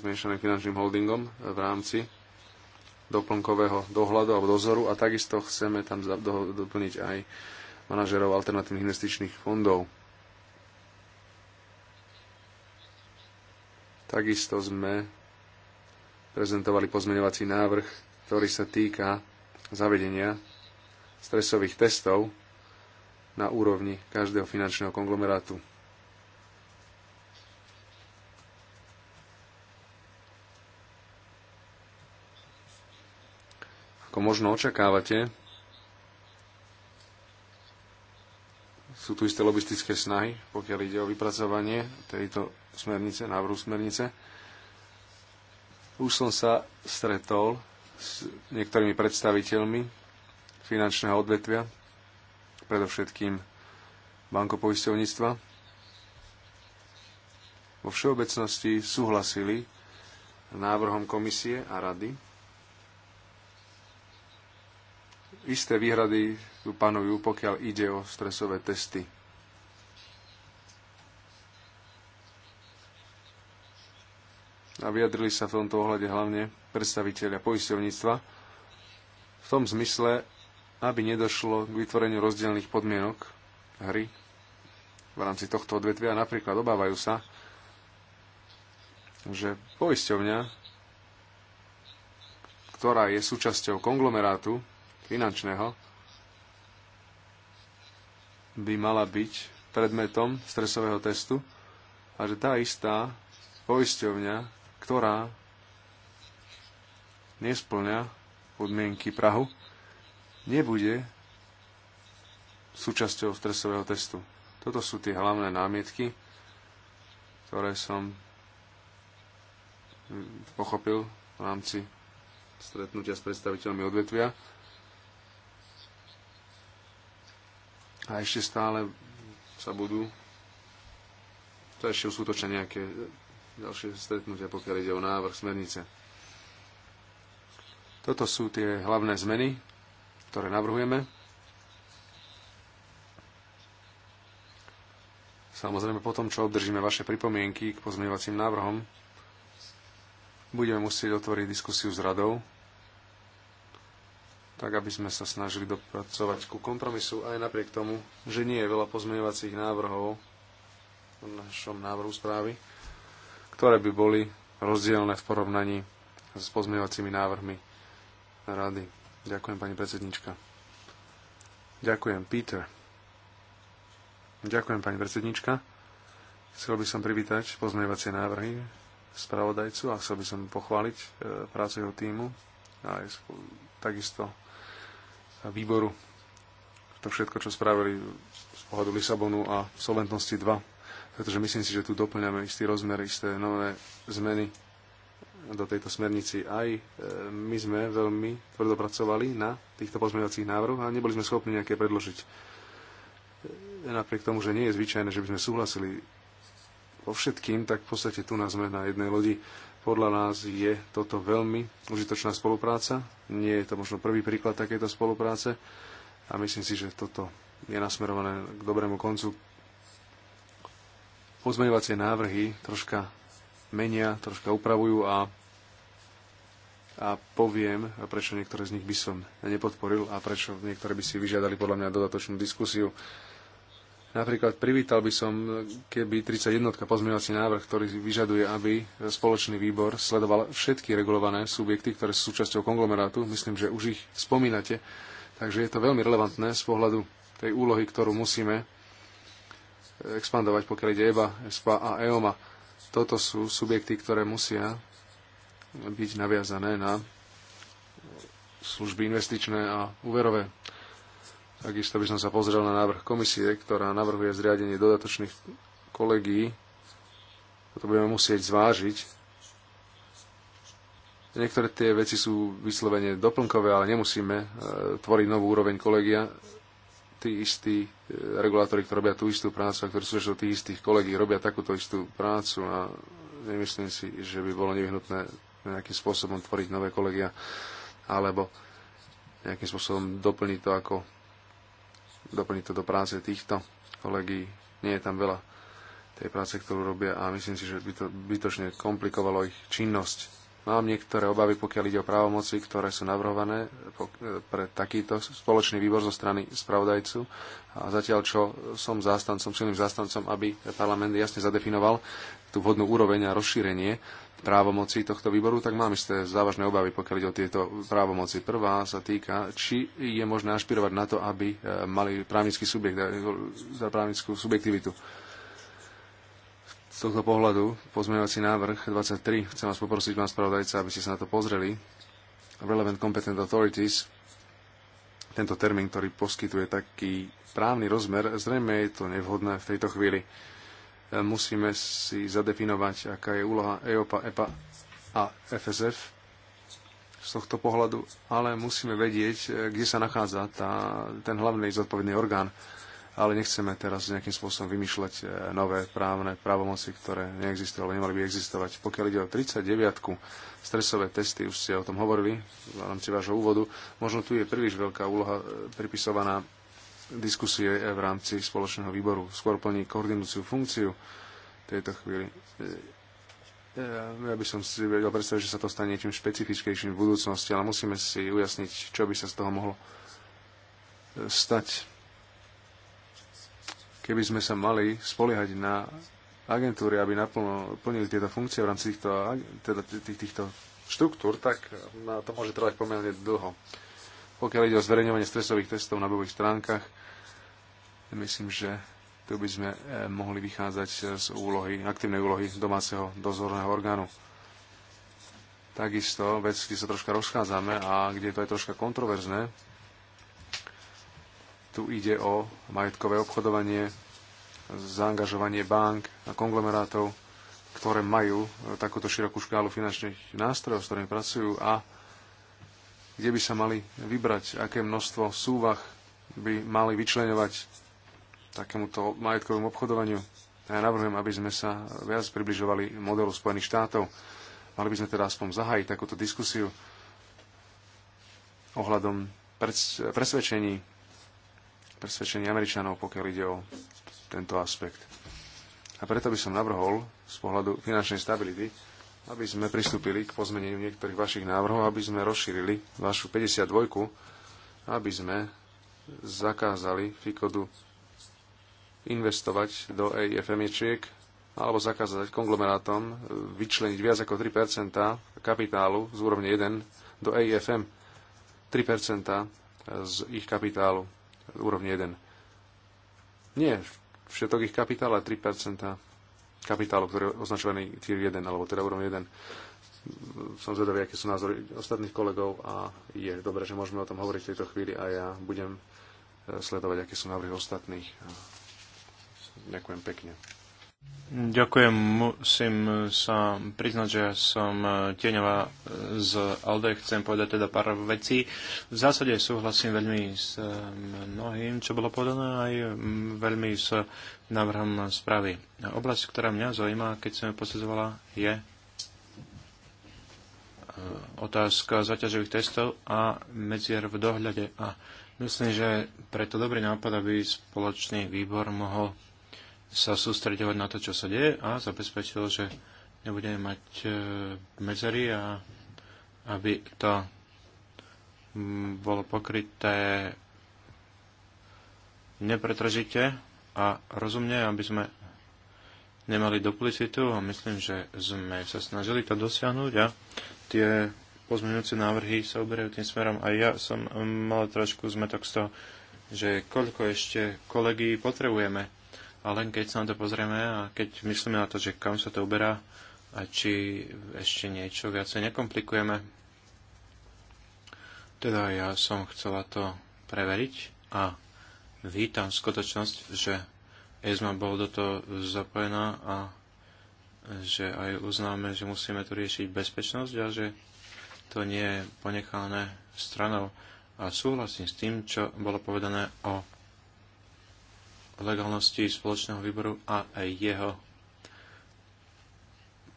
zmiešaným finančným holdingom e, v rámci doplnkového dohľadu alebo dozoru a takisto chceme tam doplniť aj manažerov alternatívnych investičných fondov. Takisto sme prezentovali pozmeňovací návrh, ktorý sa týka zavedenia stresových testov na úrovni každého finančného konglomerátu. Ako možno očakávate, sú tu isté lobistické snahy, pokiaľ ide o vypracovanie tejto smernice, návrhu smernice. Už som sa stretol s niektorými predstaviteľmi finančného odvetvia, predovšetkým bankopoisťovníctva. Vo všeobecnosti súhlasili návrhom komisie a rady. Isté výhrady tu panujú, pokiaľ ide o stresové testy a vyjadrili sa v tomto ohľade hlavne predstaviteľia poisťovníctva v tom zmysle, aby nedošlo k vytvoreniu rozdielných podmienok hry v rámci tohto odvetvia. Napríklad obávajú sa, že poisťovňa, ktorá je súčasťou konglomerátu finančného, by mala byť predmetom stresového testu a že tá istá poisťovňa ktorá nesplňa podmienky Prahu, nebude súčasťou stresového testu. Toto sú tie hlavné námietky, ktoré som pochopil v rámci stretnutia s predstaviteľmi odvetvia. A ešte stále sa budú, to ešte sú to nejaké ďalšie stretnutia, pokiaľ ide o návrh smernice. Toto sú tie hlavné zmeny, ktoré navrhujeme. Samozrejme, po tom, čo obdržíme vaše pripomienky k pozmeňovacím návrhom, budeme musieť otvoriť diskusiu s radou, tak aby sme sa snažili dopracovať ku kompromisu aj napriek tomu, že nie je veľa pozmeňovacích návrhov v našom návrhu správy ktoré by boli rozdielne v porovnaní s pozmievacími návrhmi rady. Ďakujem, pani predsednička. Ďakujem, Peter. Ďakujem, pani predsednička. Chcel by som privítať pozmievacie návrhy spravodajcu a chcel by som pochváliť e, prácu jeho týmu a aj takisto výboru. To všetko, čo spravili z pohľadu Lisabonu a Solventnosti 2 pretože myslím si, že tu doplňame istý rozmer, isté nové zmeny do tejto smernici. Aj e, my sme veľmi tvrdo pracovali na týchto pozmeňovacích návrhoch a neboli sme schopní nejaké predložiť. E, napriek tomu, že nie je zvyčajné, že by sme súhlasili vo všetkým, tak v podstate tu nás sme na jednej lodi. Podľa nás je toto veľmi užitočná spolupráca. Nie je to možno prvý príklad takejto spolupráce a myslím si, že toto je nasmerované k dobrému koncu, pozmeňovacie návrhy troška menia, troška upravujú a, a poviem, prečo niektoré z nich by som nepodporil a prečo niektoré by si vyžiadali podľa mňa dodatočnú diskusiu. Napríklad privítal by som, keby 31. pozmeňovací návrh, ktorý vyžaduje, aby spoločný výbor sledoval všetky regulované subjekty, ktoré sú súčasťou konglomerátu. Myslím, že už ich spomínate. Takže je to veľmi relevantné z pohľadu tej úlohy, ktorú musíme expandovať, pokiaľ ide EBA, SPA a EOMA. Toto sú subjekty, ktoré musia byť naviazané na služby investičné a úverové. Takisto by som sa pozrel na návrh komisie, ktorá navrhuje zriadenie dodatočných kolegií. Toto budeme musieť zvážiť. Niektoré tie veci sú vyslovene doplnkové, ale nemusíme eh, tvoriť novú úroveň kolegia tí istí e, regulátori, ktorí robia tú istú prácu a ktorí sú ešte tých istých kolegí, robia takúto istú prácu a nemyslím si, že by bolo nevyhnutné nejakým spôsobom tvoriť nové kolegia alebo nejakým spôsobom doplniť to ako doplniť to do práce týchto kolegí. Nie je tam veľa tej práce, ktorú robia a myslím si, že by to bytočne komplikovalo ich činnosť Mám niektoré obavy, pokiaľ ide o právomoci, ktoré sú navrhované e, pre takýto spoločný výbor zo strany spravodajcu. A zatiaľ, čo som zástancom, silným zástancom, aby parlament jasne zadefinoval tú vhodnú úroveň a rozšírenie právomoci tohto výboru, tak mám isté závažné obavy, pokiaľ ide o tieto právomoci. Prvá sa týka, či je možné ašpirovať na to, aby e, mali právnický subjekt, e, právnickú subjektivitu z tohto pohľadu pozmeňovací návrh 23. Chcem vás poprosiť, pán spravodajca, aby ste sa na to pozreli. Relevant Competent Authorities, tento termín, ktorý poskytuje taký právny rozmer, zrejme je to nevhodné v tejto chvíli. E, musíme si zadefinovať, aká je úloha EOPA, EPA a FSF z tohto pohľadu, ale musíme vedieť, e, kde sa nachádza tá, ten hlavný zodpovedný orgán ale nechceme teraz nejakým spôsobom vymýšľať e, nové právne právomoci, ktoré neexistujú, ale nemali by existovať. Pokiaľ ide o 39 stresové testy, už ste o tom hovorili v rámci vášho úvodu, možno tu je príliš veľká úloha e, pripisovaná diskusie e, v rámci spoločného výboru. Skôr plní koordinujúcu funkciu v tejto chvíli. Ja by som si vedel predstaviť, že sa to stane niečím špecifickejším v budúcnosti, ale musíme si ujasniť, čo by sa z toho mohlo stať keby sme sa mali spoliehať na agentúry, aby naplno plnili tieto funkcie v rámci týchto, teda tých, týchto štruktúr, tak na to môže trvať pomerne dlho. Pokiaľ ide o zverejňovanie stresových testov na webových stránkach, myslím, že tu by sme eh, mohli vychádzať eh, z úlohy, aktívnej úlohy domáceho dozorného orgánu. Takisto vec, kde sa troška rozchádzame a kde to je troška kontroverzné, tu ide o majetkové obchodovanie, zaangažovanie bank a konglomerátov, ktoré majú e, takúto širokú škálu finančných nástrojov, s ktorými pracujú a kde by sa mali vybrať, aké množstvo súvah by mali vyčlenovať takémuto majetkovému obchodovaniu. Ja navrhujem, aby sme sa viac približovali modelu Spojených štátov. Mali by sme teda aspoň zahájiť takúto diskusiu ohľadom presvedčení presvedčení Američanov, pokiaľ ide o tento aspekt. A preto by som navrhol z pohľadu finančnej stability, aby sme pristúpili k pozmeneniu niektorých vašich návrhov, aby sme rozšírili vašu 52, aby sme zakázali Fikodu investovať do EIFMIčiek alebo zakázať konglomerátom vyčleniť viac ako 3 kapitálu z úrovne 1 do EIFM 3 z ich kapitálu úrovni 1. Nie, všetok ich kapitál a 3% kapitálu, ktorý je označovaný tier 1, alebo teda úrovni 1. Som zvedavý, aké sú názory ostatných kolegov a je dobré, že môžeme o tom hovoriť v tejto chvíli a ja budem e, sledovať, aké sú návrhy ostatných. Ďakujem pekne. Ďakujem. Musím sa priznať, že som e, tieňová e, z ALDE. Chcem povedať teda pár vecí. V zásade súhlasím veľmi s e, mnohým, čo bolo povedané, aj veľmi s návrhom správy. Oblasť, ktorá mňa zaujíma, keď som ju posledzovala, je otázka zaťažových testov a medzier v dohľade. A myslím, že preto dobrý nápad, aby spoločný výbor mohol sa sústredovať na to, čo sa deje a zabezpečil, že nebudeme mať e, medzery a aby to mm, bolo pokryté nepretržite a rozumne, aby sme nemali duplicitu a myslím, že sme sa snažili to dosiahnuť a tie pozmeňujúce návrhy sa uberajú tým smerom. a ja som mal trošku zmetok z toho, že koľko ešte kolegy potrebujeme a len keď sa na to pozrieme a keď myslíme na to, že kam sa to uberá a či ešte niečo viacej nekomplikujeme, teda ja som chcela to preveriť a vítam skutočnosť, že ESMA bol do toho zapojená a že aj uznáme, že musíme tu riešiť bezpečnosť a že to nie je ponechané stranou. A súhlasím s tým, čo bolo povedané o legálnosti spoločného výboru a jeho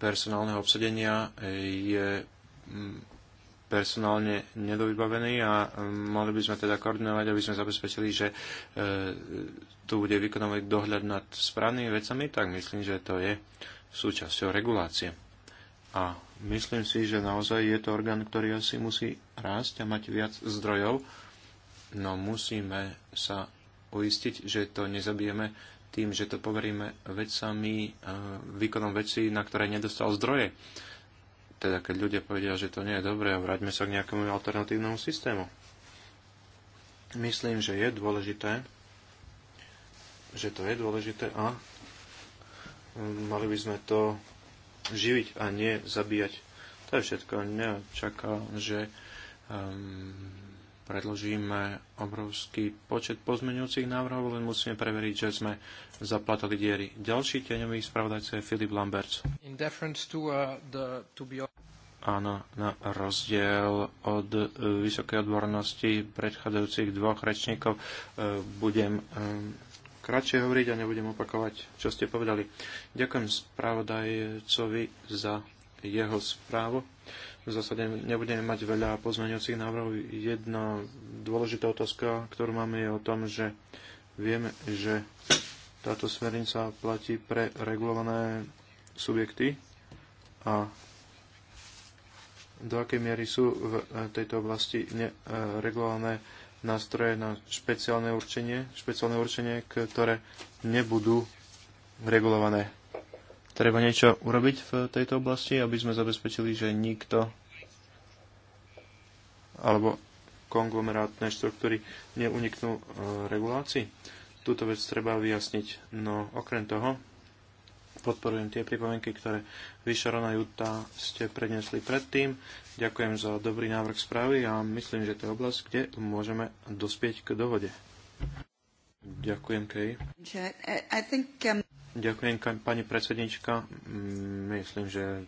personálneho obsadenia je mm, personálne nedovybavený a mm, mali by sme teda koordinovať, aby sme zabezpečili, že e, tu bude vykonávať dohľad nad správnymi vecami, tak myslím, že to je súčasťou regulácie. A myslím si, že naozaj je to orgán, ktorý asi musí rásť a mať viac zdrojov, no musíme sa uistiť, že to nezabijeme tým, že to poveríme vecami, e, výkonom vecí, na ktoré nedostal zdroje. Teda keď ľudia povedia, že to nie je dobré a vráťme sa k nejakému alternatívnemu systému. Myslím, že je dôležité, že to je dôležité a mm, mali by sme to živiť a nie zabíjať. To je všetko. Nečakám, že um, predložíme obrovský počet pozmeňujúcich návrhov, len musíme preveriť, že sme zaplatali diery. Ďalší tieňový spravodajca je Filip Lamberts. To, uh, the, to be... Áno, na rozdiel od uh, vysokej odbornosti predchádzajúcich dvoch rečníkov uh, budem um, kratšie hovoriť a nebudem opakovať, čo ste povedali. Ďakujem spravodajcovi za jeho správu. V zásade nebudeme mať veľa pozmeňujúcich návrhov. Jedna dôležitá otázka, ktorú máme, je o tom, že vieme, že táto smernica platí pre regulované subjekty a do akej miery sú v tejto oblasti regulované nástroje na špeciálne určenie, špeciálne určenie, ktoré nebudú regulované treba niečo urobiť v tejto oblasti, aby sme zabezpečili, že nikto alebo konglomerátne štruktúry neuniknú e, regulácii. Túto vec treba vyjasniť. No okrem toho podporujem tie pripomienky, ktoré vy, Šarona Juta, ste prednesli predtým. Ďakujem za dobrý návrh správy a myslím, že to je oblasť, kde môžeme dospieť k dohode. Ďakujem, Kej. Ďakujem, pani predsednička. Myslím, že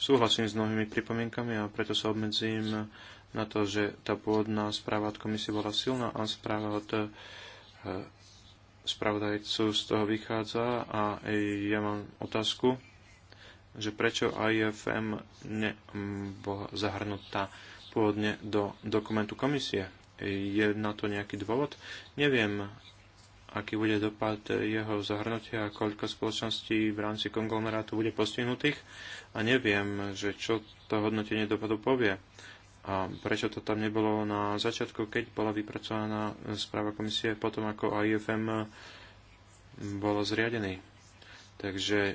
súhlasím s mnohými pripomienkami a preto sa obmedzím na to, že tá pôvodná správa od komisie bola silná a správa od e, spravodajcu z toho vychádza a ja mám otázku, že prečo IFM nebola zahrnutá pôvodne do dokumentu komisie. Je na to nejaký dôvod? Neviem, aký bude dopad jeho zahrnutia a koľko spoločností v rámci konglomerátu bude postihnutých a neviem, že čo to hodnotenie dopadu povie a prečo to tam nebolo na začiatku, keď bola vypracovaná správa komisie potom ako IFM bolo zriadený. Takže e,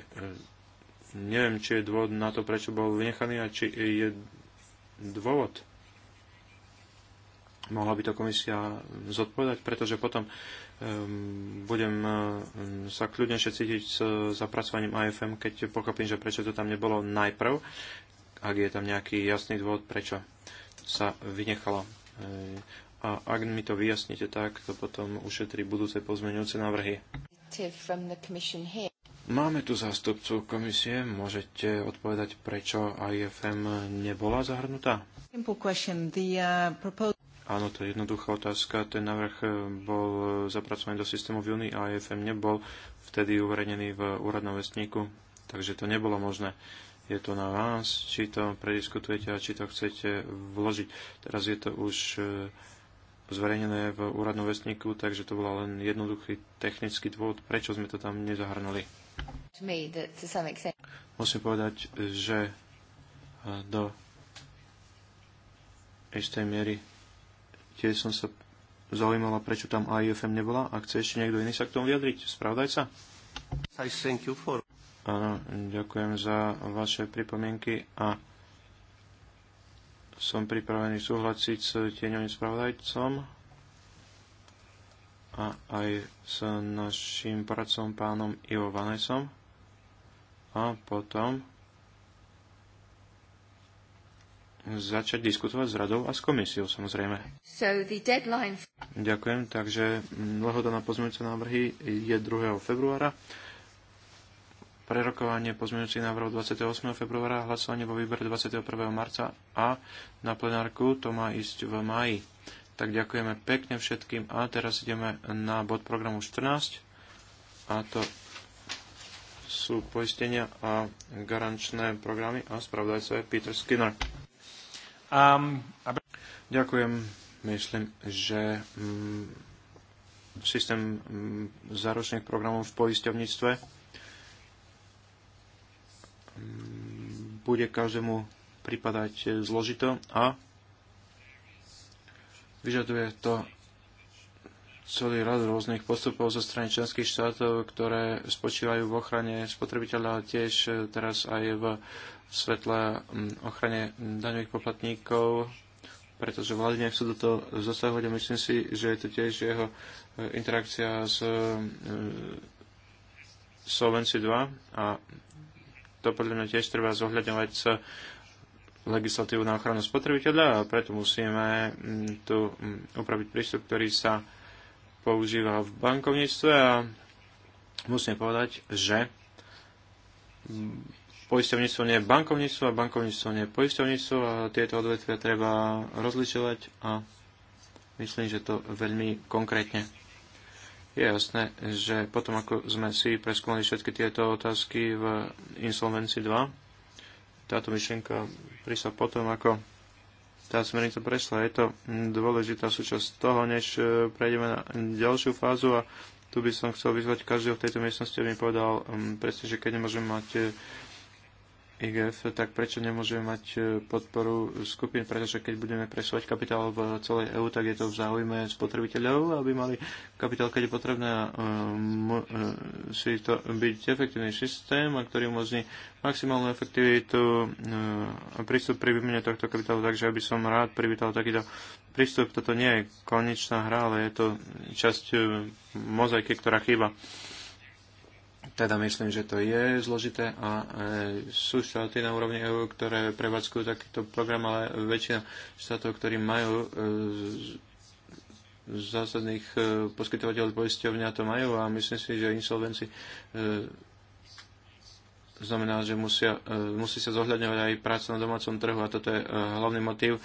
neviem, či je dôvod na to, prečo bol vynechaný a či je dôvod. Mohla by to komisia zodpovedať, pretože potom Ehm, budem eh, sa kľudnejšie cítiť s eh, zapracovaním AFM, keď pochopím, že prečo to tam nebolo najprv, ak je tam nejaký jasný dôvod, prečo sa vynechalo. A ak mi to vyjasnite tak, to potom ušetrí budúce pozmeňujúce návrhy. Máme tu zástupcu komisie. Môžete odpovedať, prečo IFM nebola zahrnutá? Áno, to je jednoduchá otázka. Ten návrh e, bol e, zapracovaný do systému v júni a IFM e nebol vtedy uverejnený v úradnom vestníku, takže to nebolo možné. Je to na vás, či to prediskutujete a či to chcete vložiť. Teraz je to už zverejnené v úradnom vestníku, takže to bola len jednoduchý technický dôvod, prečo sme to tam nezahrnuli. Musím povedať, že do istej miery tiež som sa zaujímala, prečo tam AIFM nebola. A chce ešte niekto iný sa k tomu vyjadriť? Spravdaj For... Áno, ďakujem za vaše pripomienky a som pripravený súhlasiť s tieňovým spravodajcom a aj s našim pracom pánom Ivo Vanesom a potom začať diskutovať s radou a s komisiou samozrejme. So the deadline... Ďakujem, takže lehoda na pozmeňujúce návrhy je 2. februára. Prerokovanie pozmeňujúcich návrhov 28. februára, hlasovanie vo výbere 21. marca a na plenárku to má ísť v maji. Tak ďakujeme pekne všetkým a teraz ideme na bod programu 14 a to sú poistenia a garančné programy a spravodajca je Peter Skinner. Um, aby... Ďakujem. Myslím, že mm, systém mm, záročných programov v poisťovníctve mm, bude každému pripadať e, zložito a vyžaduje to celý rad rôznych postupov zo strany členských štátov, ktoré spočívajú v ochrane spotrebiteľa tiež e, teraz aj v svetla ochrane daňových poplatníkov, pretože vlády nechcú do toho zasahovať a myslím si, že je to tiež jeho e, interakcia s e, Solvency 2 a to podľa mňa tiež treba zohľadňovať s legislatívu na ochranu spotrebiteľa a preto musíme tu upraviť prístup, ktorý sa používa v bankovníctve a musím povedať, že poisťovníctvo nie je bankovníctvo a bankovníctvo nie je poisťovníctvo a tieto odvetvia treba rozlišovať a myslím, že to veľmi konkrétne. Je jasné, že potom ako sme si preskúmali všetky tieto otázky v Insolvenci 2, táto myšlienka prišla potom, ako tá smernica prešla. Je to dôležitá súčasť toho, než e, prejdeme na ďalšiu fázu a tu by som chcel vyzvať každého v tejto miestnosti, aby mi povedal um, presne, že keď nemôžeme mať e, IGF, tak prečo nemôžeme mať e, podporu skupín, pretože keď budeme presovať kapitál v celej EÚ, tak je to v záujme spotrebiteľov, aby mali kapitál, keď je potrebné um, si to byť efektívny systém, a ktorý umožní maximálnu efektivitu a prístup pri výmene tohto kapitálu, takže aby som rád privítal takýto prístup. Toto nie je konečná hra, ale je to časť mozaiky, ktorá chýba. Teda myslím, že to je zložité a e, sú štáty na úrovni EU, ktoré prevádzkujú takýto program, ale väčšina štátov, ktorí majú e, zásadných e, poskytovateľov poisťovňa to majú a myslím si, že insolvenci e, znamená, že musia, e, musí sa zohľadňovať aj práca na domácom trhu a toto je e, hlavný motív e,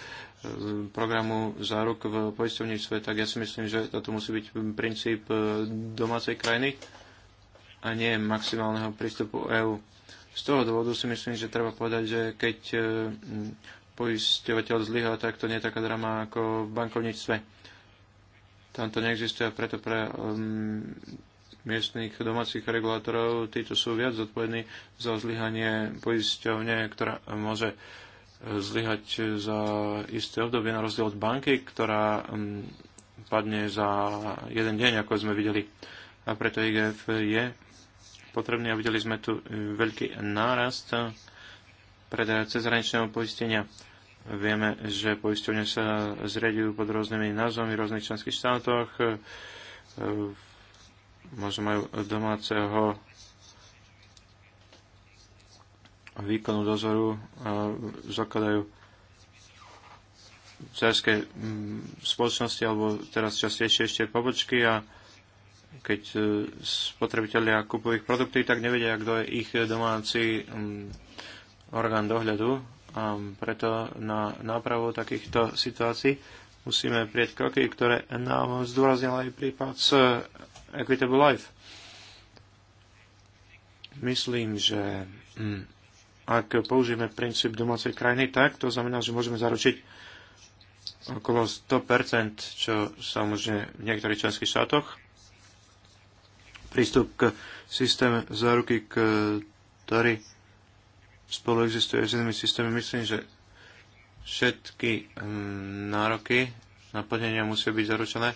programu záruk v poisťovníctve, tak ja si myslím, že toto musí byť princíp e, domácej krajiny a nie maximálneho prístupu EÚ. Z toho dôvodu si myslím, že treba povedať, že keď e, poisťovateľ zlyha, tak to nie je taká drama ako v bankovníctve. Tam to neexistuje a preto pre um, miestných domácich regulátorov títo sú viac zodpovední za zlyhanie poisťovne, ktorá môže e, zlyhať za isté obdobie na rozdiel od banky, ktorá um, padne za jeden deň, ako sme videli. A preto IGF je potrebný a videli sme tu e, veľký nárast e, predaja cezhraničného poistenia. Vieme, že poistenia sa zriadujú pod rôznymi názvami v rôznych členských štátoch, e, možno majú domáceho výkonu dozoru a zakladajú cerské spoločnosti alebo teraz častejšie ešte pobočky a keď e, spotrebitelia kupujú ich produkty, tak nevedia, kto je ich domáci mm, orgán dohľadu. A preto na nápravu takýchto situácií musíme prieť kroky, ktoré nám zdôraznil aj prípad z Equitable Life. Myslím, že mm, ak použijeme princíp domácej krajiny, tak to znamená, že môžeme zaručiť okolo 100%, čo sa v niektorých členských štátoch prístup k systéme záruky, ktorý spolu existuje s inými systémy. Myslím, že všetky hm, nároky na plnenia musia byť zaručené.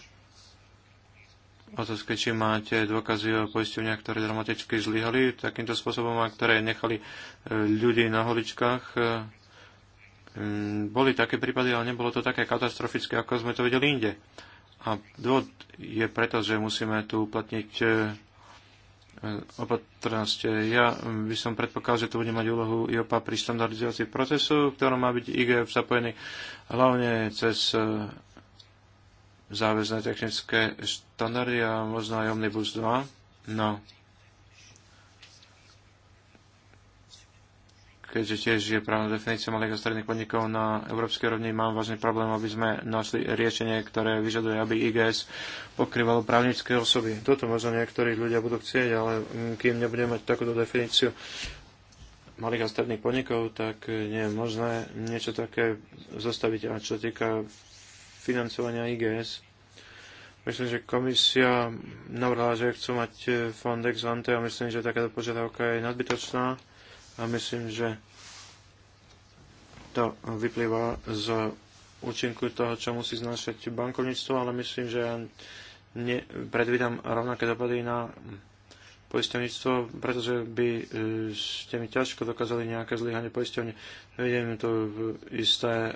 Otázka, či máte dôkazy o poisťovniach, ktoré dramaticky zlyhali takýmto spôsobom a ktoré nechali e, ľudí na holičkách. E, hm, boli také prípady, ale nebolo to také katastrofické, ako sme to videli inde. A dôvod je preto, že musíme tu uplatniť e, opatrnosť. Ja by som predpokladal, že to bude mať úlohu IOPA pri štandardizácii procesu, v ktorom má byť IGF zapojený hlavne cez e, záväzné technické štandardy a možno aj Omnibus 2. No, keďže tiež je právna definícia malých a stredných podnikov na európskej rovni, mám vážny problém, aby sme našli riešenie, ktoré vyžaduje, aby IGS pokrývalo právnické osoby. Toto možno niektorí ľudia budú chcieť, ale mm, kým nebudeme mať takúto definíciu malých a stredných podnikov, tak e, nie je možné niečo také zostaviť. A čo týka financovania IGS, Myslím, že komisia navrhla, že chcú mať e, fond ex ante a myslím, že takáto požiadavka je nadbytočná a myslím, že to vyplýva z účinku toho, čo musí znášať bankovníctvo, ale myslím, že ja predvídam rovnaké dopady na poistovníctvo, pretože by e, ste mi ťažko dokázali nejaké zlyhanie poistovne. Vidím tu isté e,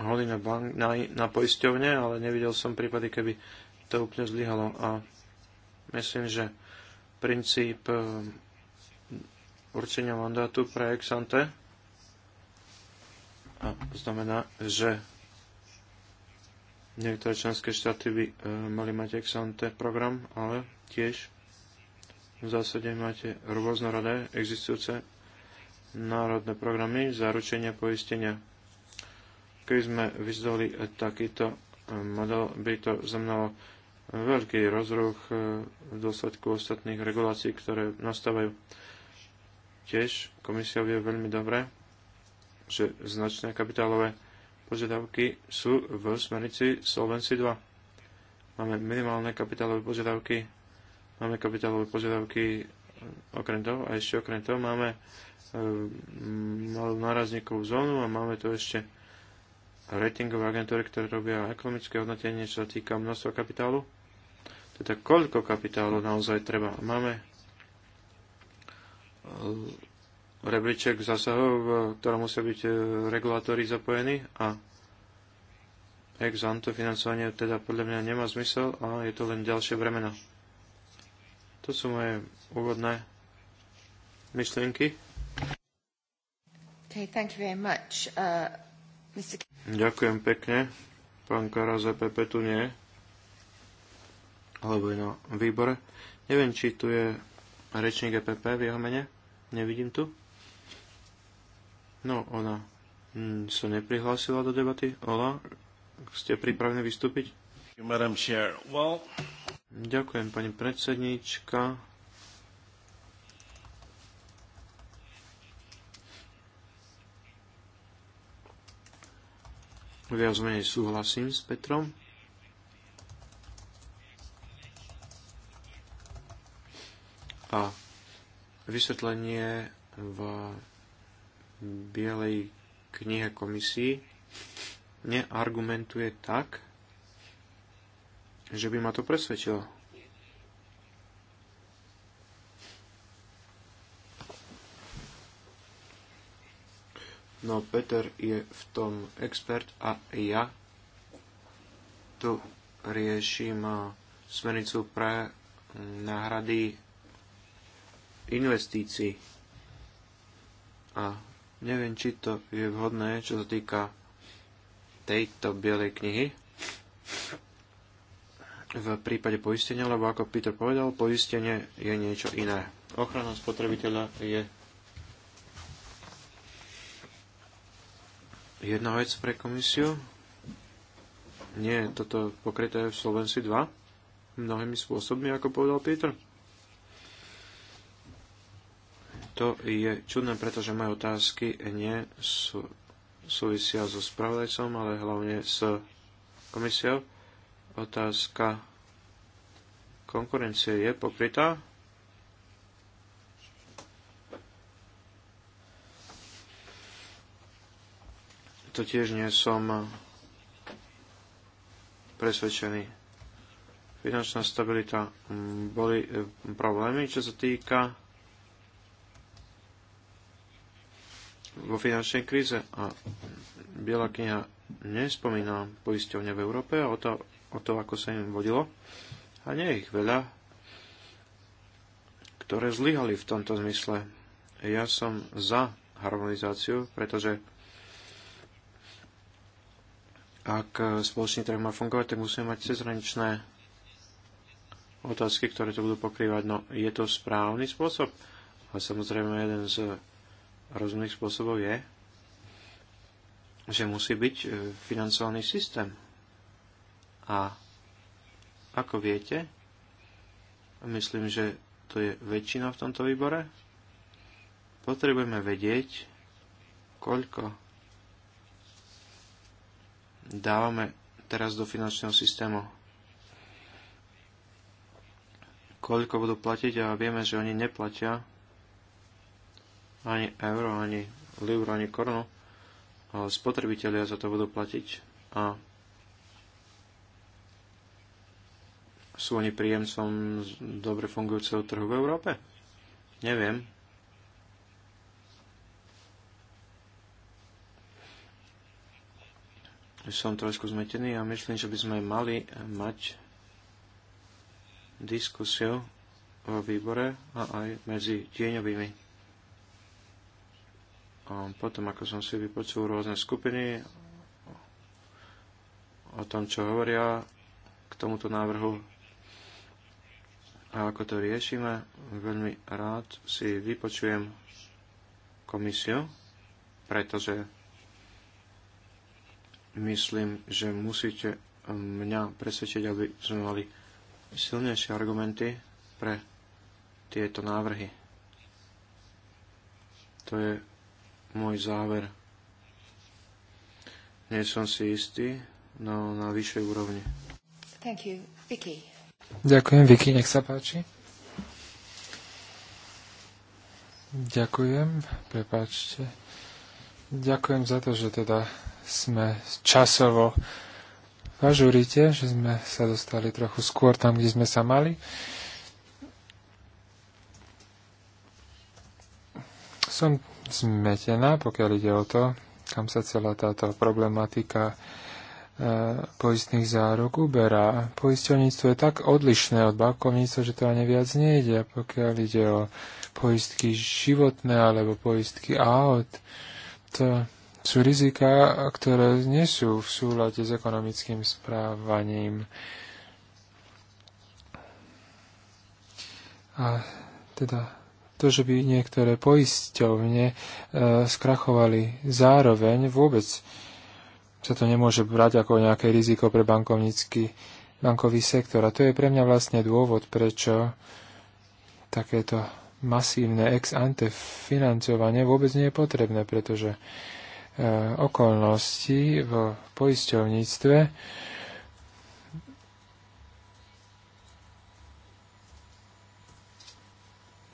e, hody na, bank, na, na poisťovne, ale nevidel som prípady, keby to úplne zlyhalo. A myslím, že princíp eh, určenia mandátu pre ex ante. A znamená, že niektoré členské štáty by eh, mali mať ex ante program, ale tiež v zásade máte rôznorodé existujúce národné programy zaručenia poistenia. Keby sme vyzdoli takýto eh, model, by to znamenalo veľký rozruch e, v dôsledku ostatných regulácií, ktoré nastávajú. Tiež komisia vie veľmi dobre, že značné kapitálové požiadavky sú v smernici Solvency 2. Máme minimálne kapitálové požiadavky, máme kapitálové požiadavky e, okrem toho a ešte okrem toho máme e, malú nárazníkovú zónu a máme tu ešte ratingové agentúry, ktoré robia ekonomické hodnotenie, čo sa týka množstva kapitálu. Teda koľko kapitálu naozaj treba. Máme eh, rebríček zásahov, v eh, ktorom musia byť eh, regulátori zapojení a ex ante financovanie teda podľa mňa nemá zmysel a je to len ďalšie bremena. To sú moje úvodné myšlienky. Okay, thank you very much. Uh... Ďakujem pekne. Pán Kara za PP tu nie, alebo je na výbore. Neviem, či tu je rečník EPP v jeho mene. Nevidím tu. No, ona mm, sa neprihlásila do debaty. Ola, ste pripravení vystúpiť? Ďakujem, pani predsedníčka. Viac menej súhlasím s Petrom. A vysvetlenie v Bielej knihe komisii neargumentuje tak, že by ma to presvedčilo. No Peter je v tom expert a ja tu riešim eh, smernicu pre náhrady investícií. A neviem, či to je vhodné, čo sa týka tejto bielej knihy v prípade poistenia, lebo ako Peter povedal, poistenie je niečo iné. Ochrana spotrebiteľa je Jedna vec pre komisiu. Nie toto pokryté je v Solvency 2 mnohými spôsobmi, ako povedal Peter. To je čudné, pretože moje otázky nie sú, súvisia so spravodajcom, ale hlavne s komisiou. Otázka konkurencie je pokrytá to tiež nie som presvedčený. Finančná stabilita. Mm, boli e, problémy, čo sa týka vo finančnej kríze a Biela kniha nespomína poisťovne v Európe o to, o to, ako sa im vodilo. A nie ich veľa, ktoré zlyhali v tomto zmysle. Ja som za harmonizáciu, pretože ak e, spoločný trh má fungovať, tak musíme mať cezhraničné otázky, ktoré to budú pokrývať. No, je to správny spôsob? A samozrejme, jeden z rozumných spôsobov je, že musí byť e, financovaný systém. A ako viete, myslím, že to je väčšina v tomto výbore, potrebujeme vedieť, koľko dávame teraz do finančného systému. Koľko budú platiť a vieme, že oni neplatia ani euro, ani libru, ani korunu. Spotrebitelia za to budú platiť a sú oni príjemcom dobre fungujúceho trhu v Európe? Neviem. som trošku zmetený a myslím, že by sme mali mať diskusiu vo výbore a aj medzi tieňovými. A potom, ako som si vypočul rôzne skupiny o tom, čo hovoria k tomuto návrhu a ako to riešime, veľmi rád si vypočujem komisiu, pretože myslím, že musíte mňa presvedčiť, aby sme mali silnejšie argumenty pre tieto návrhy. To je môj záver. Nie som si istý, no na vyššej úrovni. Thank you. Vicky. Ďakujem, Vicky, nech sa páči. Ďakujem, prepáčte. Ďakujem za to, že teda sme časovo v ažurite, že sme sa dostali trochu skôr tam, kde sme sa mali. Som zmetená, pokiaľ ide o to, kam sa celá táto problematika e, poistných zárok uberá. Poisťovníctvo je tak odlišné od bankovníctva, že to ani viac nejde. Pokiaľ ide o poistky životné alebo poistky aut, E, sú rizika, ktoré nie sú v súlade s ekonomickým správaním. A teda to, že by niektoré poisťovne e, skrachovali zároveň, vôbec sa to nemôže brať ako nejaké riziko pre bankovnícky, bankový sektor. A to je pre mňa vlastne dôvod, prečo takéto masívne ex ante financovanie vôbec nie je potrebné, pretože e, okolnosti v poisťovníctve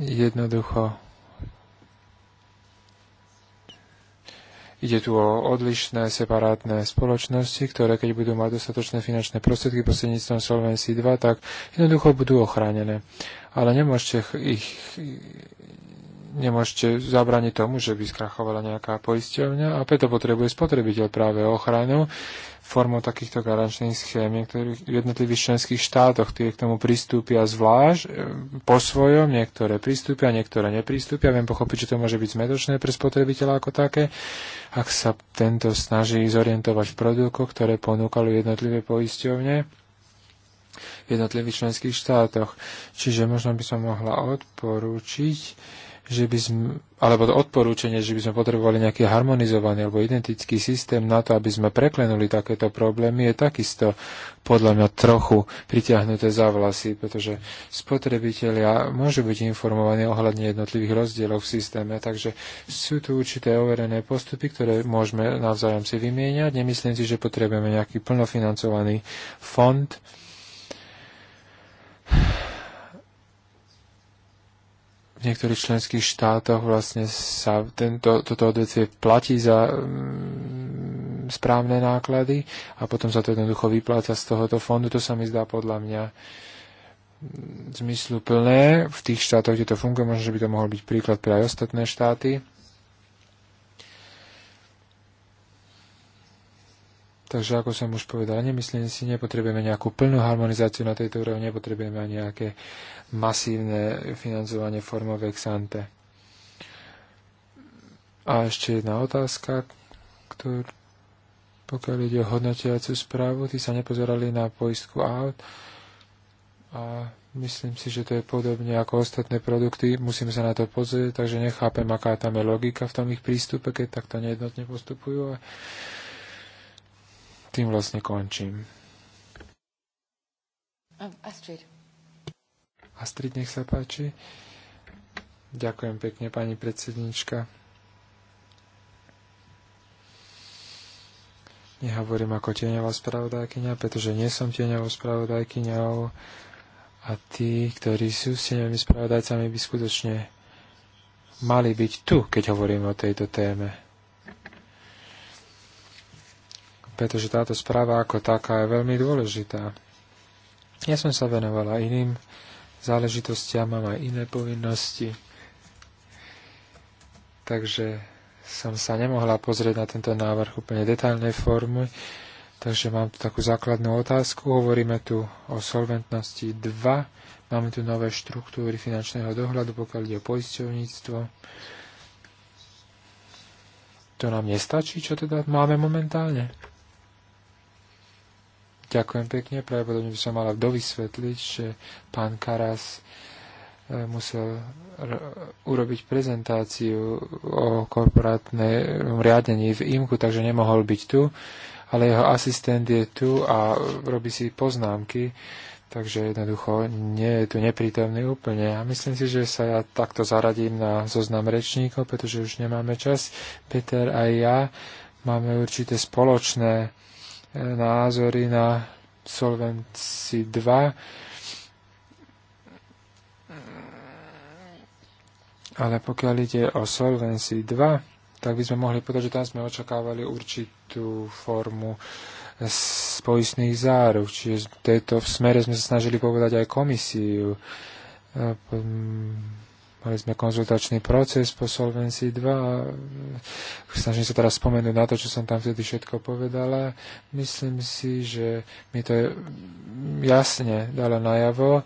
jednoducho Ide tu o odlišné separátne spoločnosti, ktoré keď budú mať dostatočné finančné prostriedky prostredníctvom Solvency 2, tak jednoducho budú ochránené. Ale nemôžete ich nemôžete zabraniť tomu, že by skrachovala nejaká poisťovňa a preto potrebuje spotrebiteľ práve ochranu formou takýchto garančných schém ktorých v jednotlivých členských štátoch. Tie k tomu pristúpia zvlášť e, po svojom, niektoré pristúpia, niektoré nepristúpia. Viem pochopiť, že to môže byť zmetočné pre spotrebiteľa ako také, ak sa tento snaží zorientovať v produktoch, ktoré ponúkali jednotlivé poisťovne v jednotlivých členských štátoch. Čiže možno by som mohla odporúčiť, že by sme, alebo to odporúčanie, že by sme potrebovali nejaký harmonizovaný alebo identický systém na to, aby sme preklenuli takéto problémy, je takisto podľa mňa trochu pritiahnuté za vlasy, pretože spotrebitelia môžu byť informovaní ohľadne jednotlivých rozdielov v systéme, takže sú tu určité overené postupy, ktoré môžeme navzájom si vymieňať. Nemyslím si, že potrebujeme nejaký plnofinancovaný fond v niektorých členských štátoch vlastne sa tento, toto odvetvie platí za mm, správne náklady a potom sa to jednoducho vypláca z tohoto fondu. To sa mi zdá podľa mňa mm, zmysluplné. V tých štátoch, kde to funguje, možno, že by to mohol byť príklad pre aj ostatné štáty. Takže ako som už povedal, nemyslím si, nepotrebujeme nejakú plnú harmonizáciu na tejto úrovni, nepotrebujeme ani nejaké masívne financovanie formové exante. A ešte jedna otázka, ktorú, pokiaľ ide o hodnotiacu správu, tí sa nepozerali na poistku aut a myslím si, že to je podobne ako ostatné produkty, musíme sa na to pozrieť, takže nechápem, aká tam je logika v tom ich prístupe, keď takto nejednotne postupujú. A tým vlastne končím. Astrid. Astrid, nech sa páči. Ďakujem pekne, pani predsednička. Nehovorím ako tieňová spravodajkynia, pretože nie som tieňovou spravodajkyňou a tí, ktorí sú s tieňovými spravodajcami, by skutočne mali byť tu, keď hovoríme o tejto téme. pretože táto správa ako taká je veľmi dôležitá. Ja som sa venovala iným záležitostiam, mám aj iné povinnosti, takže som sa nemohla pozrieť na tento návrh úplne detailnej formy, takže mám tu takú základnú otázku. Hovoríme tu o solventnosti 2, máme tu nové štruktúry finančného dohľadu, pokiaľ ide o poisťovníctvo. To nám nestačí, čo teda máme momentálne? Ďakujem pekne. Pravdepodobne by som mala dovysvetliť, že pán Karas e, musel urobiť prezentáciu o korporátnom riadení v IMKU, takže nemohol byť tu, ale jeho asistent je tu a robí si poznámky, takže jednoducho nie je tu neprítomný úplne. A myslím si, že sa ja takto zaradím na zoznam rečníkov, pretože už nemáme čas. Peter a ja máme určité spoločné názory na Solvency 2. Ale pokiaľ ide o Solvency 2, tak by sme mohli povedať, že tam sme očakávali určitú formu poistných záruk. Čiže v tejto smere sme sa snažili povedať aj komisiu ehm, Mali sme konzultačný proces po Solvency 2 a e, snažím sa teraz spomenúť na to, čo som tam vtedy všetko povedala. Myslím si, že mi to jasne dalo najavo,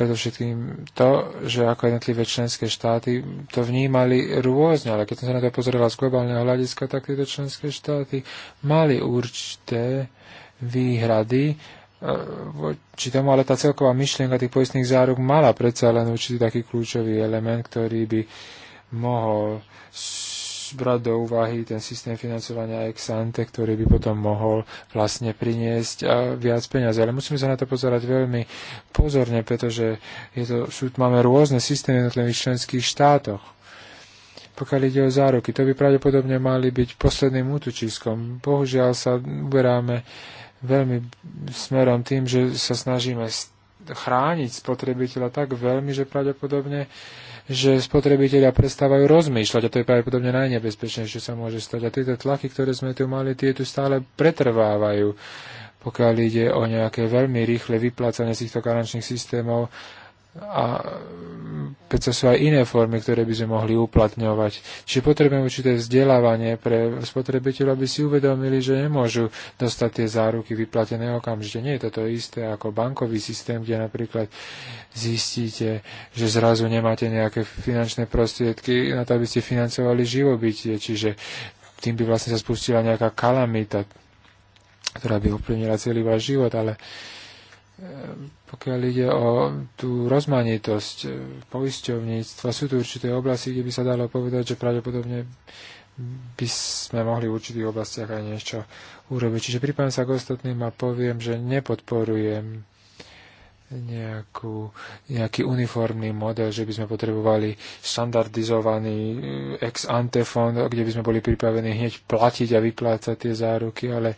predovšetkým to, že ako jednotlivé členské štáty to vnímali rôzne, ale keď som sa na to pozrela z globálneho hľadiska, tak tieto členské štáty mali určité výhrady voči tomu, ale tá celková myšlienka tých poistných záruk mala predsa len určitý taký kľúčový element, ktorý by mohol brať do úvahy ten systém financovania ex ante, ktorý by potom mohol vlastne priniesť viac peniazy. Ale musíme sa na to pozerať veľmi pozorne, pretože je to, sú, máme rôzne systémy v jednotlivých členských štátoch. Pokiaľ ide o záruky, to by pravdepodobne mali byť posledným útočiskom. Bohužiaľ sa uberáme veľmi smerom tým, že sa snažíme chrániť spotrebiteľa tak veľmi, že pravdepodobne že spotrebiteľia prestávajú rozmýšľať a to je pravdepodobne najnebezpečnejšie, čo sa môže stať. A tieto tlaky, ktoré sme tu mali, tie tu stále pretrvávajú, pokiaľ ide o nejaké veľmi rýchle vyplácanie z týchto karančných systémov a predsa sú aj iné formy, ktoré by sme mohli uplatňovať. Čiže potrebujeme určité vzdelávanie pre spotrebiteľov, aby si uvedomili, že nemôžu dostať tie záruky vyplatené okamžite. Nie je to isté ako bankový systém, kde napríklad zistíte, že zrazu nemáte nejaké finančné prostriedky na to, aby ste financovali živobytie. Čiže tým by vlastne sa spustila nejaká kalamita, ktorá by ovplyvnila celý váš život, ale pokiaľ ide o tú rozmanitosť e, poisťovníctva, sú tu určité oblasti, kde by sa dalo povedať, že pravdepodobne by sme mohli v určitých oblastiach aj niečo urobiť. Čiže pripájam sa k ostatným a poviem, že nepodporujem nejakú, nejaký uniformný model, že by sme potrebovali štandardizovaný eh, ex ante fond, kde by sme boli pripravení hneď platiť a vyplácať tie záruky, ale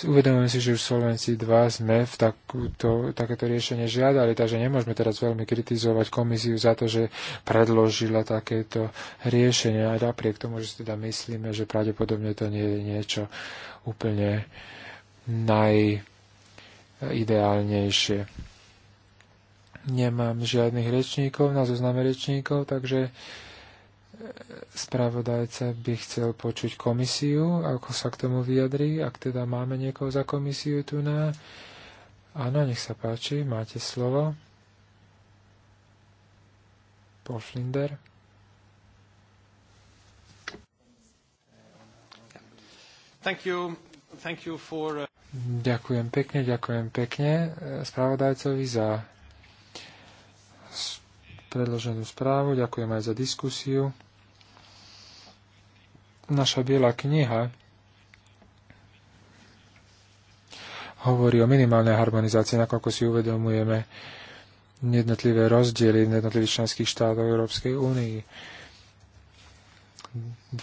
uvedomujem si, že už v Solvency 2 sme v takúto, takéto riešenie žiadali, takže nemôžeme teraz veľmi kritizovať komisiu za to, že predložila takéto riešenie a napriek tomu, že si teda myslíme, že pravdepodobne to nie je niečo úplne naj ideálnejšie. Nemám žiadnych rečníkov na zozname rečníkov, takže e, spravodajca by chcel počuť komisiu, ako sa k tomu vyjadrí, ak teda máme niekoho za komisiu tu na... Áno, nech sa páči, máte slovo. Paul Thank you. Thank you for... Uh, ďakujem pekne, ďakujem pekne e, spravodajcovi za predloženú správu, ďakujem aj za diskusiu. Naša biela kniha hovorí o minimálnej harmonizácii, nakoľko si uvedomujeme jednotlivé rozdiely v jednotlivých členských štátoch Európskej únii. 12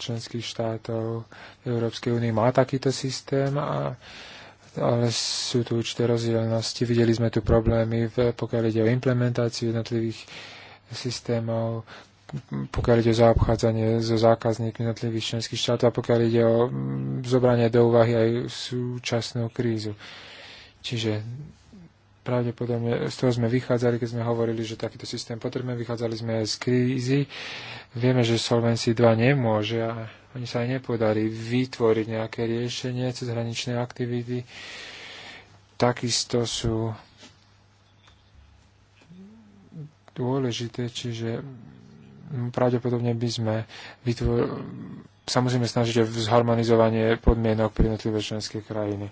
členských štátov Európskej únie má takýto systém a ale sú tu určité rozdielnosti. Videli sme tu problémy, v, pokiaľ ide o implementáciu jednotlivých systémov, pokiaľ ide o zaobchádzanie so zákazníkmi jednotlivých členských štátov a pokiaľ ide o mm, zobranie do úvahy aj súčasnú krízu. Čiže pravdepodobne z toho sme vychádzali, keď sme hovorili, že takýto systém potrebujeme. Vychádzali sme aj z krízy. Vieme, že Solvency 2 nemôže a oni sa aj nepodarí vytvoriť nejaké riešenie cez hraničné aktivity. Takisto sú dôležité, čiže no, pravdepodobne by sme vytvor... sa musíme snažiť o zharmonizovanie podmienok pre jednotlivé členské krajiny.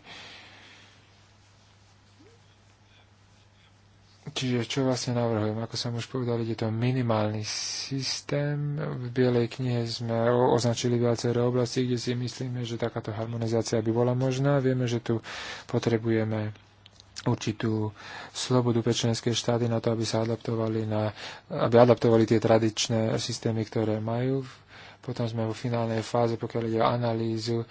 Čiže čo vlastne navrhujem? Ako som už povedal, je to minimálny systém. V Bielej knihe sme označili viaceré oblasti, kde si myslíme, že takáto harmonizácia by bola možná. Vieme, že tu potrebujeme určitú slobodu pečenské štáty na to, aby sa adaptovali, na, aby adaptovali tie tradičné systémy, ktoré majú. Potom sme vo finálnej fáze, pokiaľ ide o analýzu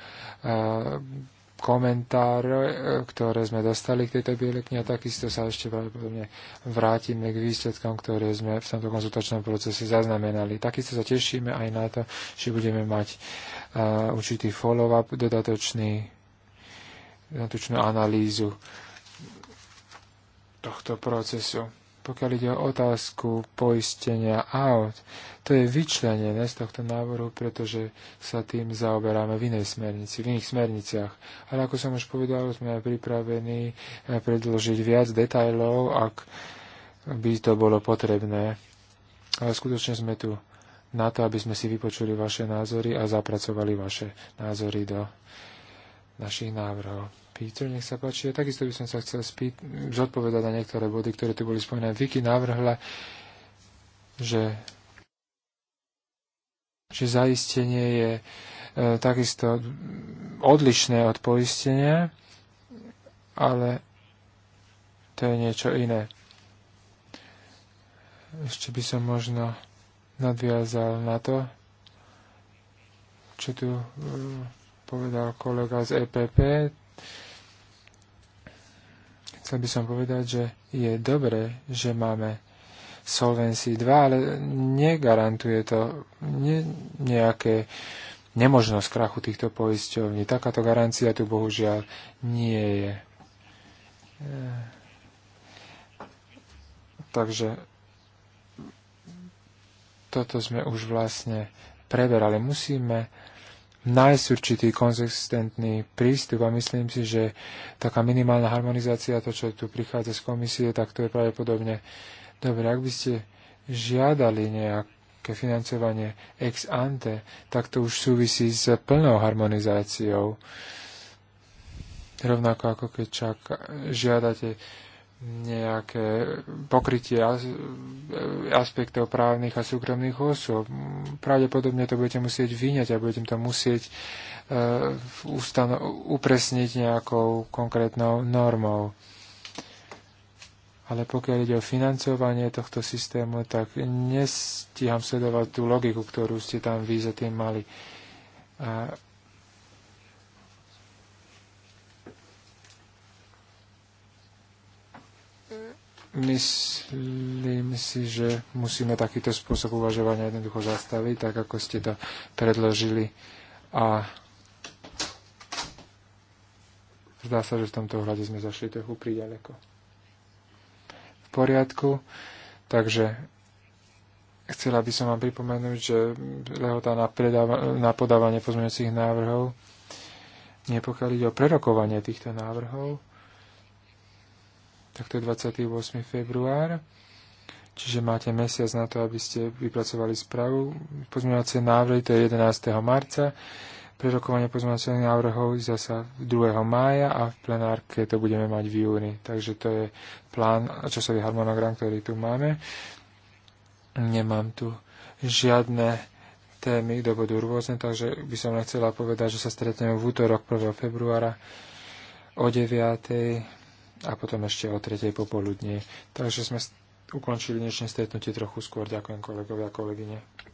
komentáre, ktoré sme dostali k tejto bielej knihe a takisto sa ešte pravdepodobne vrátime k výsledkom, ktoré sme v tomto konzultačnom procese zaznamenali. Takisto sa tešíme aj na to, že budeme mať uh, určitý follow-up, dodatočný, dodatočnú analýzu tohto procesu pokiaľ ide o otázku poistenia aut, to je vyčlenené z tohto návrhu, pretože sa tým zaoberáme v inej smernici, v iných smerniciach. Ale ako som už povedal, sme pripravení eh, predložiť viac detajlov, ak by to bolo potrebné. Ale skutočne sme tu na to, aby sme si vypočuli vaše názory a zapracovali vaše názory do našich návrhov. Peter, nech sa páči. Ja takisto by som sa chcel spýt, zodpovedať na niektoré body, ktoré tu boli spomínané. Vicky navrhla, že, že zaistenie je e, takisto odlišné od poistenia, ale to je niečo iné. Ešte by som možno nadviazal na to, čo tu e, povedal kolega z EPP Chcel by som povedať, že je dobré, že máme Solvency 2, ale negarantuje to ne, nejaké nemožnosť krachu týchto poisťovní. Takáto garancia tu bohužiaľ nie je. E, takže toto sme už vlastne preberali. Musíme nájsť určitý konzistentný prístup a myslím si, že taká minimálna harmonizácia, to, čo tu prichádza z komisie, tak to je pravdepodobne dobre. Ak by ste žiadali nejaké financovanie ex ante, tak to už súvisí s plnou harmonizáciou. Rovnako ako keď čak žiadate nejaké pokrytie aspektov právnych a súkromných osôb. Pravdepodobne to budete musieť vyňať a budete to musieť e, upresniť nejakou konkrétnou normou. Ale pokiaľ ide o financovanie tohto systému, tak nestíham sledovať tú logiku, ktorú ste tam vy za tým mali. A Myslím si, že musíme takýto spôsob uvažovania jednoducho zastaviť, tak ako ste to predložili. A zdá sa, že v tomto ohľade sme zašli trochu príďaleko. V poriadku. Takže chcela by som vám pripomenúť, že lehota na, predáva- na podávanie pozmeňujúcich návrhov nie pokiaľ ide o prerokovanie týchto návrhov, tak to je 28. február. Čiže máte mesiac na to, aby ste vypracovali správu. Pozmeňovacie návrhy to je 11. marca. Prerokovanie pozmeňovacích návrhov zasa 2. mája a v plenárke to budeme mať v júni. Takže to je plán, časový harmonogram, ktorý tu máme. Nemám tu žiadne témy, kto budú rôzne, takže by som len chcela povedať, že sa stretneme v útorok 1. februára o 9 a potom ešte o tretej popoludní. Takže sme ukončili dnešné stretnutie trochu skôr. Ďakujem kolegovia a kolegyne.